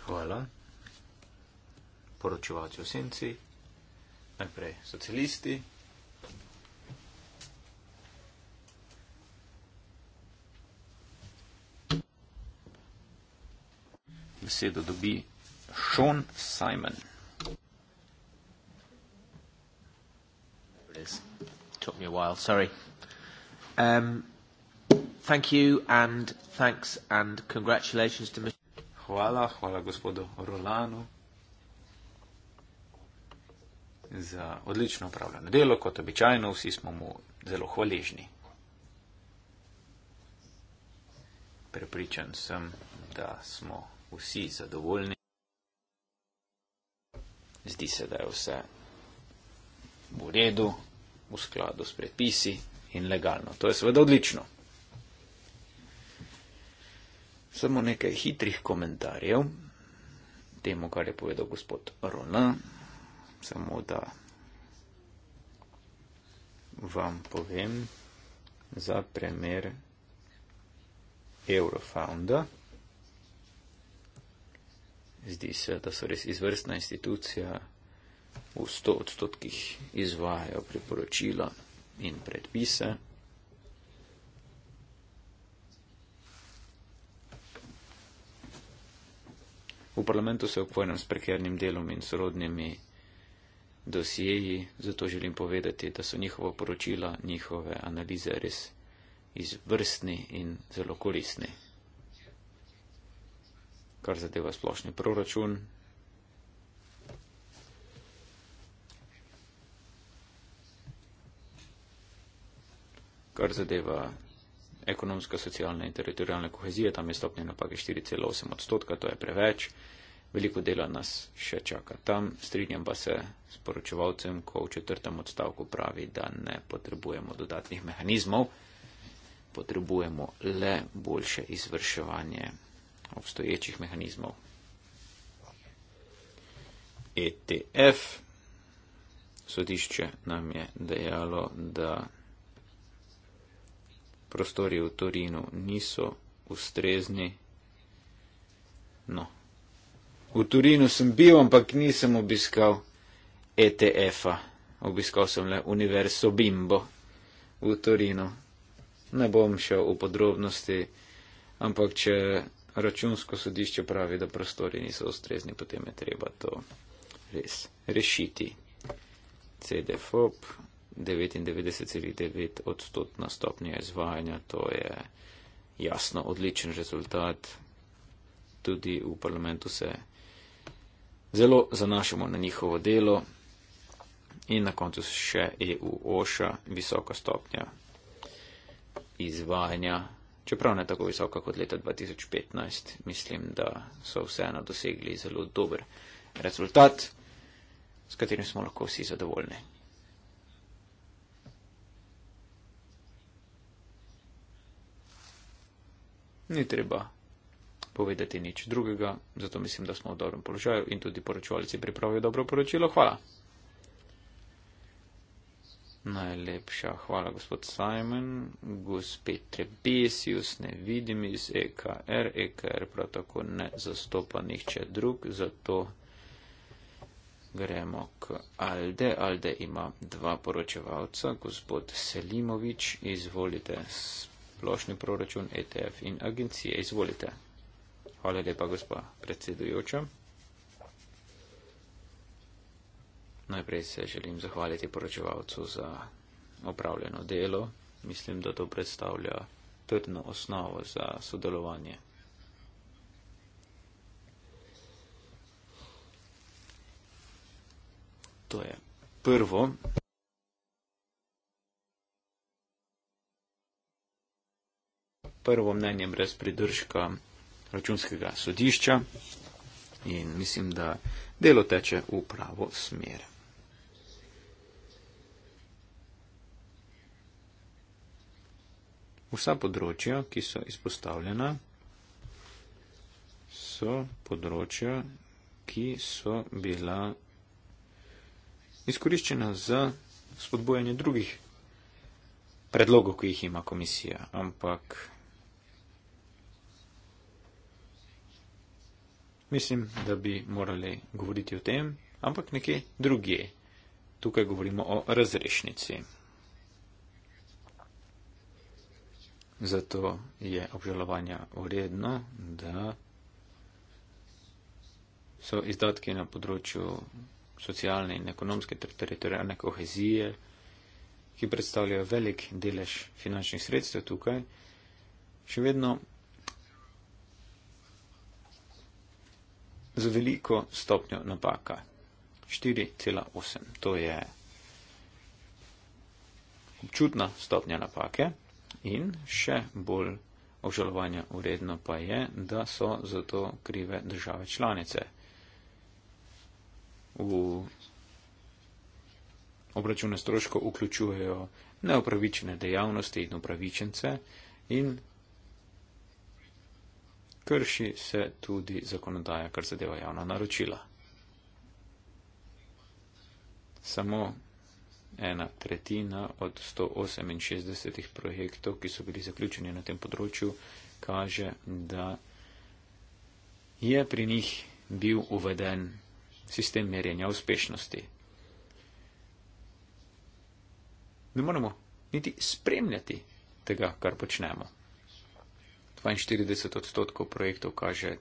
Hvala. Poročevalci v senci, najprej socialisti. besedo dobi Sean Simon. Took me a while, sorry. Um, thank you and thanks and congratulations to Mr. Hvala, hvala gospodu Rolanu za odlično upravljeno delo, kot običajno vsi smo mu zelo hvaležni. Prepričan sem, da smo vsi zadovoljni. Zdi se, da je vse v redu, v skladu s predpisi in legalno. To je seveda odlično. Samo nekaj hitrih komentarjev temu, kar je povedal gospod Rona. Samo da vam povem za primer Eurofounda zdi se, da so res izvrstna institucija, v sto odstotkih izvajajo priporočila in predpise. V parlamentu se ukvarjam s prekernim delom in sorodnimi dosjeji, zato želim povedati, da so njihova poročila, njihove analize res izvrstni in zelo koristni kar zadeva splošni proračun. Kar zadeva ekonomska, socialna in teritorijalna kohezija, tam je stopnja napake 4,8 odstotka, to je preveč. Veliko dela nas še čaka tam. Strinjam pa se s poročevalcem, ko v četrtem odstavku pravi, da ne potrebujemo dodatnih mehanizmov, potrebujemo le boljše izvrševanje obstoječih mehanizmov. ETF, sodišče nam je dejalo, da prostori v Torinu niso ustrezni. No, v Torinu sem bil, ampak nisem obiskal ETF-a. Obiskal sem le Universo Bimbo v Torinu. Ne bom šel v podrobnosti, ampak če računsko sodišče pravi, da prostori niso ustrezni, potem je treba to res rešiti. CDFOP 99,9 odstotna stopnja izvajanja, to je jasno odličen rezultat. Tudi v parlamentu se zelo zanašamo na njihovo delo. In na koncu še EU OŠA, visoka stopnja izvajanja čeprav ne tako visoka kot leta 2015, mislim, da so vseeno dosegli zelo dober rezultat, s katerim smo lahko vsi zadovoljni. Ni treba povedati nič drugega, zato mislim, da smo v dobrem položaju in tudi poročovalci pripravijo dobro poročilo. Hvala. Najlepša hvala, gospod Simon. Gospe Trebesius ne vidim iz EKR. EKR prav tako ne zastopa nihče drug, zato gremo k Alde. Alde ima dva poročevalca. Gospod Selimovič, izvolite splošni proračun ETF in agencije. Izvolite. Hvala lepa, gospa predsedujoča. Najprej se želim zahvaliti poročevalcu za opravljeno delo. Mislim, da to predstavlja trdno osnovo za sodelovanje. To je prvo. Prvo mnenje brez pridržka računskega sodišča in mislim, da delo teče v pravo smer. Vsa področja, ki so izpostavljena, so področja, ki so bila izkoriščena za spodbojanje drugih predlogov, ki jih ima komisija. Ampak mislim, da bi morali govoriti o tem, ampak nekje drugje. Tukaj govorimo o razrešnici. Zato je obžalovanja vredno, da so izdatki na področju socialne in ekonomske ter teritorijalne kohezije, ki predstavljajo velik delež finančnih sredstev tukaj, še vedno z veliko stopnjo napaka. 4,8. To je občutna stopnja napake. In še bolj obžalovanja vredno pa je, da so za to krive države članice. V obračune stroško vključujejo neopravičene dejavnosti in upravičence in krši se tudi zakonodaja, kar zadeva javna naročila. Samo ena tretjina od 168 projektov, ki so bili zaključeni na tem področju, kaže, da je pri njih bil uveden sistem merjenja uspešnosti. Ne moramo niti spremljati tega, kar počnemo. 42 odstotkov projektov kaže,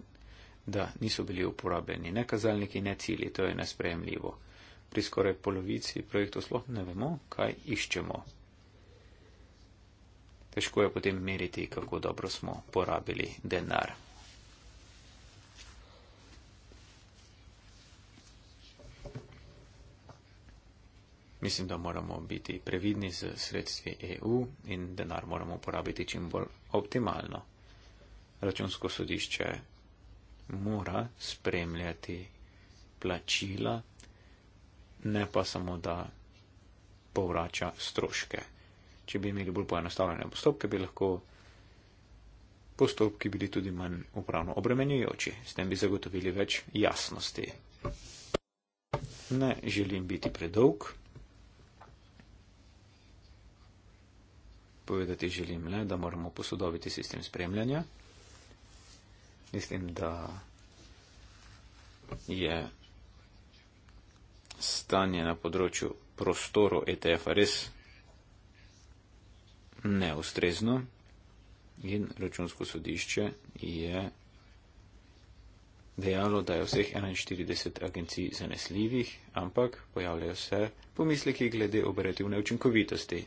da niso bili uporabljeni ne kazalniki, ne cilji, to je nespremljivo pri skoraj polovici projektov sploh ne vemo, kaj iščemo. Težko je potem meriti, kako dobro smo porabili denar. Mislim, da moramo biti previdni z sredstvi EU in denar moramo porabiti čim bolj optimalno. Računsko sodišče mora spremljati plačila ne pa samo, da povrača stroške. Če bi imeli bolj poenostavljene postopke, bi lahko postopki bili tudi manj upravno obremenjujoči. S tem bi zagotovili več jasnosti. Ne želim biti predolg. Povedati želim le, da moramo posodobiti sistem spremljanja. Mislim, da je. Yeah stanje na področju prostorov ETF-a res neustrezno in računsko sodišče je dejalo, da je vseh 41 agencij zanesljivih, ampak pojavljajo se pomisleki glede operativne učinkovitosti.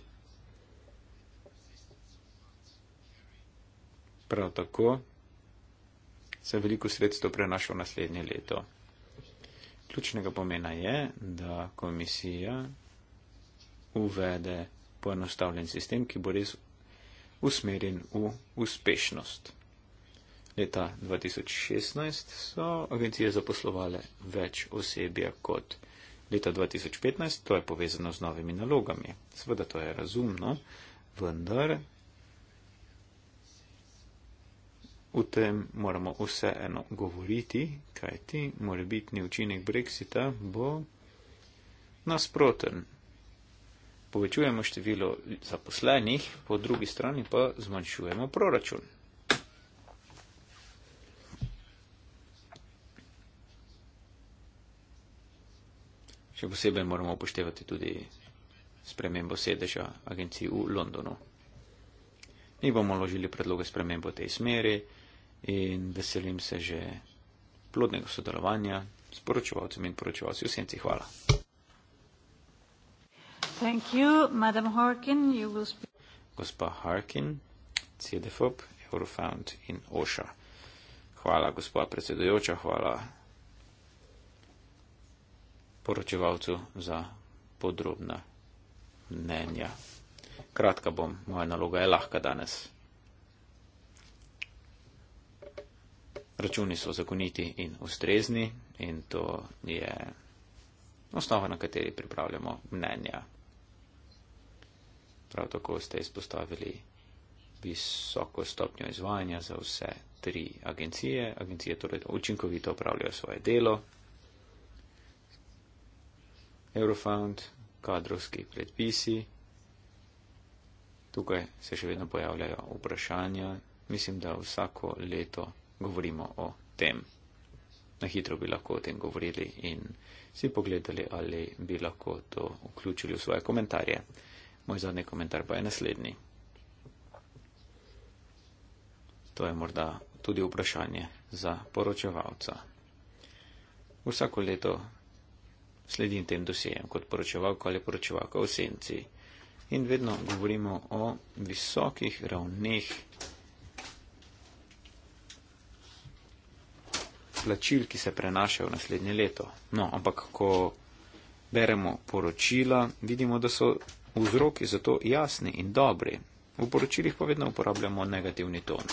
Prav tako se veliko sredstev prenaša v naslednje leto. Ključnega pomena je, da komisija uvede poenostavljen sistem, ki bo res usmerjen v uspešnost. Leta 2016 so agencije zaposlovale več osebja kot leta 2015, to je povezano z novimi nalogami. Seveda to je razumno, vendar V tem moramo vseeno govoriti, kajti morebitni učinek Brexita bo nasproten. Povečujemo število zaposlenih, po drugi strani pa zmanjšujemo proračun. Še posebej moramo upoštevati tudi spremembo sedeža agencij v Londonu. Mi bomo ložili predloge spremembo v tej smeri in veselim se že plodnega sodelovanja s poročevalcem in poročevalci v senci. Hvala. Thank you, Madam Harkin. You will speak. Gospa Harkin, CDFOP, Eurofound in OSHA. Hvala, gospa predsedujoča, hvala poročevalcu za podrobna mnenja. Kratka bom, moja naloga je lahka danes. Računi so zakoniti in ustrezni in to je osnova, na kateri pripravljamo mnenja. Prav tako ste izpostavili visoko stopnjo izvajanja za vse tri agencije. Agencije torej učinkovito upravljajo svoje delo. Eurofound, kadrovski predpisi. Tukaj se še vedno pojavljajo vprašanja. Mislim, da vsako leto govorimo o tem. Na hitro bi lahko o tem govorili in si pogledali, ali bi lahko to vključili v svoje komentarje. Moj zadnji komentar pa je naslednji. To je morda tudi vprašanje za poročevalca. Vsako leto sledim tem dosijem kot poročevalka ali poročevalka v senci in vedno govorimo o visokih ravneh izplačil, ki se prenašajo naslednje leto. No, ampak ko beremo poročila, vidimo, da so vzroki za to jasni in dobri. V poročilih pa vedno uporabljamo negativni ton.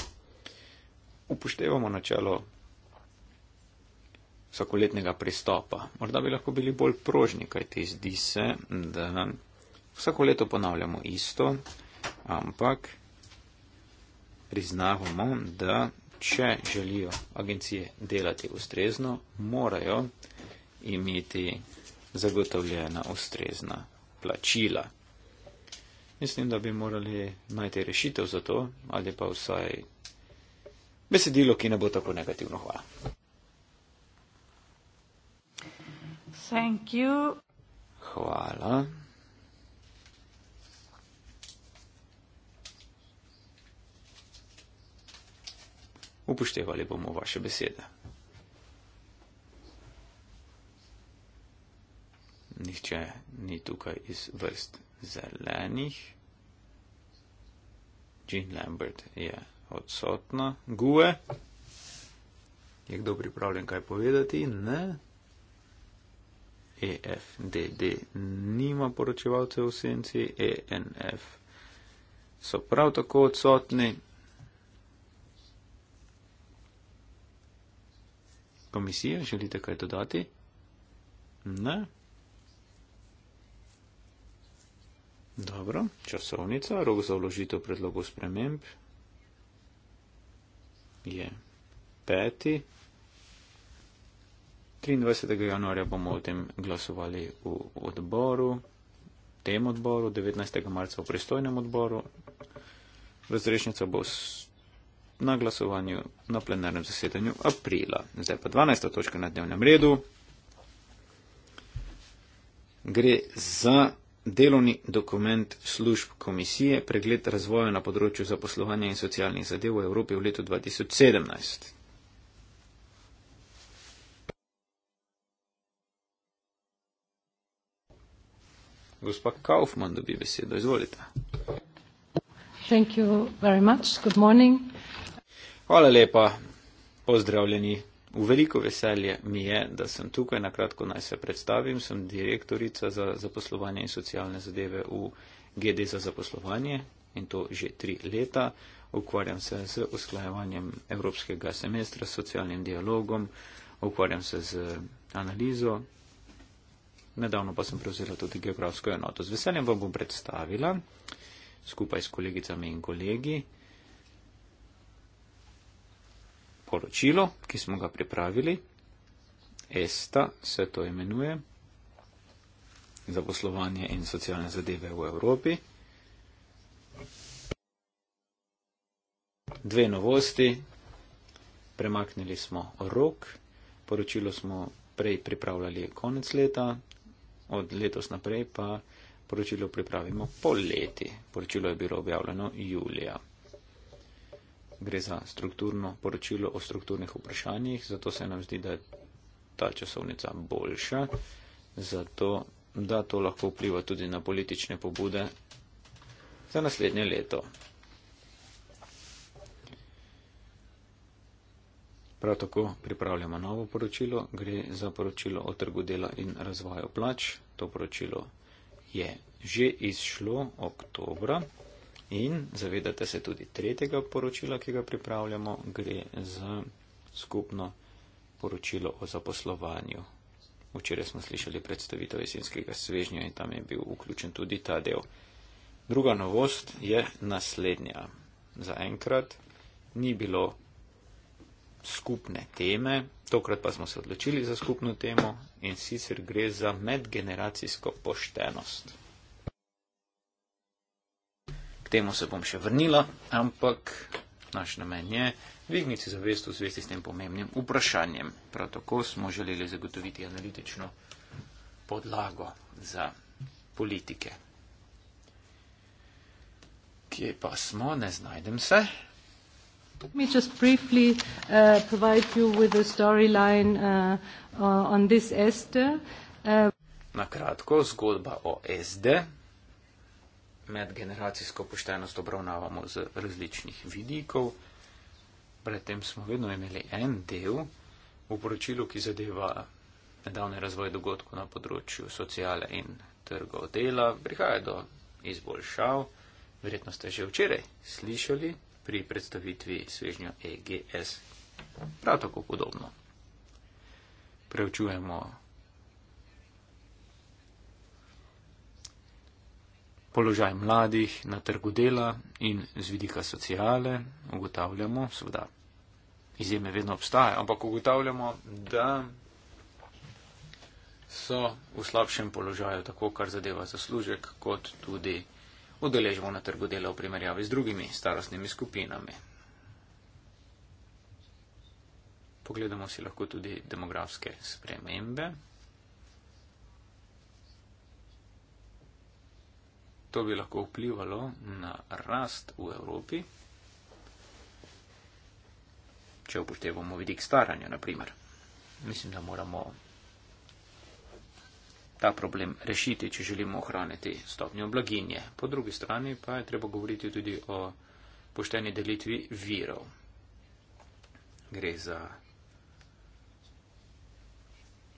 Upoštevamo načelo vsakoletnega pristopa. Morda bi lahko bili bolj prožni, kaj ti zdi se, da vsako leto ponavljamo isto, ampak priznavamo, da če želijo agencije delati ustrezno, morajo imeti zagotovljena ustrezna plačila. Mislim, da bi morali najti rešitev za to, ali pa vsaj besedilo, ki ne bo tako negativno. Hvala. Thank you. Hvala. upoštevali bomo vaše besede. Nihče ni tukaj iz vrst zelenih. Jean Lambert je odsotna. Gue. Je kdo pripravljen kaj povedati? Ne. EFDD nima poročevalcev v senci. ENF so prav tako odsotni. komisije, želite kaj dodati? Ne. Dobro, časovnica, rok za vložitev predlogov sprememb je 5. 23. januarja bomo o tem glasovali v odboru, tem odboru, 19. marca v pristojnem odboru. Razrešnica bo na glasovanju na plenarnem zasedanju aprila. Zdaj pa 12. točka na dnevnem redu. Gre za delovni dokument služb komisije, pregled razvoja na področju zaposlovanja in socialnih zadev v Evropi v letu 2017. Gospa Kaufmann dobi besedo. Izvolite. Thank you very much. Good morning. Hvala lepa, pozdravljeni. V veliko veselje mi je, da sem tukaj. Na kratko naj se predstavim. Sem direktorica za zaposlovanje in socialne zadeve v GD za zaposlovanje in to že tri leta. Ukvarjam se z usklajevanjem evropskega semestra, s socialnim dialogom, ukvarjam se z analizo. Nedavno pa sem prevzela tudi geografsko enoto. Z veseljem vam bom predstavila skupaj s kolegicami in kolegi. poročilo, ki smo ga pripravili. ESTA se to imenuje. Za poslovanje in socialne zadeve v Evropi. Dve novosti. Premaknili smo rok. Poročilo smo prej pripravljali konec leta, od letos naprej pa poročilo pripravimo poleti. Poročilo je bilo objavljeno julija gre za strukturno poročilo o strukturnih vprašanjih, zato se nam zdi, da je ta časovnica boljša, zato da to lahko vpliva tudi na politične pobude za naslednje leto. Prav tako pripravljamo novo poročilo, gre za poročilo o trgu dela in razvoju plač. To poročilo je že izšlo oktobra. In zavedate se tudi tretjega poročila, ki ga pripravljamo, gre za skupno poročilo o zaposlovanju. Včeraj smo slišali predstavitev jesenskega svežnja in tam je bil vključen tudi ta del. Druga novost je naslednja. Za enkrat ni bilo skupne teme, tokrat pa smo se odločili za skupno temo in sicer gre za medgeneracijsko poštenost temu se bom še vrnila, ampak naš namen je dvigniti zavest v zvesti s tem pomembnim vprašanjem. Prav tako smo želeli zagotoviti analitično podlago za politike. Kje pa smo, ne znajdem se. Let me just briefly uh, provide you with a storyline uh, uh on this Esther. Uh, Na kratko, zgodba o Esther medgeneracijsko poštenost obravnavamo z različnih vidikov. Predtem smo vedno imeli en del v poročilu, ki zadeva nedavni razvoj dogodkov na področju sociale in trgov dela. Prihaja do izboljšav. Verjetno ste že včeraj slišali pri predstavitvi svežnja EGS. Prav tako podobno. Preučujemo položaj mladih na trgu dela in z vidika sociale ugotavljamo, seveda izjeme vedno obstajajo, ampak ugotavljamo, da so v slabšem položaju tako, kar zadeva zaslužek, kot tudi udeležbo na trgu dela v primerjavi z drugimi starostnimi skupinami. Pogledamo si lahko tudi demografske spremembe. To bi lahko vplivalo na rast v Evropi, če upoštevamo vidik staranja, naprimer. Mislim, da moramo ta problem rešiti, če želimo ohraniti stopnjo blaginje. Po drugi strani pa je treba govoriti tudi o pošteni delitvi virov. Gre za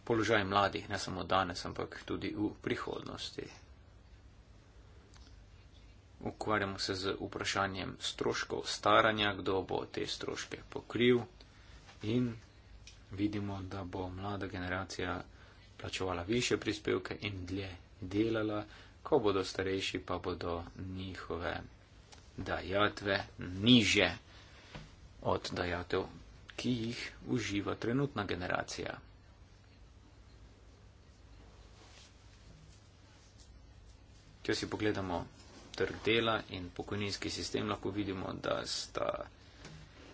položaj mladih, ne samo danes, ampak tudi v prihodnosti ukvarjamo se z vprašanjem stroškov staranja, kdo bo te stroške pokril in vidimo, da bo mlada generacija plačevala više prispevke in dlje delala, ko bodo starejši, pa bodo njihove dajatve niže od dajatev, ki jih uživa trenutna generacija. Če si pogledamo trg dela in pokojninski sistem, lahko vidimo, da sta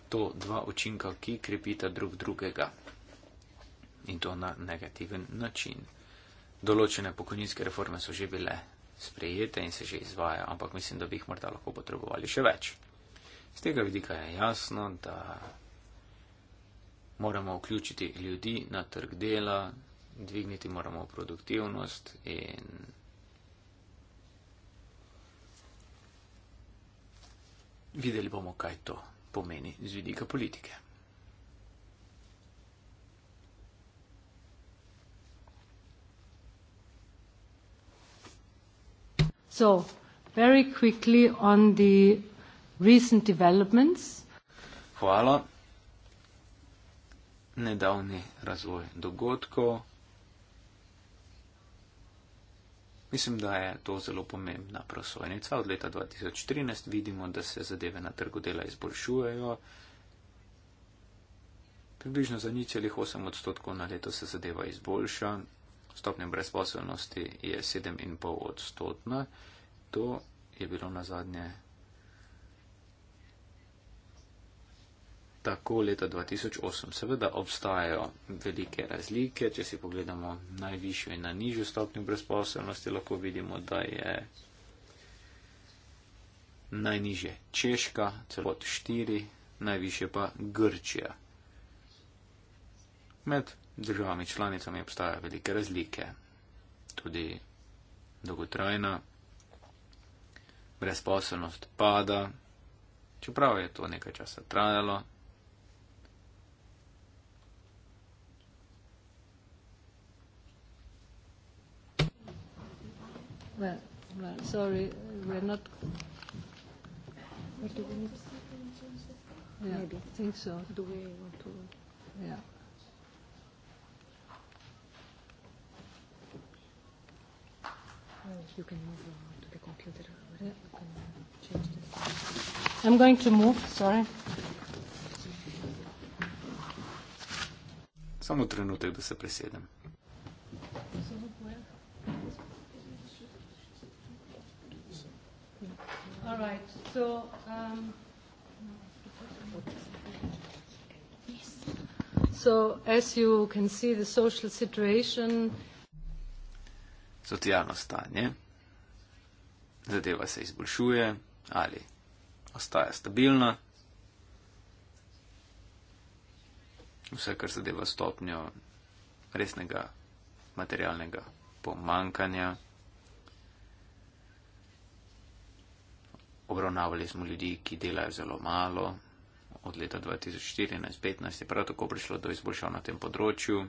to dva učinka, ki krepita drug drugega in to na negativen način. Določene pokojninske reforme so že bile sprejete in se že izvajajo, ampak mislim, da bi jih morda lahko potrebovali še več. Z tega vidika je jasno, da moramo vključiti ljudi na trg dela, dvigniti moramo produktivnost in. videli bomo, kaj to pomeni z vidika politike. So, very quickly on the recent developments. Hvala. Nedavni razvoj dogodkov. Mislim, da je to zelo pomembna prosojnica. Od leta 2013 vidimo, da se zadeve na trgu dela izboljšujejo. Približno za nič ali 8 odstotkov na leto se zadeva izboljša. Stopnja brezposelnosti je 7,5 odstotna. To je bilo na zadnje tako leta 2008. Seveda obstajajo velike razlike, če si pogledamo najvišjo in najnižjo stopnjo brezposobnosti, lahko vidimo, da je najniže Češka, celo od štiri, najviše pa Grčija. Med državami članicami obstajajo velike razlike, tudi dolgotrajna brezposobnost pada, čeprav je to nekaj časa trajalo. Well, well sorry, we're not. What do we need? Yeah, Maybe. I think so. Do we want to? Yeah. You can move to the computer. I'm going to move, sorry. Samo trenutek, da se presedem. So, um, so as you can see, the social situation. Socialno stanje. Zadeva se izboljšuje ali ostaja stabilna. Vse, kar zadeva stopnjo resnega materialnega pomankanja. obravnavali smo ljudi, ki delajo zelo malo. Od leta 2014-2015 je prav tako prišlo do izboljšav na tem področju.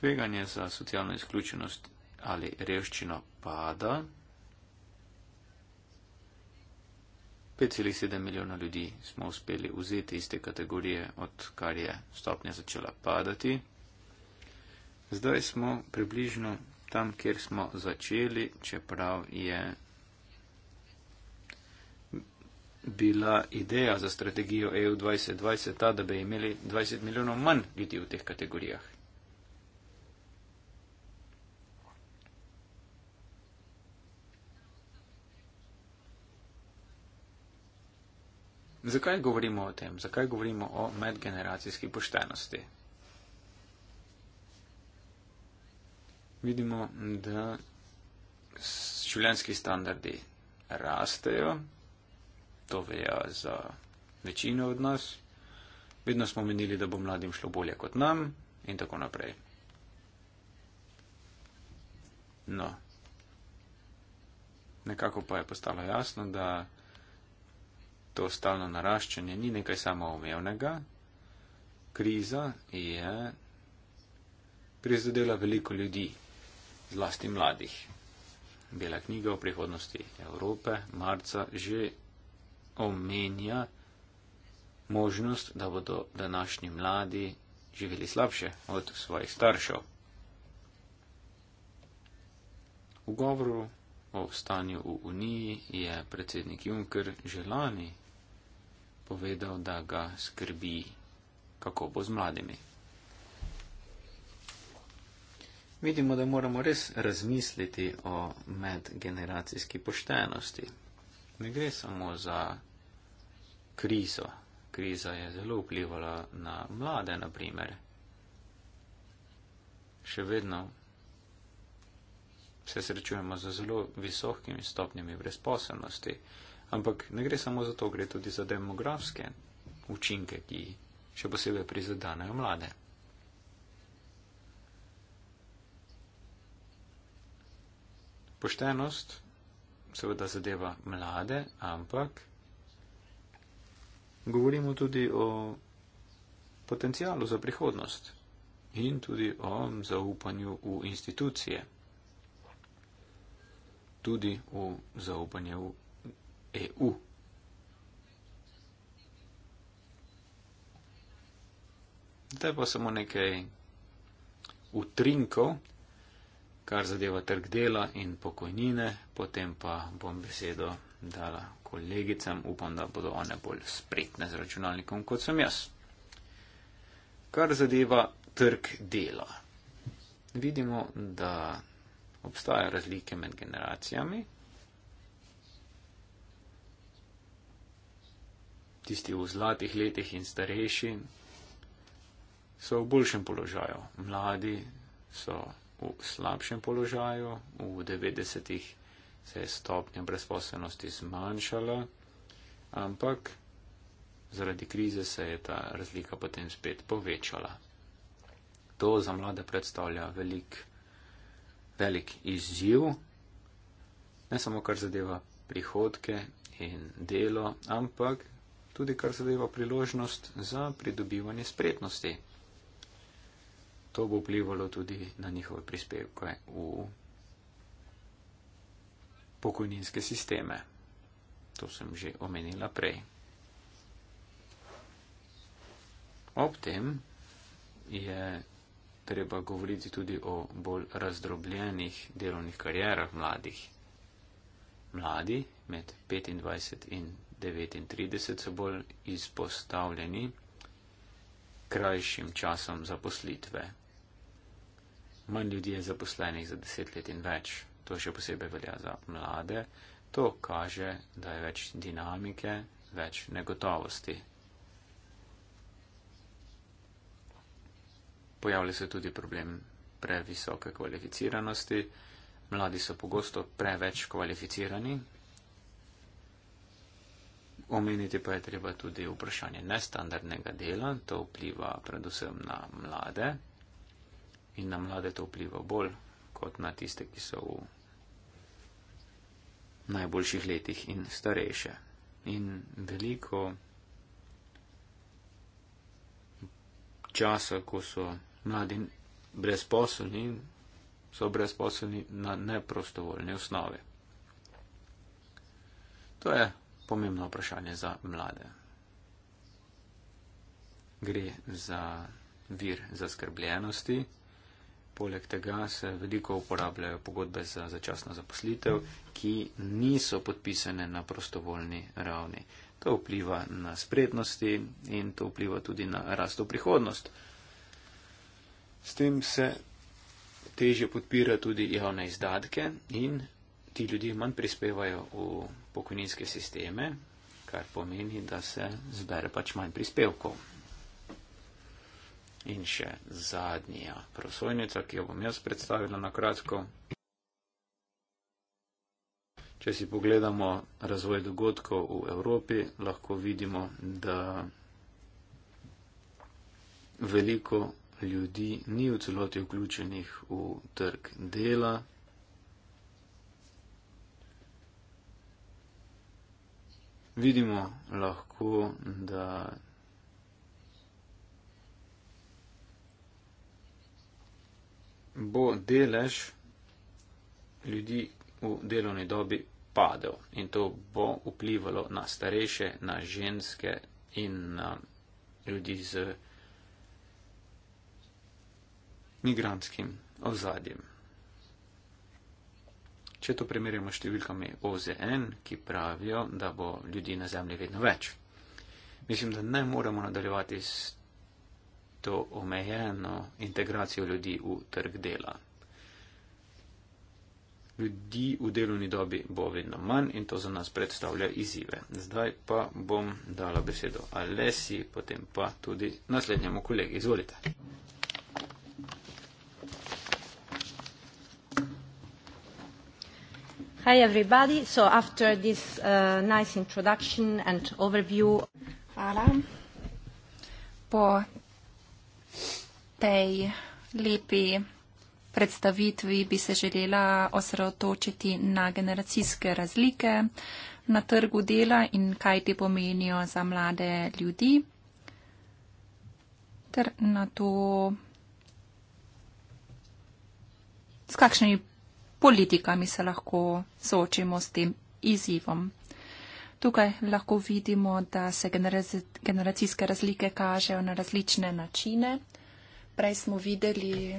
Tveganje za socialno izključenost ali revščino pada. 5,7 milijona ljudi smo uspeli vzeti iz te kategorije, odkar je stopnja začela padati. Zdaj smo približno tam, kjer smo začeli, čeprav je bila ideja za strategijo EU 2020 ta, da bi imeli 20 milijonov manj ljudi v teh kategorijah. Zakaj govorimo o tem? Zakaj govorimo o medgeneracijski poštenosti? vidimo, da življenski standardi rastejo, to veja za večino od nas, vedno smo menili, da bo mladim šlo bolje kot nam in tako naprej. No, nekako pa je postalo jasno, da to stalno naraščanje ni nekaj samoumevnega. Kriza je prizadela veliko ljudi zlasti mladih. Bela knjiga o prihodnosti Evrope marca že omenja možnost, da bodo današnji mladi živeli slabše od svojih staršev. V govoru o stanju v Uniji je predsednik Juncker že lani povedal, da ga skrbi, kako bo z mladimi. vidimo, da moramo res razmisliti o medgeneracijski poštenosti. Ne gre samo za krizo. Kriza je zelo vplivala na mlade, naprimer. Še vedno se srečujemo z zelo visokimi stopnjami brezposobnosti, ampak ne gre samo za to, gre tudi za demografske učinke, ki še posebej prizadanejo mlade. Poštenost seveda zadeva mlade, ampak govorimo tudi o potencijalu za prihodnost in tudi o zaupanju v institucije, tudi v zaupanje v EU. Zdaj pa samo nekaj utrinkov kar zadeva trg dela in pokojnine, potem pa bom besedo dala kolegicam, upam, da bodo one bolj spretne z računalnikom kot sem jaz. Kar zadeva trg dela. Vidimo, da obstajajo razlike med generacijami. Tisti v zlatih letih in starejši so v boljšem položaju. Mladi so v slabšem položaju, v 90-ih se je stopnja brezposelnosti zmanjšala, ampak zaradi krize se je ta razlika potem spet povečala. To za mlade predstavlja velik, velik izziv, ne samo kar zadeva prihodke in delo, ampak tudi kar zadeva priložnost za pridobivanje spretnosti to bo vplivalo tudi na njihove prispevke v pokojninske sisteme. To sem že omenila prej. Ob tem je treba govoriti tudi o bolj razdrobljenih delovnih karjerah mladih. Mladi med 25 in 39 so bolj izpostavljeni krajšim časom zaposlitve manj ljudi je zaposlenih za deset let in več. To še posebej velja za mlade. To kaže, da je več dinamike, več negotovosti. Pojavlja se tudi problem previsoke kvalificiranosti. Mladi so pogosto preveč kvalificirani. Omeniti pa je treba tudi vprašanje nestandardnega dela. To vpliva predvsem na mlade, in na mlade to vpliva bolj kot na tiste, ki so v najboljših letih in starejše. In veliko časa, ko so mladi brezposobni, so brezposobni na neprostovoljni osnovi. To je pomembno vprašanje za mlade. Gre za vir zaskrbljenosti. Poleg tega se veliko uporabljajo pogodbe za začasno zaposlitev, ki niso podpisane na prostovoljni ravni. To vpliva na spretnosti in to vpliva tudi na rast v prihodnost. S tem se teže podpira tudi javne izdatke in ti ljudje manj prispevajo v pokojninske sisteme, kar pomeni, da se zbere pač manj prispevkov. In še zadnja prosojnica, ki jo bom jaz predstavila na kratko. Če si pogledamo razvoj dogodkov v Evropi, lahko vidimo, da veliko ljudi ni v celoti vključenih v trg dela. Vidimo lahko, da bo delež ljudi v delovni dobi padel in to bo vplivalo na starejše, na ženske in na ljudi z migranskim ozadjem. Če to primerjamo s številkami OZN, ki pravijo, da bo ljudi na zemlji vedno več. Mislim, da ne moremo nadaljevati s to omejeno integracijo ljudi v trg dela. Ljudi v delovni dobi bo vedno manj in to za nas predstavlja izzive. Zdaj pa bom dala besedo Alessi, potem pa tudi naslednjemu kolegi. Izvolite. Hi everybody. So after this uh, nice introduction and overview, Hvala. po tej lepi predstavitvi bi se želela osredotočiti na generacijske razlike na trgu dela in kaj ti pomenijo za mlade ljudi. Ter na to, s kakšnimi politikami se lahko soočimo s tem izzivom. Tukaj lahko vidimo, da se generacijske razlike kažejo na različne načine prej smo videli.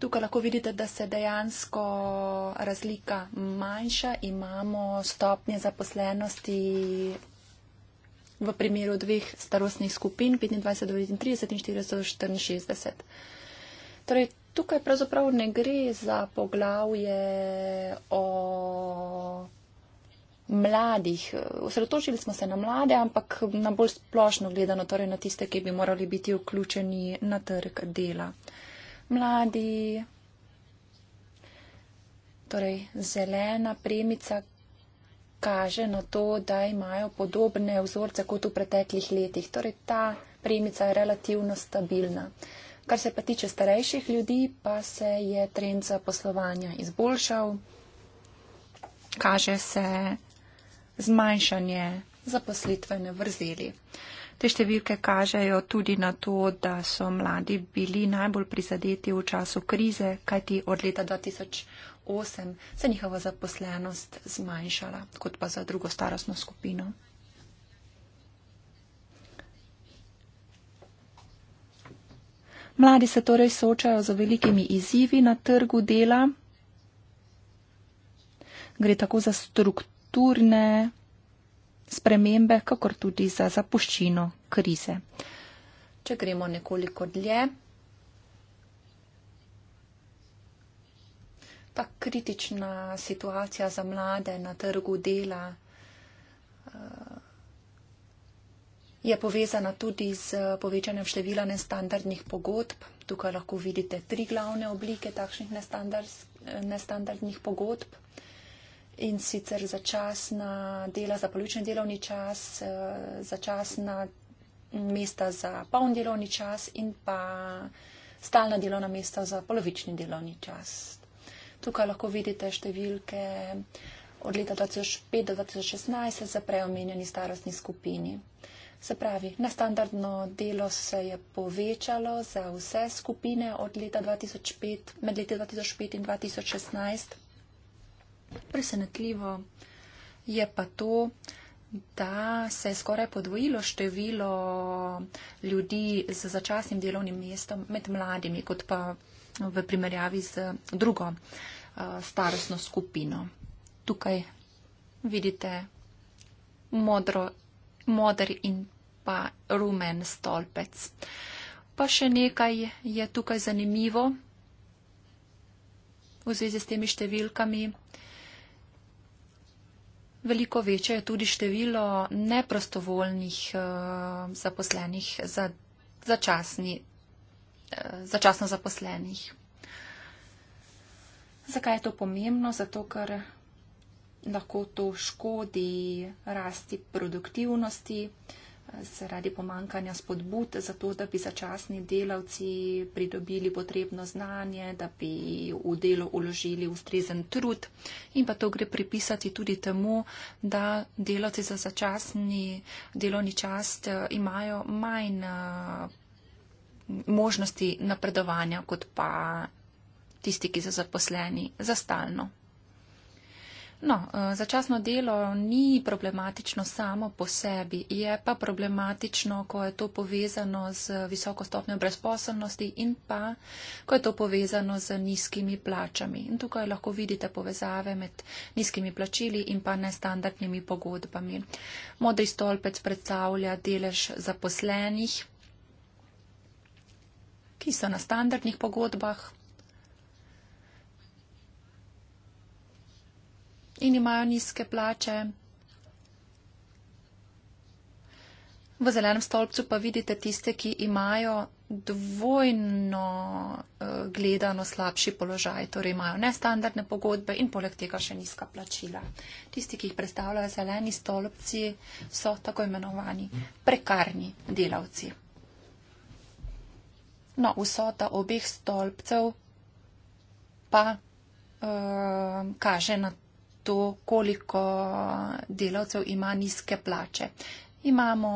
Tukaj lahko vidite, da se dejansko razlika manjša. Imamo stopnje zaposlenosti v primeru dveh starostnih skupin 25, 39 in 464. Torej, tukaj pravzaprav ne gre za poglavje o mladih. Osredotočili smo se na mlade, ampak na bolj splošno gledano, torej na tiste, ki bi morali biti vključeni na trg dela. Mladi, torej zelena premica kaže na to, da imajo podobne vzorce kot v preteklih letih. Torej ta premica je relativno stabilna. Kar se pa tiče starejših ljudi, pa se je trend za poslovanja izboljšal. Kaže se zmanjšanje zaposlitvene vrzeli. Te številke kažejo tudi na to, da so mladi bili najbolj prizadeti v času krize, kajti od leta 2008 se njihova zaposlenost zmanjšala, kot pa za drugo starostno skupino. Mladi se torej soočajo z velikimi izzivi na trgu dela. Gre tako za strukturo strukturne spremembe, kakor tudi za zapuščino krize. Če gremo nekoliko dlje, ta kritična situacija za mlade na trgu dela eh, je povezana tudi z povečanjem števila nestandardnih pogodb. Tukaj lahko vidite tri glavne oblike takšnih nestandardnih pogodb in sicer začasna dela za polovični delovni čas, eh, začasna mesta za poln delovni čas in pa stalna delovna mesta za polovični delovni čas. Tukaj lahko vidite številke od leta 2005 do 2016 za preomenjeni starostni skupini. Se pravi, na standardno delo se je povečalo za vse skupine od leta 2005, med leti 2005 in 2016. Presenetljivo je pa to, da se je skoraj podvojilo število ljudi z začasnim delovnim mestom med mladimi, kot pa v primerjavi z drugo eh, starostno skupino. Tukaj vidite modro, modr in pa rumen stolpec. Pa še nekaj je tukaj zanimivo v zvezi s temi številkami. Veliko večje je tudi število neprostovoljnih uh, zaposlenih za začasni, uh, začasno zaposlenih. Zakaj je to pomembno? Zato, ker lahko to škodi rasti produktivnosti, uh, zaradi pomankanja spodbud, zato da bi začasni delavci pridobili potrebno znanje, da bi v delo uložili ustrezen trud. In pa to gre pripisati tudi temu, da delavci za začasni delovni čast eh, imajo manj eh, možnosti napredovanja kot pa tisti, ki so zaposleni za stalno. No, eh, začasno delo ni problematično samo po sebi, je pa problematično, ko je to povezano z visoko stopnjo brezposobnosti in pa, ko je to povezano z nizkimi plačami. In tukaj lahko vidite povezave med nizkimi plačili in pa nestandardnimi pogodbami. Modri stolpec predstavlja delež zaposlenih, ki so na standardnih pogodbah, in imajo nizke plače. V zelenem stolpcu pa vidite tiste, ki imajo dvojno eh, gledano slabši položaj, torej imajo nestandardne pogodbe in poleg tega še nizka plačila. Tisti, ki jih predstavljajo zeleni stolpci, so tako imenovani prekarni delavci. No, vsota obeh stolpcev pa uh, kaže na to, to, koliko delavcev ima nizke plače. Imamo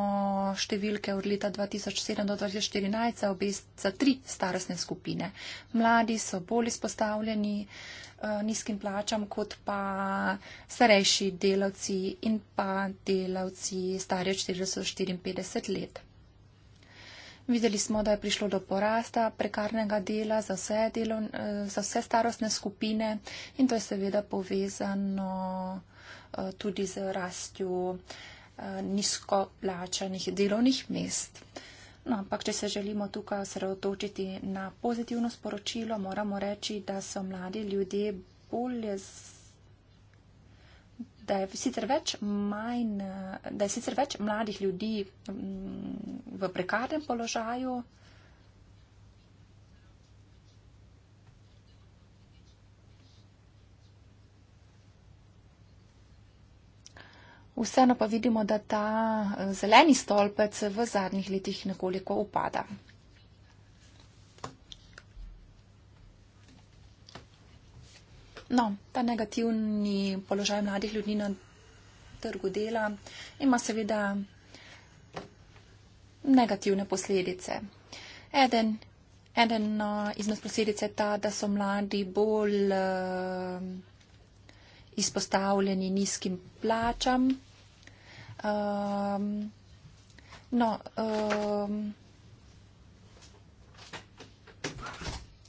številke od leta 2007 do 2014 za, obe, za tri starostne skupine. Mladi so bolj izpostavljeni eh, nizkim plačam kot pa starejši delavci in pa delavci starejši 44 let. Videli smo, da je prišlo do porasta prekarnega dela za vse, delo, eh, za vse starostne skupine in to je seveda povezano eh, tudi z rastjo eh, nizko plačanih delovnih mest. No, ampak, če se želimo tukaj sredotočiti na pozitivno sporočilo, moramo reči, da so mladi ljudje bolje da je sicer več, manj, da je sicer več mladih ljudi mm, v prekarnem položaju. Vseeno pa vidimo, da ta eh, zeleni stolpec v zadnjih letih nekoliko upada. no, ta negativni položaj mladih ljudi na trgu dela ima seveda negativne posledice. Eden, eden uh, izmed posledic je ta, da so mladi bolj uh, izpostavljeni nizkim plačam. Um, no, um,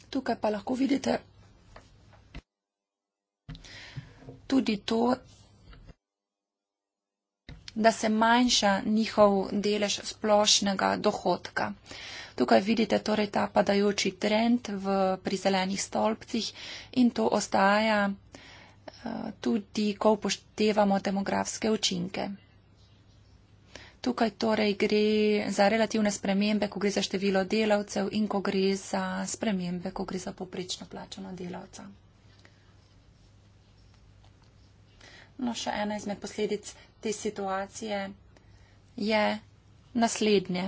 tukaj pa lahko vidite, tudi to, da se manjša njihov delež splošnega dohodka. Tukaj vidite torej ta padajoči trend v prizelenih stolpcih in to ostaja eh, tudi, ko upoštevamo demografske učinke. Tukaj torej gre za relativne spremembe, ko gre za število delavcev in ko gre za spremembe, ko gre za poprečno plačano delavca. No, še ena izmed posledic te situacije je naslednje.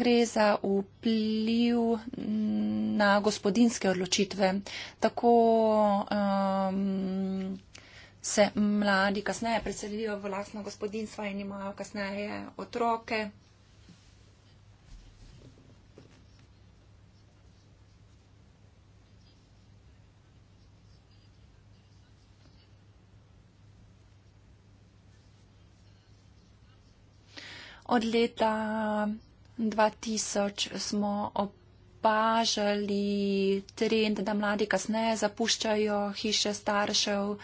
Gre za vpliv na gospodinske odločitve. Tako um, se mladi kasneje predselijo v lastno gospodinstvo in imajo kasneje otroke. od leta 2000 smo opažali trend, da mladi kasneje zapuščajo hiše staršev um,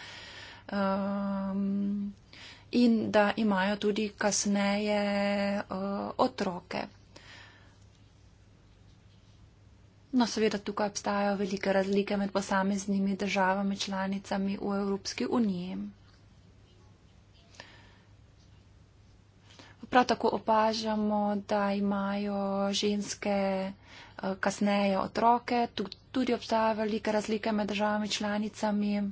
in da imajo tudi kasneje uh, otroke. No, seveda tukaj obstajajo velike razlike med posameznimi državami članicami v Evropski uniji. Prav tako opažamo, da imajo ženske eh, kasneje otroke. Tudi obstaja velika razlika med državami članicami.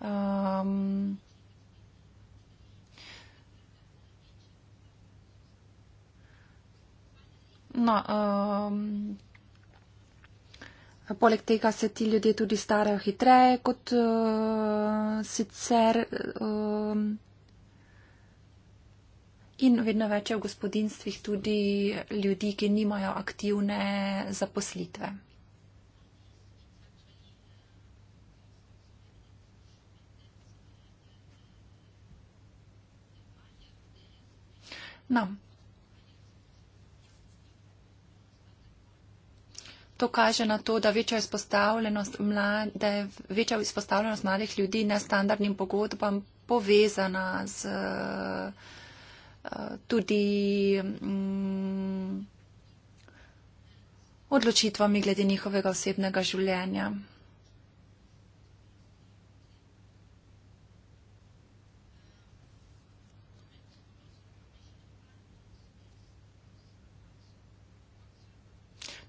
Um, no, um, poleg tega se ti ljudje tudi starajo hitreje kot uh, sicer. Um, in vedno več je v gospodinstvih tudi ljudi, ki nimajo aktivne zaposlitve. No. To kaže na to, da večja izpostavljenost, mlade, večja izpostavljenost mladih ljudi nestandardnim pogodbam povezana z uh, tudi mm, odločitvami glede njihovega osebnega življenja.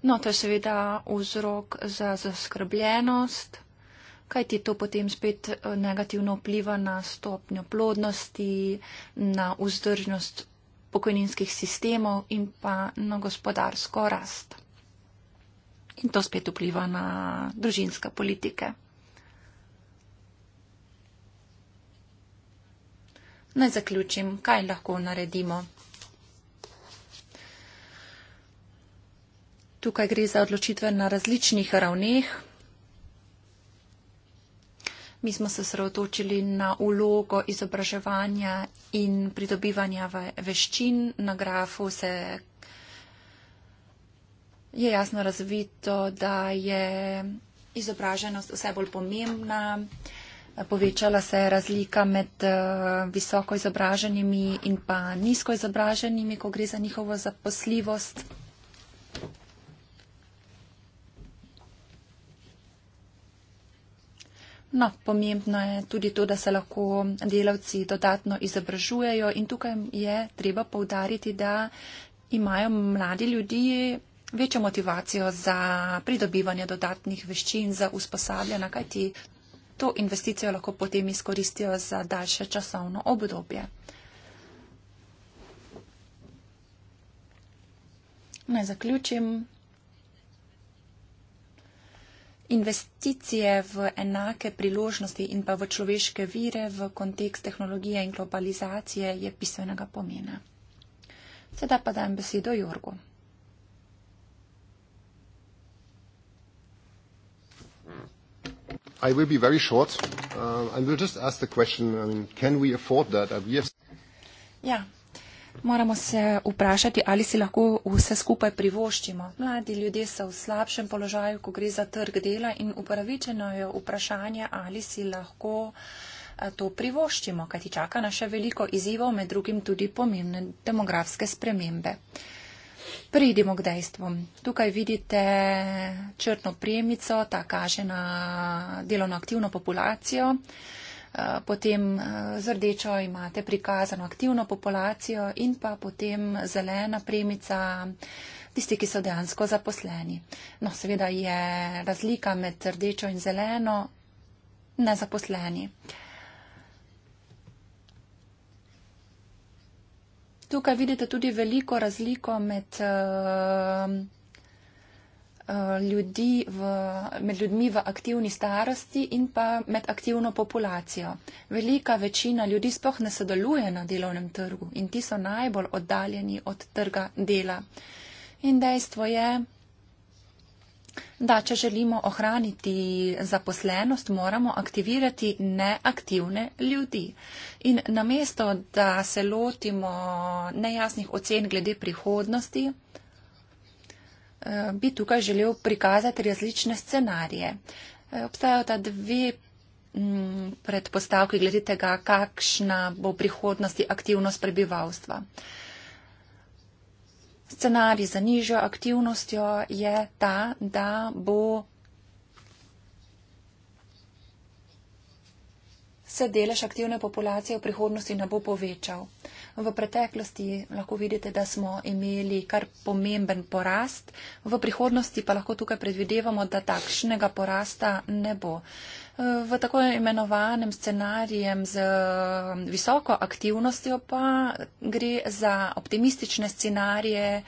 No, to je seveda vzrok za zaskrbljenost kaj ti to potem spet eh, negativno vpliva na stopnjo plodnosti, na vzdržnost pokojninskih sistemov in pa na gospodarsko rast. In to spet vpliva na družinske politike. Naj zaključim, kaj lahko naredimo. Tukaj gre za odločitve na različnih ravneh. Mi smo se sredotočili na ulogo izobraževanja in pridobivanja veščin. Na grafu se je jasno razvito, da je izobraženost vse bolj pomembna. Povečala se je razlika med visoko izobraženimi in pa nizko izobraženimi, ko gre za njihovo zaposljivost. No, pomembno je tudi to, da se lahko delavci dodatno izobražujejo in tukaj je treba povdariti, da imajo mladi ljudi večjo motivacijo za pridobivanje dodatnih veščin, za usposabljanje, kajti to investicijo lahko potem izkoristijo za daljše časovno obdobje. Naj zaključim investicije v enake priložnosti in pa v človeške vire v kontekst tehnologije in globalizacije je bistvenega pomena. Sedaj pa dajem besedo Jorgu. Uh, uh, ja, Moramo se vprašati, ali si lahko vse skupaj privoščimo. Mladi ljudje so v slabšem položaju, ko gre za trg dela in upravičeno je vprašanje, ali si lahko eh, to privoščimo, kajti čaka na še veliko izzivov, med drugim tudi pomembne demografske spremembe. Pridimo k dejstvom. Tukaj vidite črno premico, ta kaže na delovno aktivno populacijo potem eh, z rdečo imate prikazano aktivno populacijo in pa potem zelena premica, tisti, ki so dejansko zaposleni. No, seveda je razlika med rdečo in zeleno nezaposleni. Tukaj vidite tudi veliko razliko med uh, Eh, ljudi v, med ljudmi v aktivni starosti in pa med aktivno populacijo. Velika večina ljudi spoh ne sodeluje na delovnem trgu in ti so najbolj oddaljeni od trga dela. In dejstvo je, da če želimo ohraniti zaposlenost, moramo aktivirati neaktivne ljudi. In namesto, da se lotimo nejasnih ocen glede prihodnosti, Eh, bi tukaj želel prikazati različne scenarije. Eh, obstajajo ta dve mm, predpostavki glede tega, kakšna bo v prihodnosti aktivnost prebivalstva. Scenarij za nižjo aktivnostjo je ta, da bo se delež aktivne populacije v prihodnosti ne bo povečal. V preteklosti lahko vidite, da smo imeli kar pomemben porast, v prihodnosti pa lahko tukaj predvidevamo, da takšnega porasta ne bo. V tako imenovanem scenarijem z visoko aktivnostjo pa gre za optimistične scenarije,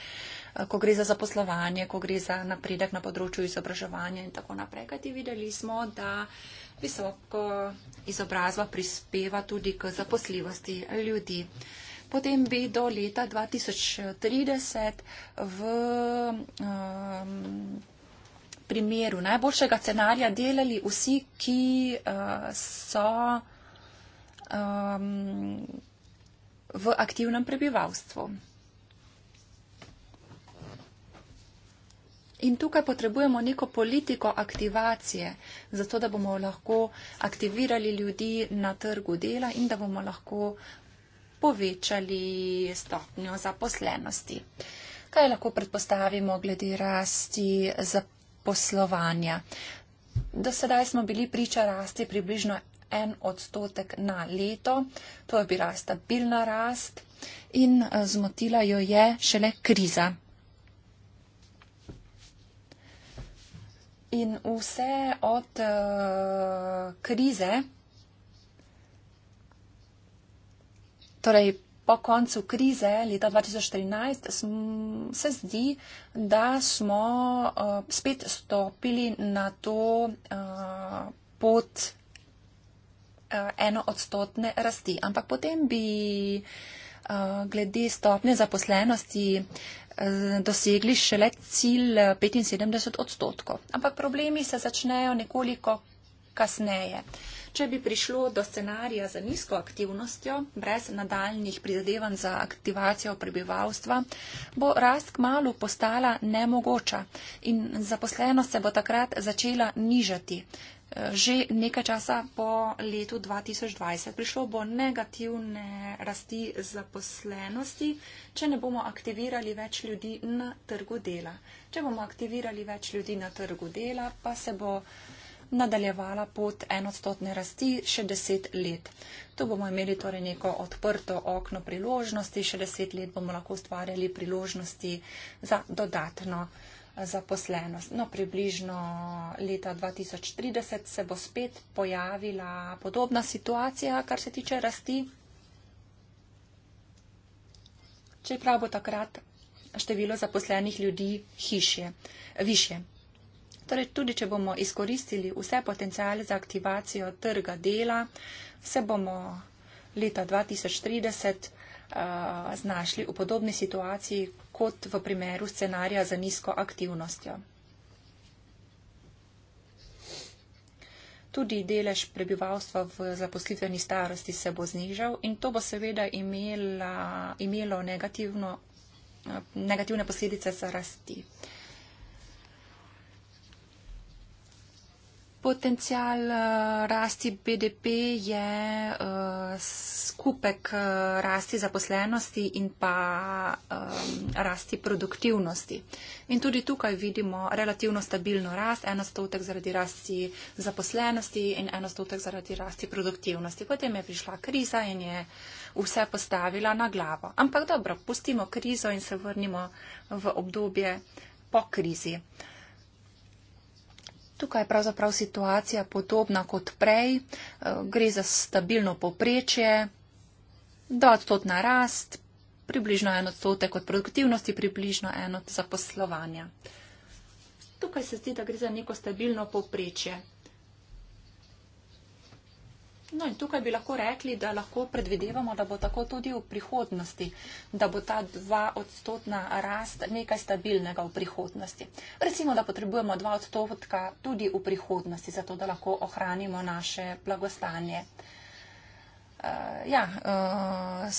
ko gre za zaposlovanje, ko gre za napredek na področju izobraževanja in tako naprej. Kajti videli smo, da visoko izobrazba prispeva tudi k zaposljivosti ljudi. Potem bi do leta 2030 v um, primeru najboljšega scenarija delali vsi, ki uh, so um, v aktivnem prebivalstvu. In tukaj potrebujemo neko politiko aktivacije, zato da bomo lahko aktivirali ljudi na trgu dela in da bomo lahko povečali stopnjo zaposlenosti. Kaj lahko predpostavimo glede rasti zaposlovanja? Do sedaj smo bili priča rasti približno en odstotek na leto. To je bila stabilna rast in eh, zmotila jo je šele kriza. In vse od uh, krize, torej po koncu krize leta 2014, se zdi, da smo uh, spet stopili na to uh, pot uh, enoodstotne rasti. Ampak potem bi uh, glede stopne zaposlenosti uh, dosegli šele cilj 75 eh, odstotkov. Ampak problemi se začnejo nekoliko kasneje. Če bi prišlo do scenarija za nizko aktivnostjo, brez nadaljnih prizadevanj za aktivacijo prebivalstva, bo rast k malu postala nemogoča in zaposlenost se bo takrat začela nižati. Že nekaj časa po letu 2020 prišlo bo negativne rasti zaposlenosti, če ne bomo aktivirali več ljudi na trgu dela. Če bomo aktivirali več ljudi na trgu dela, pa se bo nadaljevala pot enodstotne rasti še deset let. Tu bomo imeli torej neko odprto okno priložnosti, še deset let bomo lahko ustvarjali priložnosti za dodatno zaposlenost. No, približno leta 2030 se bo spet pojavila podobna situacija, kar se tiče rasti. Čeprav bo takrat število zaposlenih ljudi hišje, više. Torej, tudi če bomo izkoristili vse potencijale za aktivacijo trga dela, se bomo leta 2030 uh, eh, znašli v podobni situaciji, kot v primeru scenarija za nizko aktivnostjo. Tudi delež prebivalstva v zaposlitveni starosti se bo znižal in to bo seveda imela, imelo negativno, negativne posledice za rasti. potencial eh, rasti BDP je eh, skupek eh, rasti zaposlenosti in pa rasti produktivnosti. In tudi tukaj vidimo relativno stabilno rast, en odstotek zaradi rasti zaposlenosti in en odstotek zaradi rasti produktivnosti. Potem je prišla kriza in je vse postavila na glavo. Ampak dobro, pustimo krizo in se vrnimo v obdobje po krizi. Tukaj je pravzaprav situacija podobna kot prej, eh, gre za stabilno poprečje, do odstotna rast, približno en odstotek od produktivnosti, približno en od zaposlovanja. Tukaj se zdi, da gre za neko stabilno poprečje. No in tukaj bi lahko rekli, da lahko predvidevamo, da bo tako tudi v prihodnosti, da bo ta dva odstotna rast nekaj stabilnega v prihodnosti. Recimo, da potrebujemo dva odstotka tudi v prihodnosti, zato da lahko ohranimo naše blagostanje. Uh, ja, uh,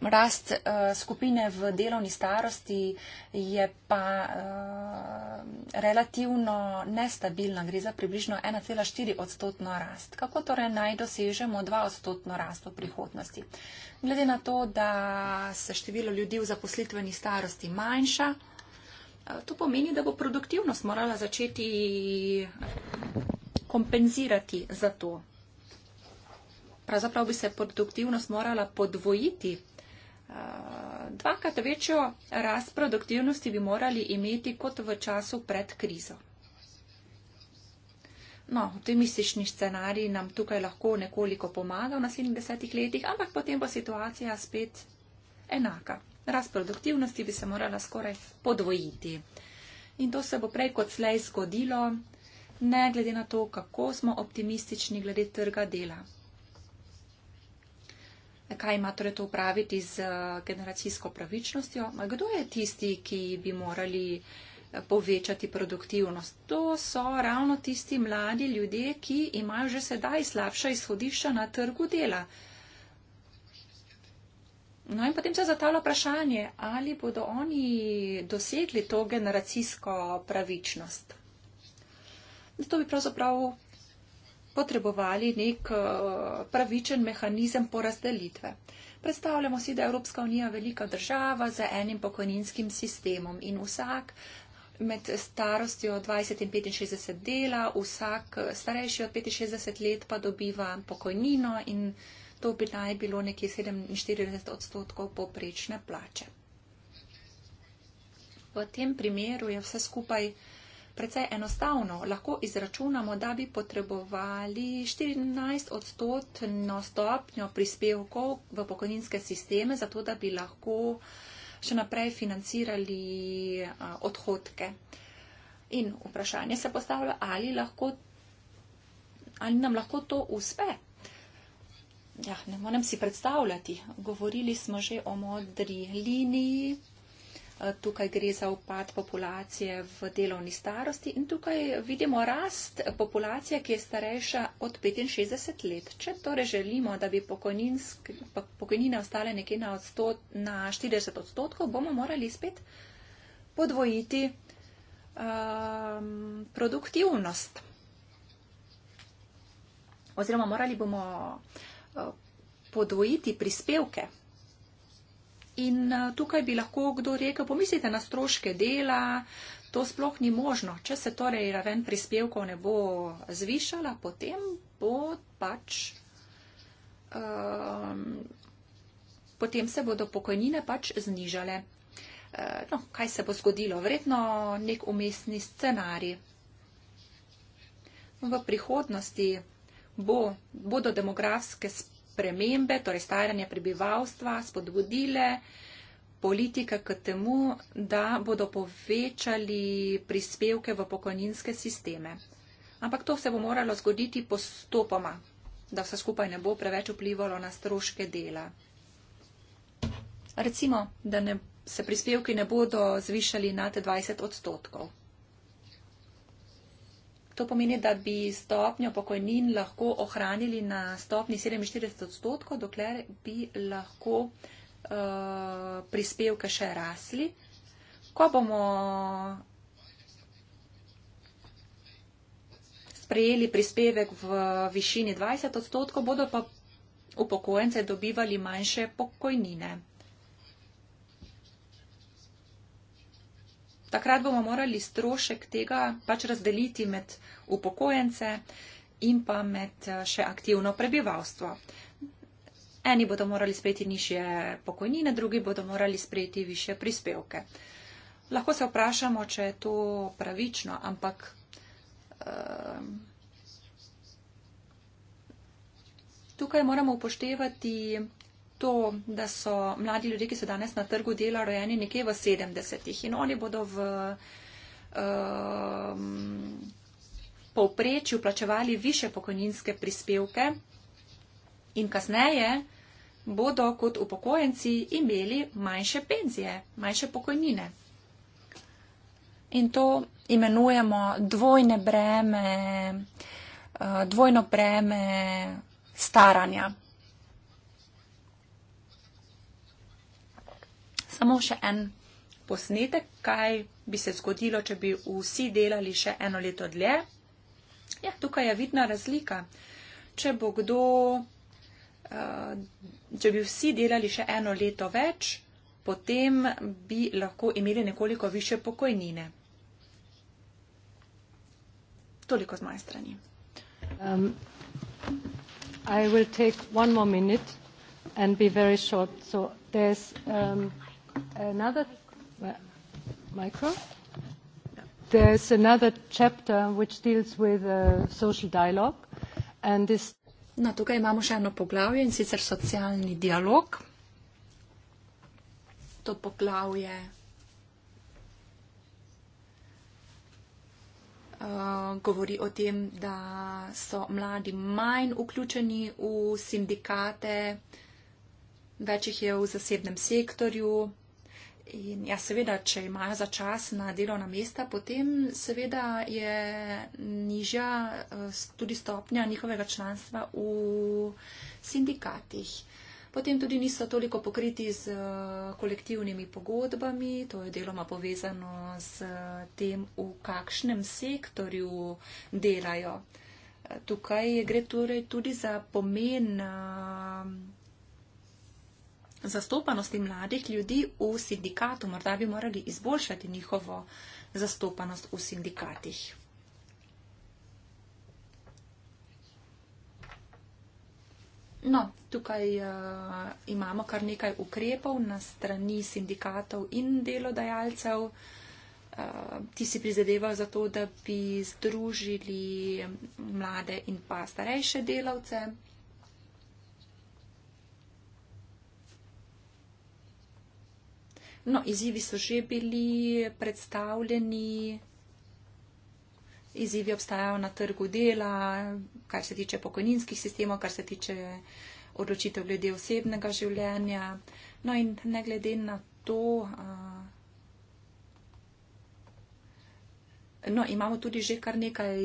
Rast uh, skupine v delovni starosti je pa uh, relativno nestabilna, gre za približno 1,4 odstotno rast. Kako torej naj dosežemo 2 odstotno rast v prihodnosti? Glede na to, da se število ljudi v zaposlitveni starosti manjša, eh, to pomeni, da bo produktivnost morala začeti kompenzirati za to. Pravzaprav bi se produktivnost morala podvojiti dvakrat večjo rast produktivnosti bi morali imeti kot v času pred krizo. No, optimistični scenarij nam tukaj lahko nekoliko pomaga v naslednjih desetih letih, ampak potem bo situacija spet enaka. Rast produktivnosti bi se morala skoraj podvojiti. In to se bo prej kot slej zgodilo, ne glede na to, kako smo optimistični glede trga dela kaj ima torej to upraviti z eh, generacijsko pravičnostjo. Ma kdo je tisti, ki bi morali eh, povečati produktivnost? To so ravno tisti mladi ljudje, ki imajo že sedaj slabša izhodišča na trgu dela. No in potem se zatavlja vprašanje, ali bodo oni dosegli to generacijsko pravičnost. To bi pravzaprav potrebovali nek eh, pravičen mehanizem porazdelitve. Predstavljamo si, da je Evropska unija velika država z enim pokojninskim sistemom in vsak med starostjo 20 in 65 dela, vsak eh, starejši od 65 let pa dobiva pokojnino in to bi naj bilo nekje 47 odstotkov poprečne plače. V tem primeru je vse skupaj precej enostavno. Lahko izračunamo, da bi potrebovali 14 odstotno stopnjo prispevkov v pokojninske sisteme, zato da bi lahko še naprej financirali odhodke. In vprašanje se postavlja, ali, lahko, ali nam lahko to uspe. Ja, ne morem si predstavljati. Govorili smo že o modri liniji, Eh, tukaj gre za upad populacije v delovni starosti in tukaj vidimo rast populacije, ki je starejša od 65 let. Če torej želimo, da bi pokojnine ostale nekje na, odstot, na 40 odstotkov, bomo morali spet podvojiti um, produktivnost. Oziroma morali bomo uh, podvojiti prispevke. In eh, tukaj bi lahko kdo rekel, pomislite na stroške dela, to sploh ni možno. Če se torej raven prispevkov ne bo zvišala, potem bo pač. Um, potem se bodo pokojnine pač znižale. Eh, no, kaj se bo zgodilo? Vredno nek umestni scenarij. V prihodnosti bo, bodo demografske spremembe spremembe, torej staranje prebivalstva, spodbudile politike k temu, da bodo povečali prispevke v pokojninske sisteme. Ampak to se bo moralo zgoditi postopoma, da vse skupaj ne bo preveč vplivalo na stroške dela. Recimo, da ne, se prispevki ne bodo zvišali nad 20 odstotkov. To pomeni, da bi stopnjo pokojnin lahko ohranili na stopni 47 odstotkov, dokler bi lahko uh, prispevke še rasli. Ko bomo sprejeli prispevek v višini 20 odstotkov, bodo pa upokojence dobivali manjše pokojnine. Takrat bomo morali strošek tega pač razdeliti med upokojence in pa med eh, še aktivno prebivalstvo. Eni bodo morali sprejeti nižje pokojnine, drugi bodo morali sprejeti više prispevke. Lahko se vprašamo, če je to pravično, ampak eh, tukaj moramo upoštevati to, da so mladi ljudje, ki so danes na trgu dela, rojeni nekje v 70-ih in oni bodo v um, povprečju plačevali više pokojninske prispevke in kasneje bodo kot upokojenci imeli manjše penzije, manjše pokojnine. In to imenujemo dvojne breme, eh, dvojno breme staranja. samo še en posnetek, kaj bi se zgodilo, če bi vsi delali še eno leto dlje. Ja, tukaj je vidna razlika. Če bo kdo, eh, če bi vsi delali še eno leto več, potem bi lahko imeli nekoliko više pokojnine. Toliko z moje strani. Um, I will take one more minute and be very short. So there's um, another uh, micro. There's another chapter which deals with uh, social dialogue and this Na, no, tukaj imamo še eno poglavje in sicer socialni dialog. To poglavje uh, govori o tem, da so mladi manj vključeni v sindikate, več jih je v zasebnem sektorju, In ja, seveda, če imajo začasna delovna mesta, potem seveda je nižja eh, tudi stopnja njihovega članstva v sindikatih. Potem tudi niso toliko pokriti z eh, kolektivnimi pogodbami, to je deloma povezano s eh, tem, v kakšnem sektorju delajo. Tukaj gre torej tudi za pomen. Uh, zastopanosti mladih ljudi v sindikatu. Morda bi morali izboljšati njihovo zastopanost v sindikatih. No, tukaj uh, imamo kar nekaj ukrepov na strani sindikatov in delodajalcev. Uh, ti si prizadevajo za to, da bi združili mlade in pa starejše delavce. No, izzivi so že bili predstavljeni, izzivi obstajajo na trgu dela, kar se tiče pokojninskih sistemov, kar se tiče odločitev glede osebnega življenja. No in ne glede na to, no, imamo tudi že kar nekaj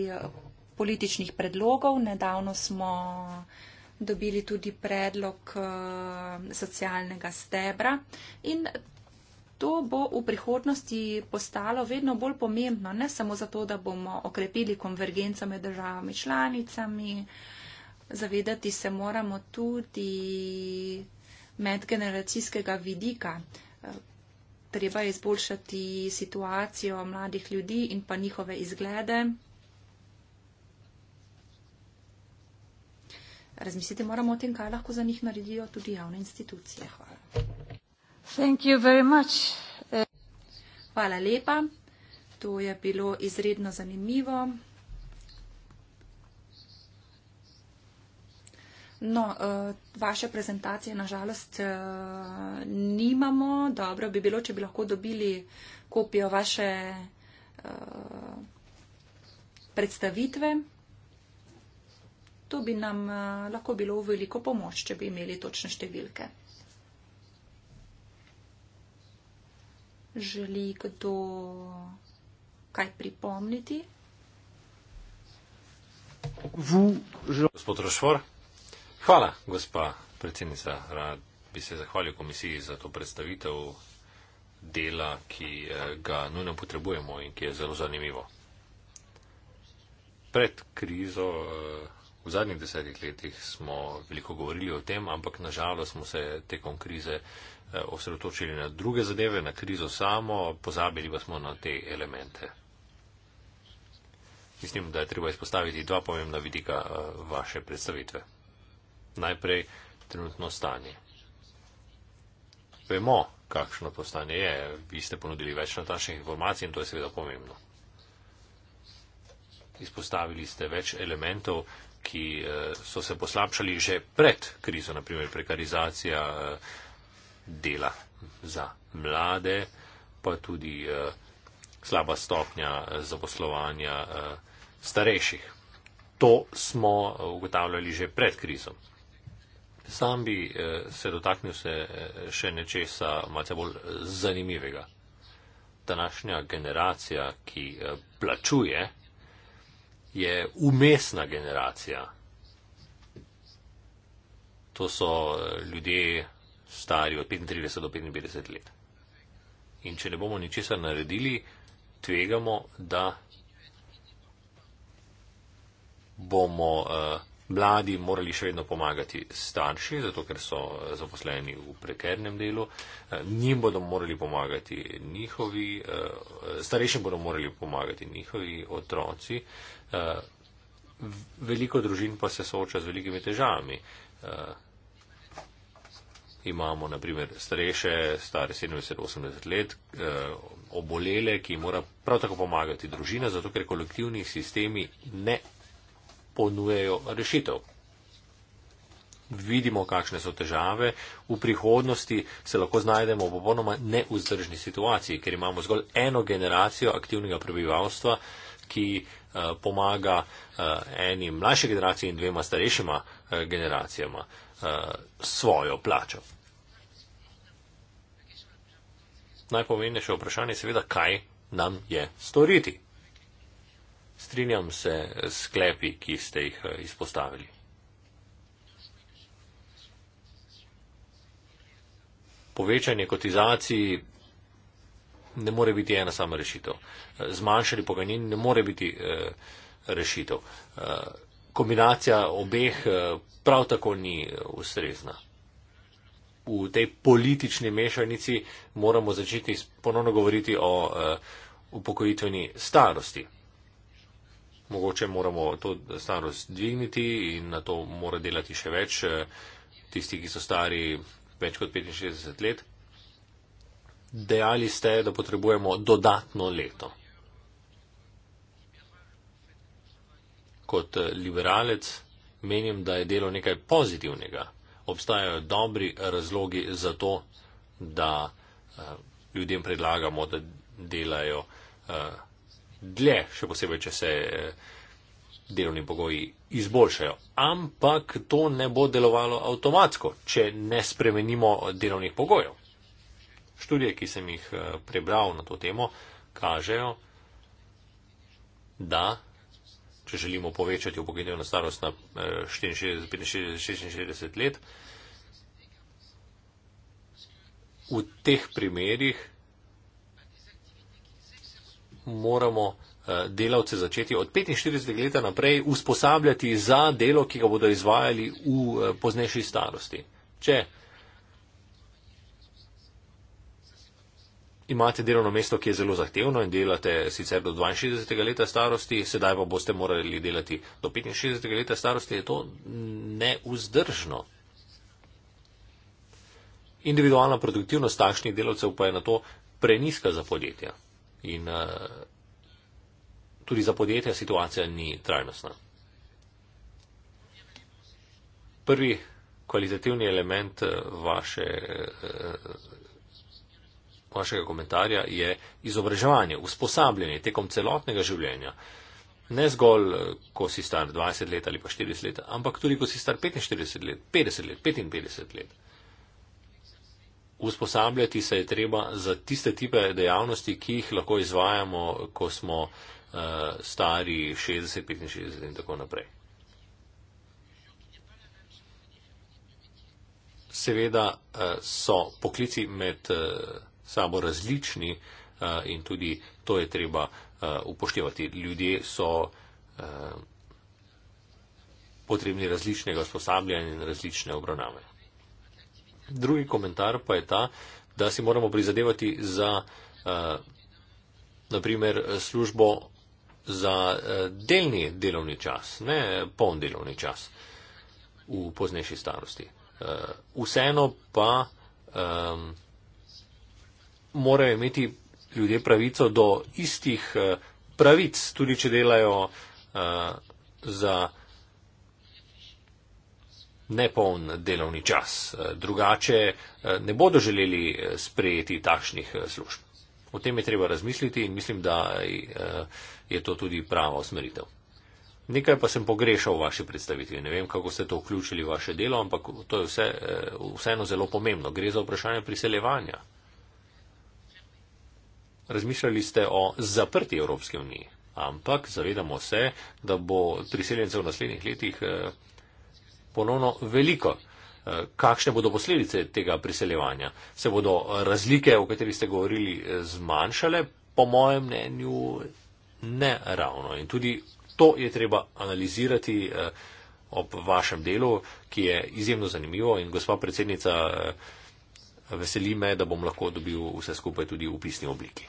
političnih predlogov. Nedavno smo dobili tudi predlog socialnega stebra in to bo v prihodnosti postalo vedno bolj pomembno, ne samo zato, da bomo okrepili konvergenco med državami članicami, zavedati se moramo tudi medgeneracijskega vidika. Treba je izboljšati situacijo mladih ljudi in pa njihove izglede. Razmisliti moramo o tem, kaj lahko za njih naredijo tudi javne institucije. Hvala. Hvala lepa. To je bilo izredno zanimivo. No, eh, vaše prezentacije nažalost eh, nimamo. Dobro bi bilo, če bi lahko dobili kopijo vaše eh, predstavitve. To bi nam lahko bilo v veliko pomoč, če bi imeli točne številke. želi kdo kaj pripomniti. Gospod Rošvor, hvala, gospa predsednica. Rad bi se zahvalil komisiji za to predstavitev dela, ki eh, ga nujno potrebujemo in ki je zelo zanimivo. Pred krizo eh, V zadnjih desetih letih smo veliko govorili o tem, ampak nažalost smo se tekom krize eh, osredotočili na druge zadeve, na krizo samo, pozabili pa smo na te elemente. Mislim, da je treba izpostaviti dva pomembna vidika eh, vaše predstavitve. Najprej trenutno stanje. Vemo, kakšno to stanje je. Vi ste ponudili več natančnih informacij in to je seveda pomembno. Izpostavili ste več elementov, ki eh, so se poslabšali že pred krizo, naprimer prekarizacija eh, dela za mlade, pa tudi eh, slaba stopnja zaposlovanja starejših. To smo ugotavljali že pred krizo. Sam bi se dotaknil se še nečesa malce bolj zanimivega. Današnja generacija, ki plačuje, je umestna generacija. To so eh, ljudje stari od 35 do 55 let. In če ne bomo ničesar naredili, tvegamo, da bomo uh, mladi morali še vedno pomagati starši, zato ker so eh, zaposleni v prekernem delu, eh, njim bodo morali pomagati njihovi, eh, starejšim bodo morali pomagati njihovi otroci. Veliko družin pa se sooča z velikimi težavami. Imamo, na primer, starejše, stare 70-80 let, obolele, ki mora prav tako pomagati družina, zato ker kolektivni sistemi ne ponujejo rešitev. Vidimo, kakšne so težave. V prihodnosti se lahko znajdemo v popolnoma neuzdržni situaciji, ker imamo zgolj eno generacijo aktivnega prebivalstva, ki eh, pomaga eh, eni mlajši generaciji in dvema starejšima eh, generacijama svojo plačo. Najpomembnejše vprašanje je seveda, kaj nam je storiti. Strinjam se s sklepi, ki ste jih eh, izpostavili. Povečanje kotizacij ne more biti ena sama rešitev. Eh, zmanjšanje pogajnin ne more biti eh, rešitev. Kombinacija obeh prav tako ni ustrezna. V tej politični mešanici moramo začeti ponovno govoriti o upokojitveni starosti mogoče moramo to starost dvigniti in na to mora delati še več eh, tisti, ki so stari več kot 65 let. Dejali ste, da potrebujemo dodatno leto. Kot eh, liberalec menim, da je delo nekaj pozitivnega. Obstajajo dobri razlogi za to, da eh, ljudem predlagamo, da delajo dlje, še posebej, če se eh, delovni pogoji izboljšajo. Ampak to ne bo delovalo avtomatsko, če ne spremenimo delovnih pogojev. Študije, ki sem jih eh, prebral na to temo, kažejo, da če želimo povečati upokojitevno starost na 64-66 eh, let, v teh primerjih moramo eh, delavce začeti od 45 let naprej usposabljati za delo, ki ga bodo izvajali v eh, poznejši starosti. Če imate delovno mesto, ki je zelo zahtevno in delate sicer do 62. leta starosti, sedaj pa boste morali delati do 65. leta starosti, je to neuzdržno. Individualna produktivnost takšnih delavcev pa je na to preniska za podjetja. In uh, tudi za podjetja situacija ni trajnostna. Prvi kvalitativni element eh, vaše, uh, vašega komentarja je izobraževanje, usposabljanje tekom celotnega življenja. Ne zgolj, ko si star 20 let ali pa 40 let, ampak tudi, ko si star 45 let, 50 let, 55 let usposabljati se je treba za tiste tipe dejavnosti, ki jih lahko izvajamo, ko smo uh, stari 60, 65 in tako naprej. Seveda eh, so poklici med eh, sabo različni in tudi to je treba upoštevati. Ljudje so potrebni različnega usposabljanja in različne obravnave. Drugi komentar pa je ta, da si moramo prizadevati za uh, eh, naprimer službo za uh, delni delovni čas, ne poln delovni čas v poznejši starosti. Uh, vseeno pa um, morajo imeti ljudje pravico do istih uh, pravic, tudi če delajo uh, za nepoln delovni čas. Eh, drugače eh, ne bodo želeli eh, sprejeti takšnih služb. O tem je treba razmisliti in mislim, da je to tudi prava usmeritev. Nekaj pa sem pogrešal v vaši predstavitvi. Ne vem, kako ste to vključili v vaše delo, ampak to je vse, vseeno zelo pomembno. Gre za vprašanje priseljevanja. Razmišljali ste o zaprti Evropske unije, ampak zavedamo se, da bo priseljencev v naslednjih letih eh, ponovno veliko. Eh, kakšne bodo posledice tega priseljevanja? Se bodo eh, razlike, o kateri ste govorili, eh, zmanjšale? Po mojem mnenju ne ravno. In tudi to je treba analizirati ob vašem delu, ki je izjemno zanimivo. In gospa predsednica, veseli me, da bom lahko dobil vse skupaj tudi v pisni obliki.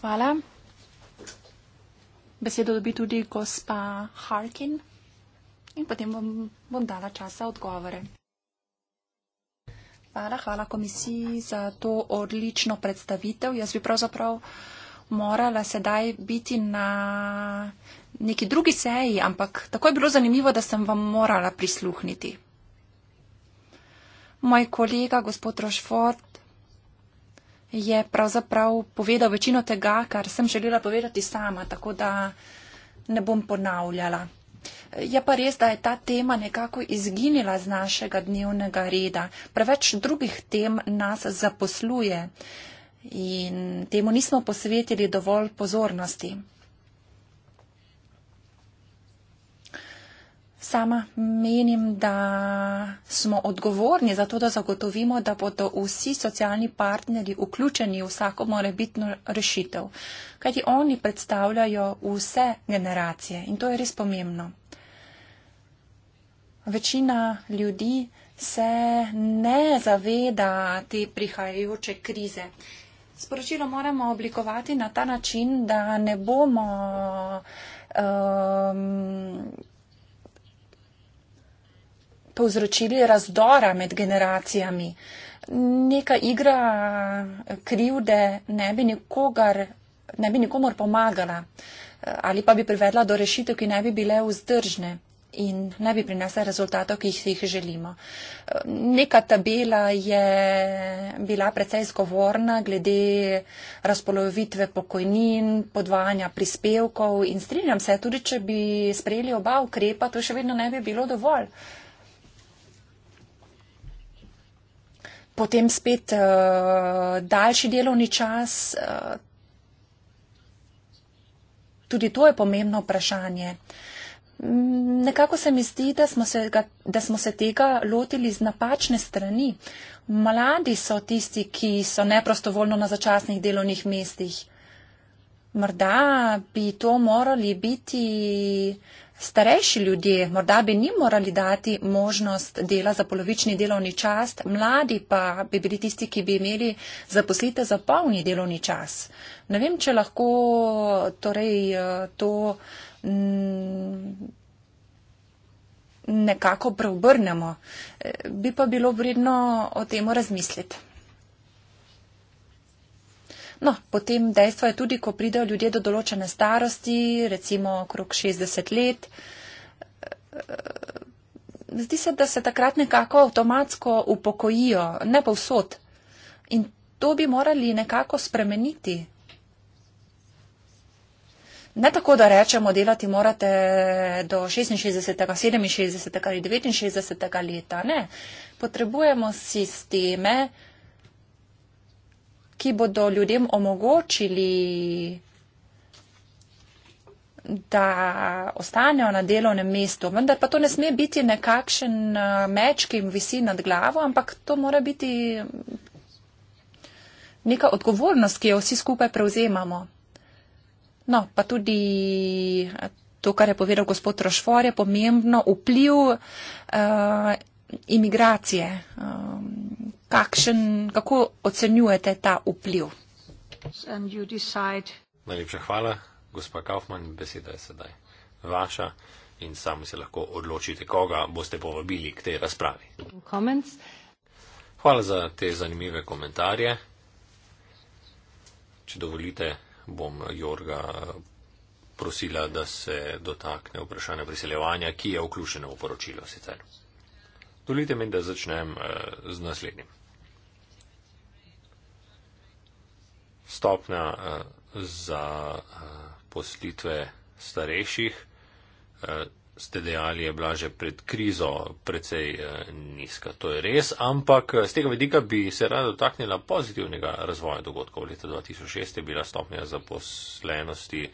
Hvala besedo dobi tudi gospa Harkin in potem bom, bom dala časa odgovore. Hvala, hvala komisiji za to odlično predstavitev. Jaz bi pravzaprav morala sedaj biti na neki drugi seji, ampak tako je bilo zanimivo, da sem vam morala prisluhniti. Moj kolega, gospod Rošford, je pravzaprav povedal večino tega, kar sem želela povedati sama, tako da ne bom ponavljala. Je pa res, da je ta tema nekako izginila z našega dnevnega reda. Preveč drugih tem nas zaposluje in temu nismo posvetili dovolj pozornosti. Sama menim, da smo odgovorni za to, da zagotovimo, da bodo vsi socialni partnerji vključeni v vsako morebitno rešitev, kajti oni predstavljajo vse generacije in to je res pomembno. Večina ljudi se ne zaveda te prihajajoče krize. Sporočilo moramo oblikovati na ta način, da ne bomo. Um, povzročili razdora med generacijami. Neka igra krivde ne bi, nikogar, ne bi nikomor pomagala ali pa bi privedla do rešitev, ki ne bi bile vzdržne in ne bi prinesla rezultatov, ki jih, jih želimo. Neka tabela je bila precej zgovorna glede razpolovitve pokojnin, podvajanja prispevkov in strinjam se, tudi če bi sprejeli oba ukrepa, to še vedno ne bi bilo dovolj. Uh, potem spet uh, daljši delovni čas. Uh, tudi to je pomembno vprašanje. Mm, nekako se mi zdi, da smo se, ga, da smo se tega lotili z napačne strani. Mladi so tisti, ki so neprostovoljno na začasnih delovnih mestih. Morda bi to morali biti uh, Starejši ljudje morda bi njim morali dati možnost dela za polovični delovni čas, mladi pa bi bili tisti, ki bi imeli zaposlite za polni delovni čas. Ne vem, če lahko torej, eh, to mm, nekako preobrnemo. Eh, bi pa bilo vredno o tem razmisliti. No, potem dejstvo je tudi, ko pridejo ljudje do določene starosti, recimo okrog 60 let. Eh, zdi se, da se takrat nekako avtomatsko upokojijo, ne pa vsod. In to bi morali nekako spremeniti. Ne tako, da rečemo, delati morate do 66., 67. ali 69. leta. Ne. Potrebujemo sisteme, ki bodo ljudem omogočili, da ostanejo na delovnem mestu. Vendar pa to ne sme biti nekakšen eh, meč, ki jim visi nad glavo, ampak to mora biti neka odgovornost, ki jo vsi skupaj prevzemamo. No, pa tudi eh, to, kar je povedal gospod Rošfor, je pomembno vpliv. Uh, imigracije. Um, kakšen, kako ocenjujete ta vpliv? Najlepša hvala, gospa Kaufman, beseda je sedaj vaša in sami se lahko odločite, koga boste povabili k tej razpravi. Comments. Hvala za te zanimive komentarje. Če dovolite, bom Jorga prosila, da se dotakne vprašanja priseljevanja, ki je vključeno v poročilo sicer. Dovolite mi, da začnem eh, z naslednjim. Stopnja eh, za eh, poslitve starejših ste dejali, je bila že pred krizo precej eh, nizka. To je res, ampak z eh, tega vidika bi se rada dotaknila pozitivnega razvoja dogodkov. Leta 2006 je bila stopnja zaposlenosti eh,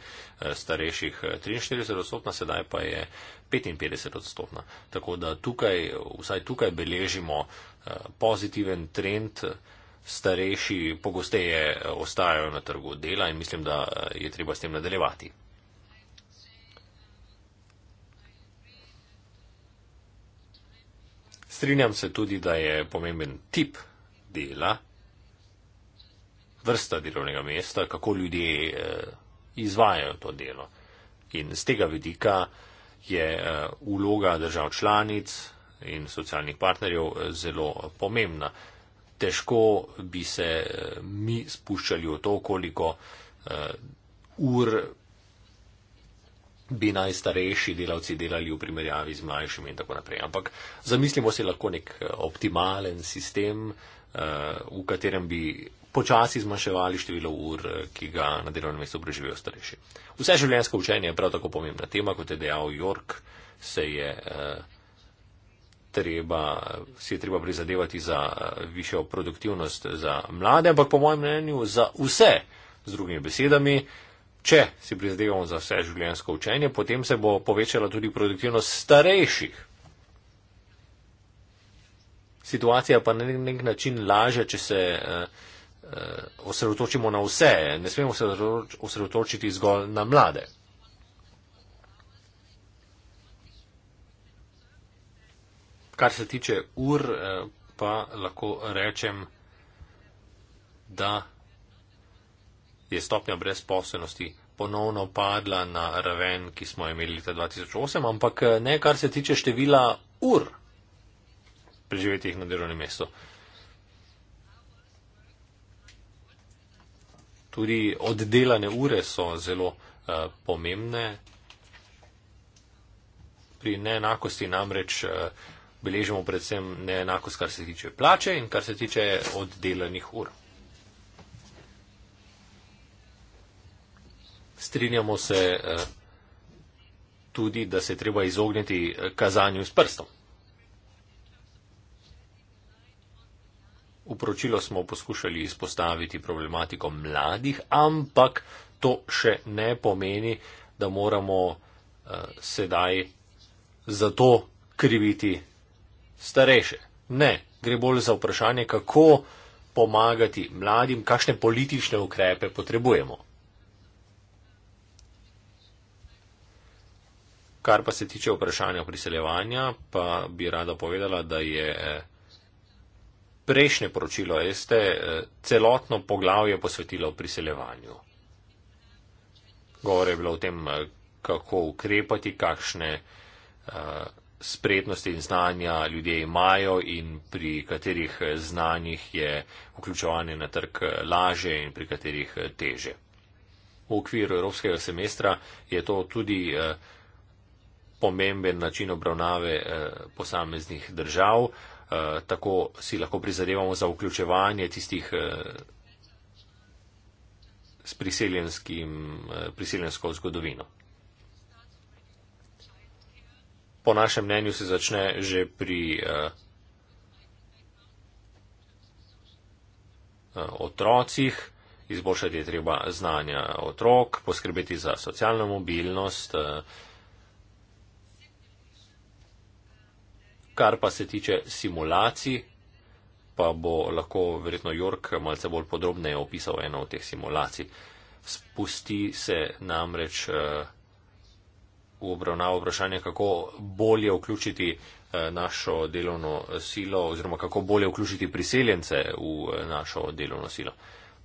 starejših 43 odstotna, sedaj pa je 55 odstotna. Tako da tukaj, vsaj tukaj beležimo pozitiven trend. Starejši pogosteje ostajajo na trgu dela in mislim, da je treba s tem nadaljevati. Strinjam se tudi, da je pomemben tip dela, vrsta delovnega mesta, kako ljudje eh, izvajajo to delo. In z tega vidika je uloga eh, držav članic in socialnih partnerjev eh, zelo pomembna. Težko bi se mi spuščali v to, koliko uh, ur bi najstarejši delavci delali v primerjavi z mlajšimi in tako naprej. Ampak zamislimo si lahko nek eh, optimalen sistem, eh, v katerem bi počasi zmanjševali število ur, eh, ki ga na delovnem mestu preživijo starejši. Vse življenjsko učenje je prav tako pomembna tema, kot je dejal Jork, se je treba, si je treba prizadevati za višjo produktivnost za mlade, ampak po mojem mnenju za vse, z drugimi besedami. Če si prizadevamo za vse življenjsko učenje, potem se bo povečala tudi produktivnost starejših. Situacija pa na nek, nek način laže, če se uh, uh, osredotočimo na vse. Ne smemo se osredotočiti zgolj na mlade. Kar se tiče ur, uh, pa lahko rečem, da je stopnja brezposobnosti ponovno padla na raven, ki smo imeli leta 2008, ampak eh, ne kar se tiče števila ur preživetih na delovnem mestu. Tudi oddelane ure so zelo uh, pomembne. Pri neenakosti namreč uh, beležimo predvsem neenakost, kar se tiče plače in kar se tiče oddelanih ur. strinjamo se eh, tudi, da se treba izogniti eh, kazanju s prstom. Upročilo smo poskušali izpostaviti problematiko mladih, ampak to še ne pomeni, da moramo uh, sedaj za to kriviti starejše. Ne, gre bolj za vprašanje, kako pomagati mladim, kakšne politične ukrepe potrebujemo. Kar pa se tiče vprašanja priseljevanja, pa bi rada povedala, da je eh, prejšnje poročilo ESTE eh, celotno poglavje posvetilo priseljevanju. Govore je bilo o tem, eh, kako ukrepati, kakšne spretnosti in znanja ljudje imajo in pri katerih znanjih je vključovanje na trg laže in pri katerih teže. V okviru evropskega semestra je to tudi eh, pomemben način obravnave eh, posameznih držav, eh, tako si lahko prizadevamo za vključevanje tistih eh, s priseljenskim, priseljensko zgodovino. Po našem mnenju se začne že pri otrocih, izboljšati je treba znanja otrok, poskrbeti za socialno mobilnost, uh, Kar pa se tiče simulacij, pa bo lahko verjetno Jork malce bolj podrobneje opisal eno od teh simulacij. Spusti se namreč eh, v obravnavo vprašanje, kako bolje vključiti eh, našo delovno silo oziroma kako bolje vključiti priseljence v eh, našo delovno silo.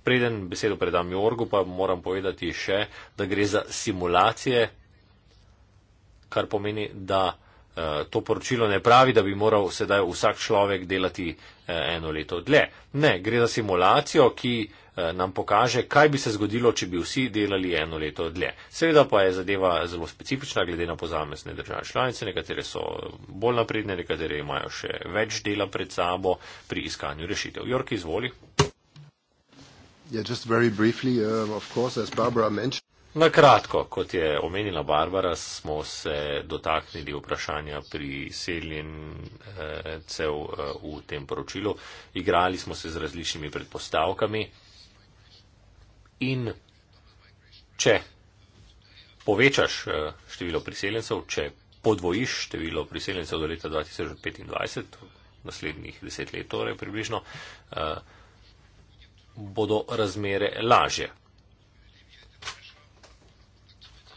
Preden besedo predam Jorgu, pa moram povedati še, da gre za simulacije, kar pomeni, da Eh, to poročilo ne pravi, da bi moral sedaj vsak človek delati eh, eno leto dlje. Ne, gre za simulacijo, ki eh, nam pokaže, kaj bi se zgodilo, če bi vsi delali eno leto dlje. Seveda pa je zadeva zelo specifična, glede na pozamezne države članice, nekatere so bolj napredne, nekatere imajo še več dela pred sabo pri iskanju rešitev. Jorki, izvoli. Yeah, briefly, uh, course, Na kratko, kot je omenila Barbara, smo se dotaknili vprašanja priseljencev eh, v tem poročilu. Igrali smo se z različnimi predpostavkami in če povečaš eh, število priseljencev, če podvojiš število priseljencev do leta 2025, naslednjih deset let torej približno, eh, bodo razmere lažje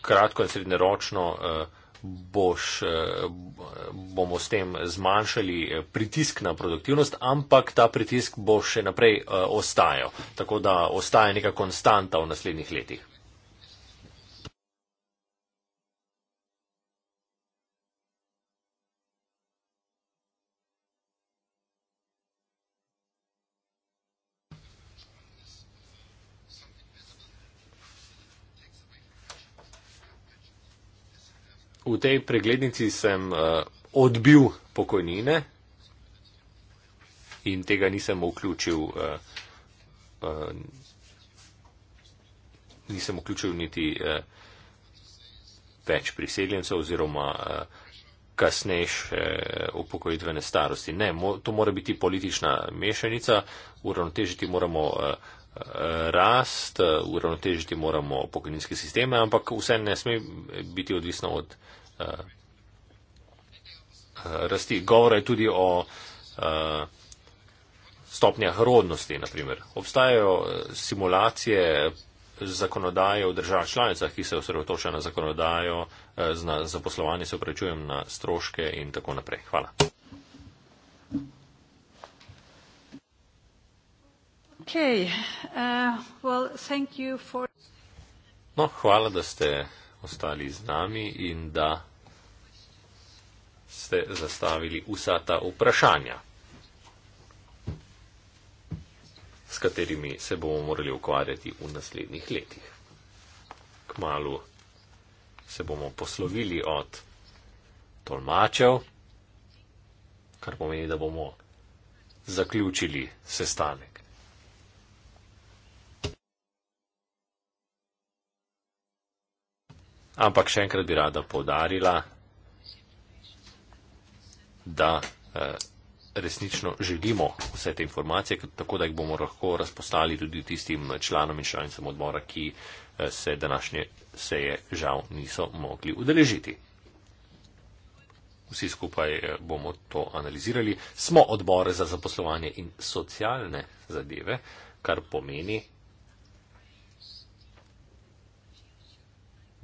kratko in srednjeročno eh, boš, eh, bomo s tem zmanjšali eh, pritisk na produktivnost, ampak ta pritisk bo še naprej ostajal. Tako da ostaja neka konstanta v naslednjih letih. tej preglednici sem uh, odbil pokojnine in tega nisem vključil, uh, uh, nisem vključil niti uh, več priseljencev oziroma uh, kasnejš uh, upokojitvene starosti. Ne, mo, to mora biti politična mešanica, uravnotežiti moramo. Uh, rast, uravnotežiti moramo pokojninske sisteme, ampak vse ne sme biti odvisno od Eh, rasti. Govora je tudi o eh, stopnjah rodnosti, naprimer. Obstajajo eh, simulacije zakonodaje v državah članicah, ki se osredotoča na zakonodajo, na zaposlovanje, se upravičujem, na stroške in tako naprej. Hvala. Okay. Uh, well, thank you for... No, hvala, da ste ostali z nami in da ste zastavili vsa ta vprašanja, s katerimi se bomo morali ukvarjati v naslednjih letih. Kmalu se bomo poslovili od tolmačev, kar pomeni, da bomo zaključili sestanek. Ampak še enkrat bi rada povdarila, da eh, resnično želimo vse te informacije, tako da jih bomo lahko razposlali tudi tistim članom in članicam odbora, ki eh, se današnje seje žal niso mogli udeležiti. Vsi skupaj eh, bomo to analizirali. Smo odbore za zaposlovanje in socialne zadeve, kar pomeni,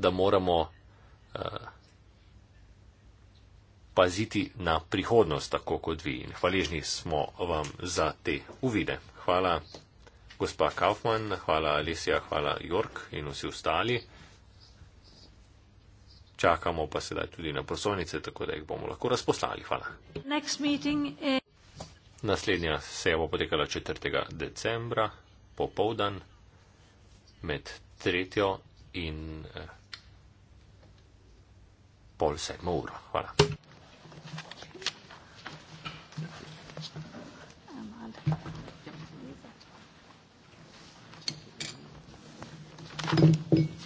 da moramo uh, paziti na prihodnost, tako kot vi. In hvaležni smo vam za te uvide. Hvala, gospa Kaufmann, hvala, Alicia, hvala, Jork in vsi ostali. Čakamo pa sedaj tudi na prosovnice, tako da jih bomo lahko razposlali. Hvala. Naslednja seja bo potekala 4. decembra, popovdan, med tretjo in. Eh, pol sedmo uro. Hvala. Thank you.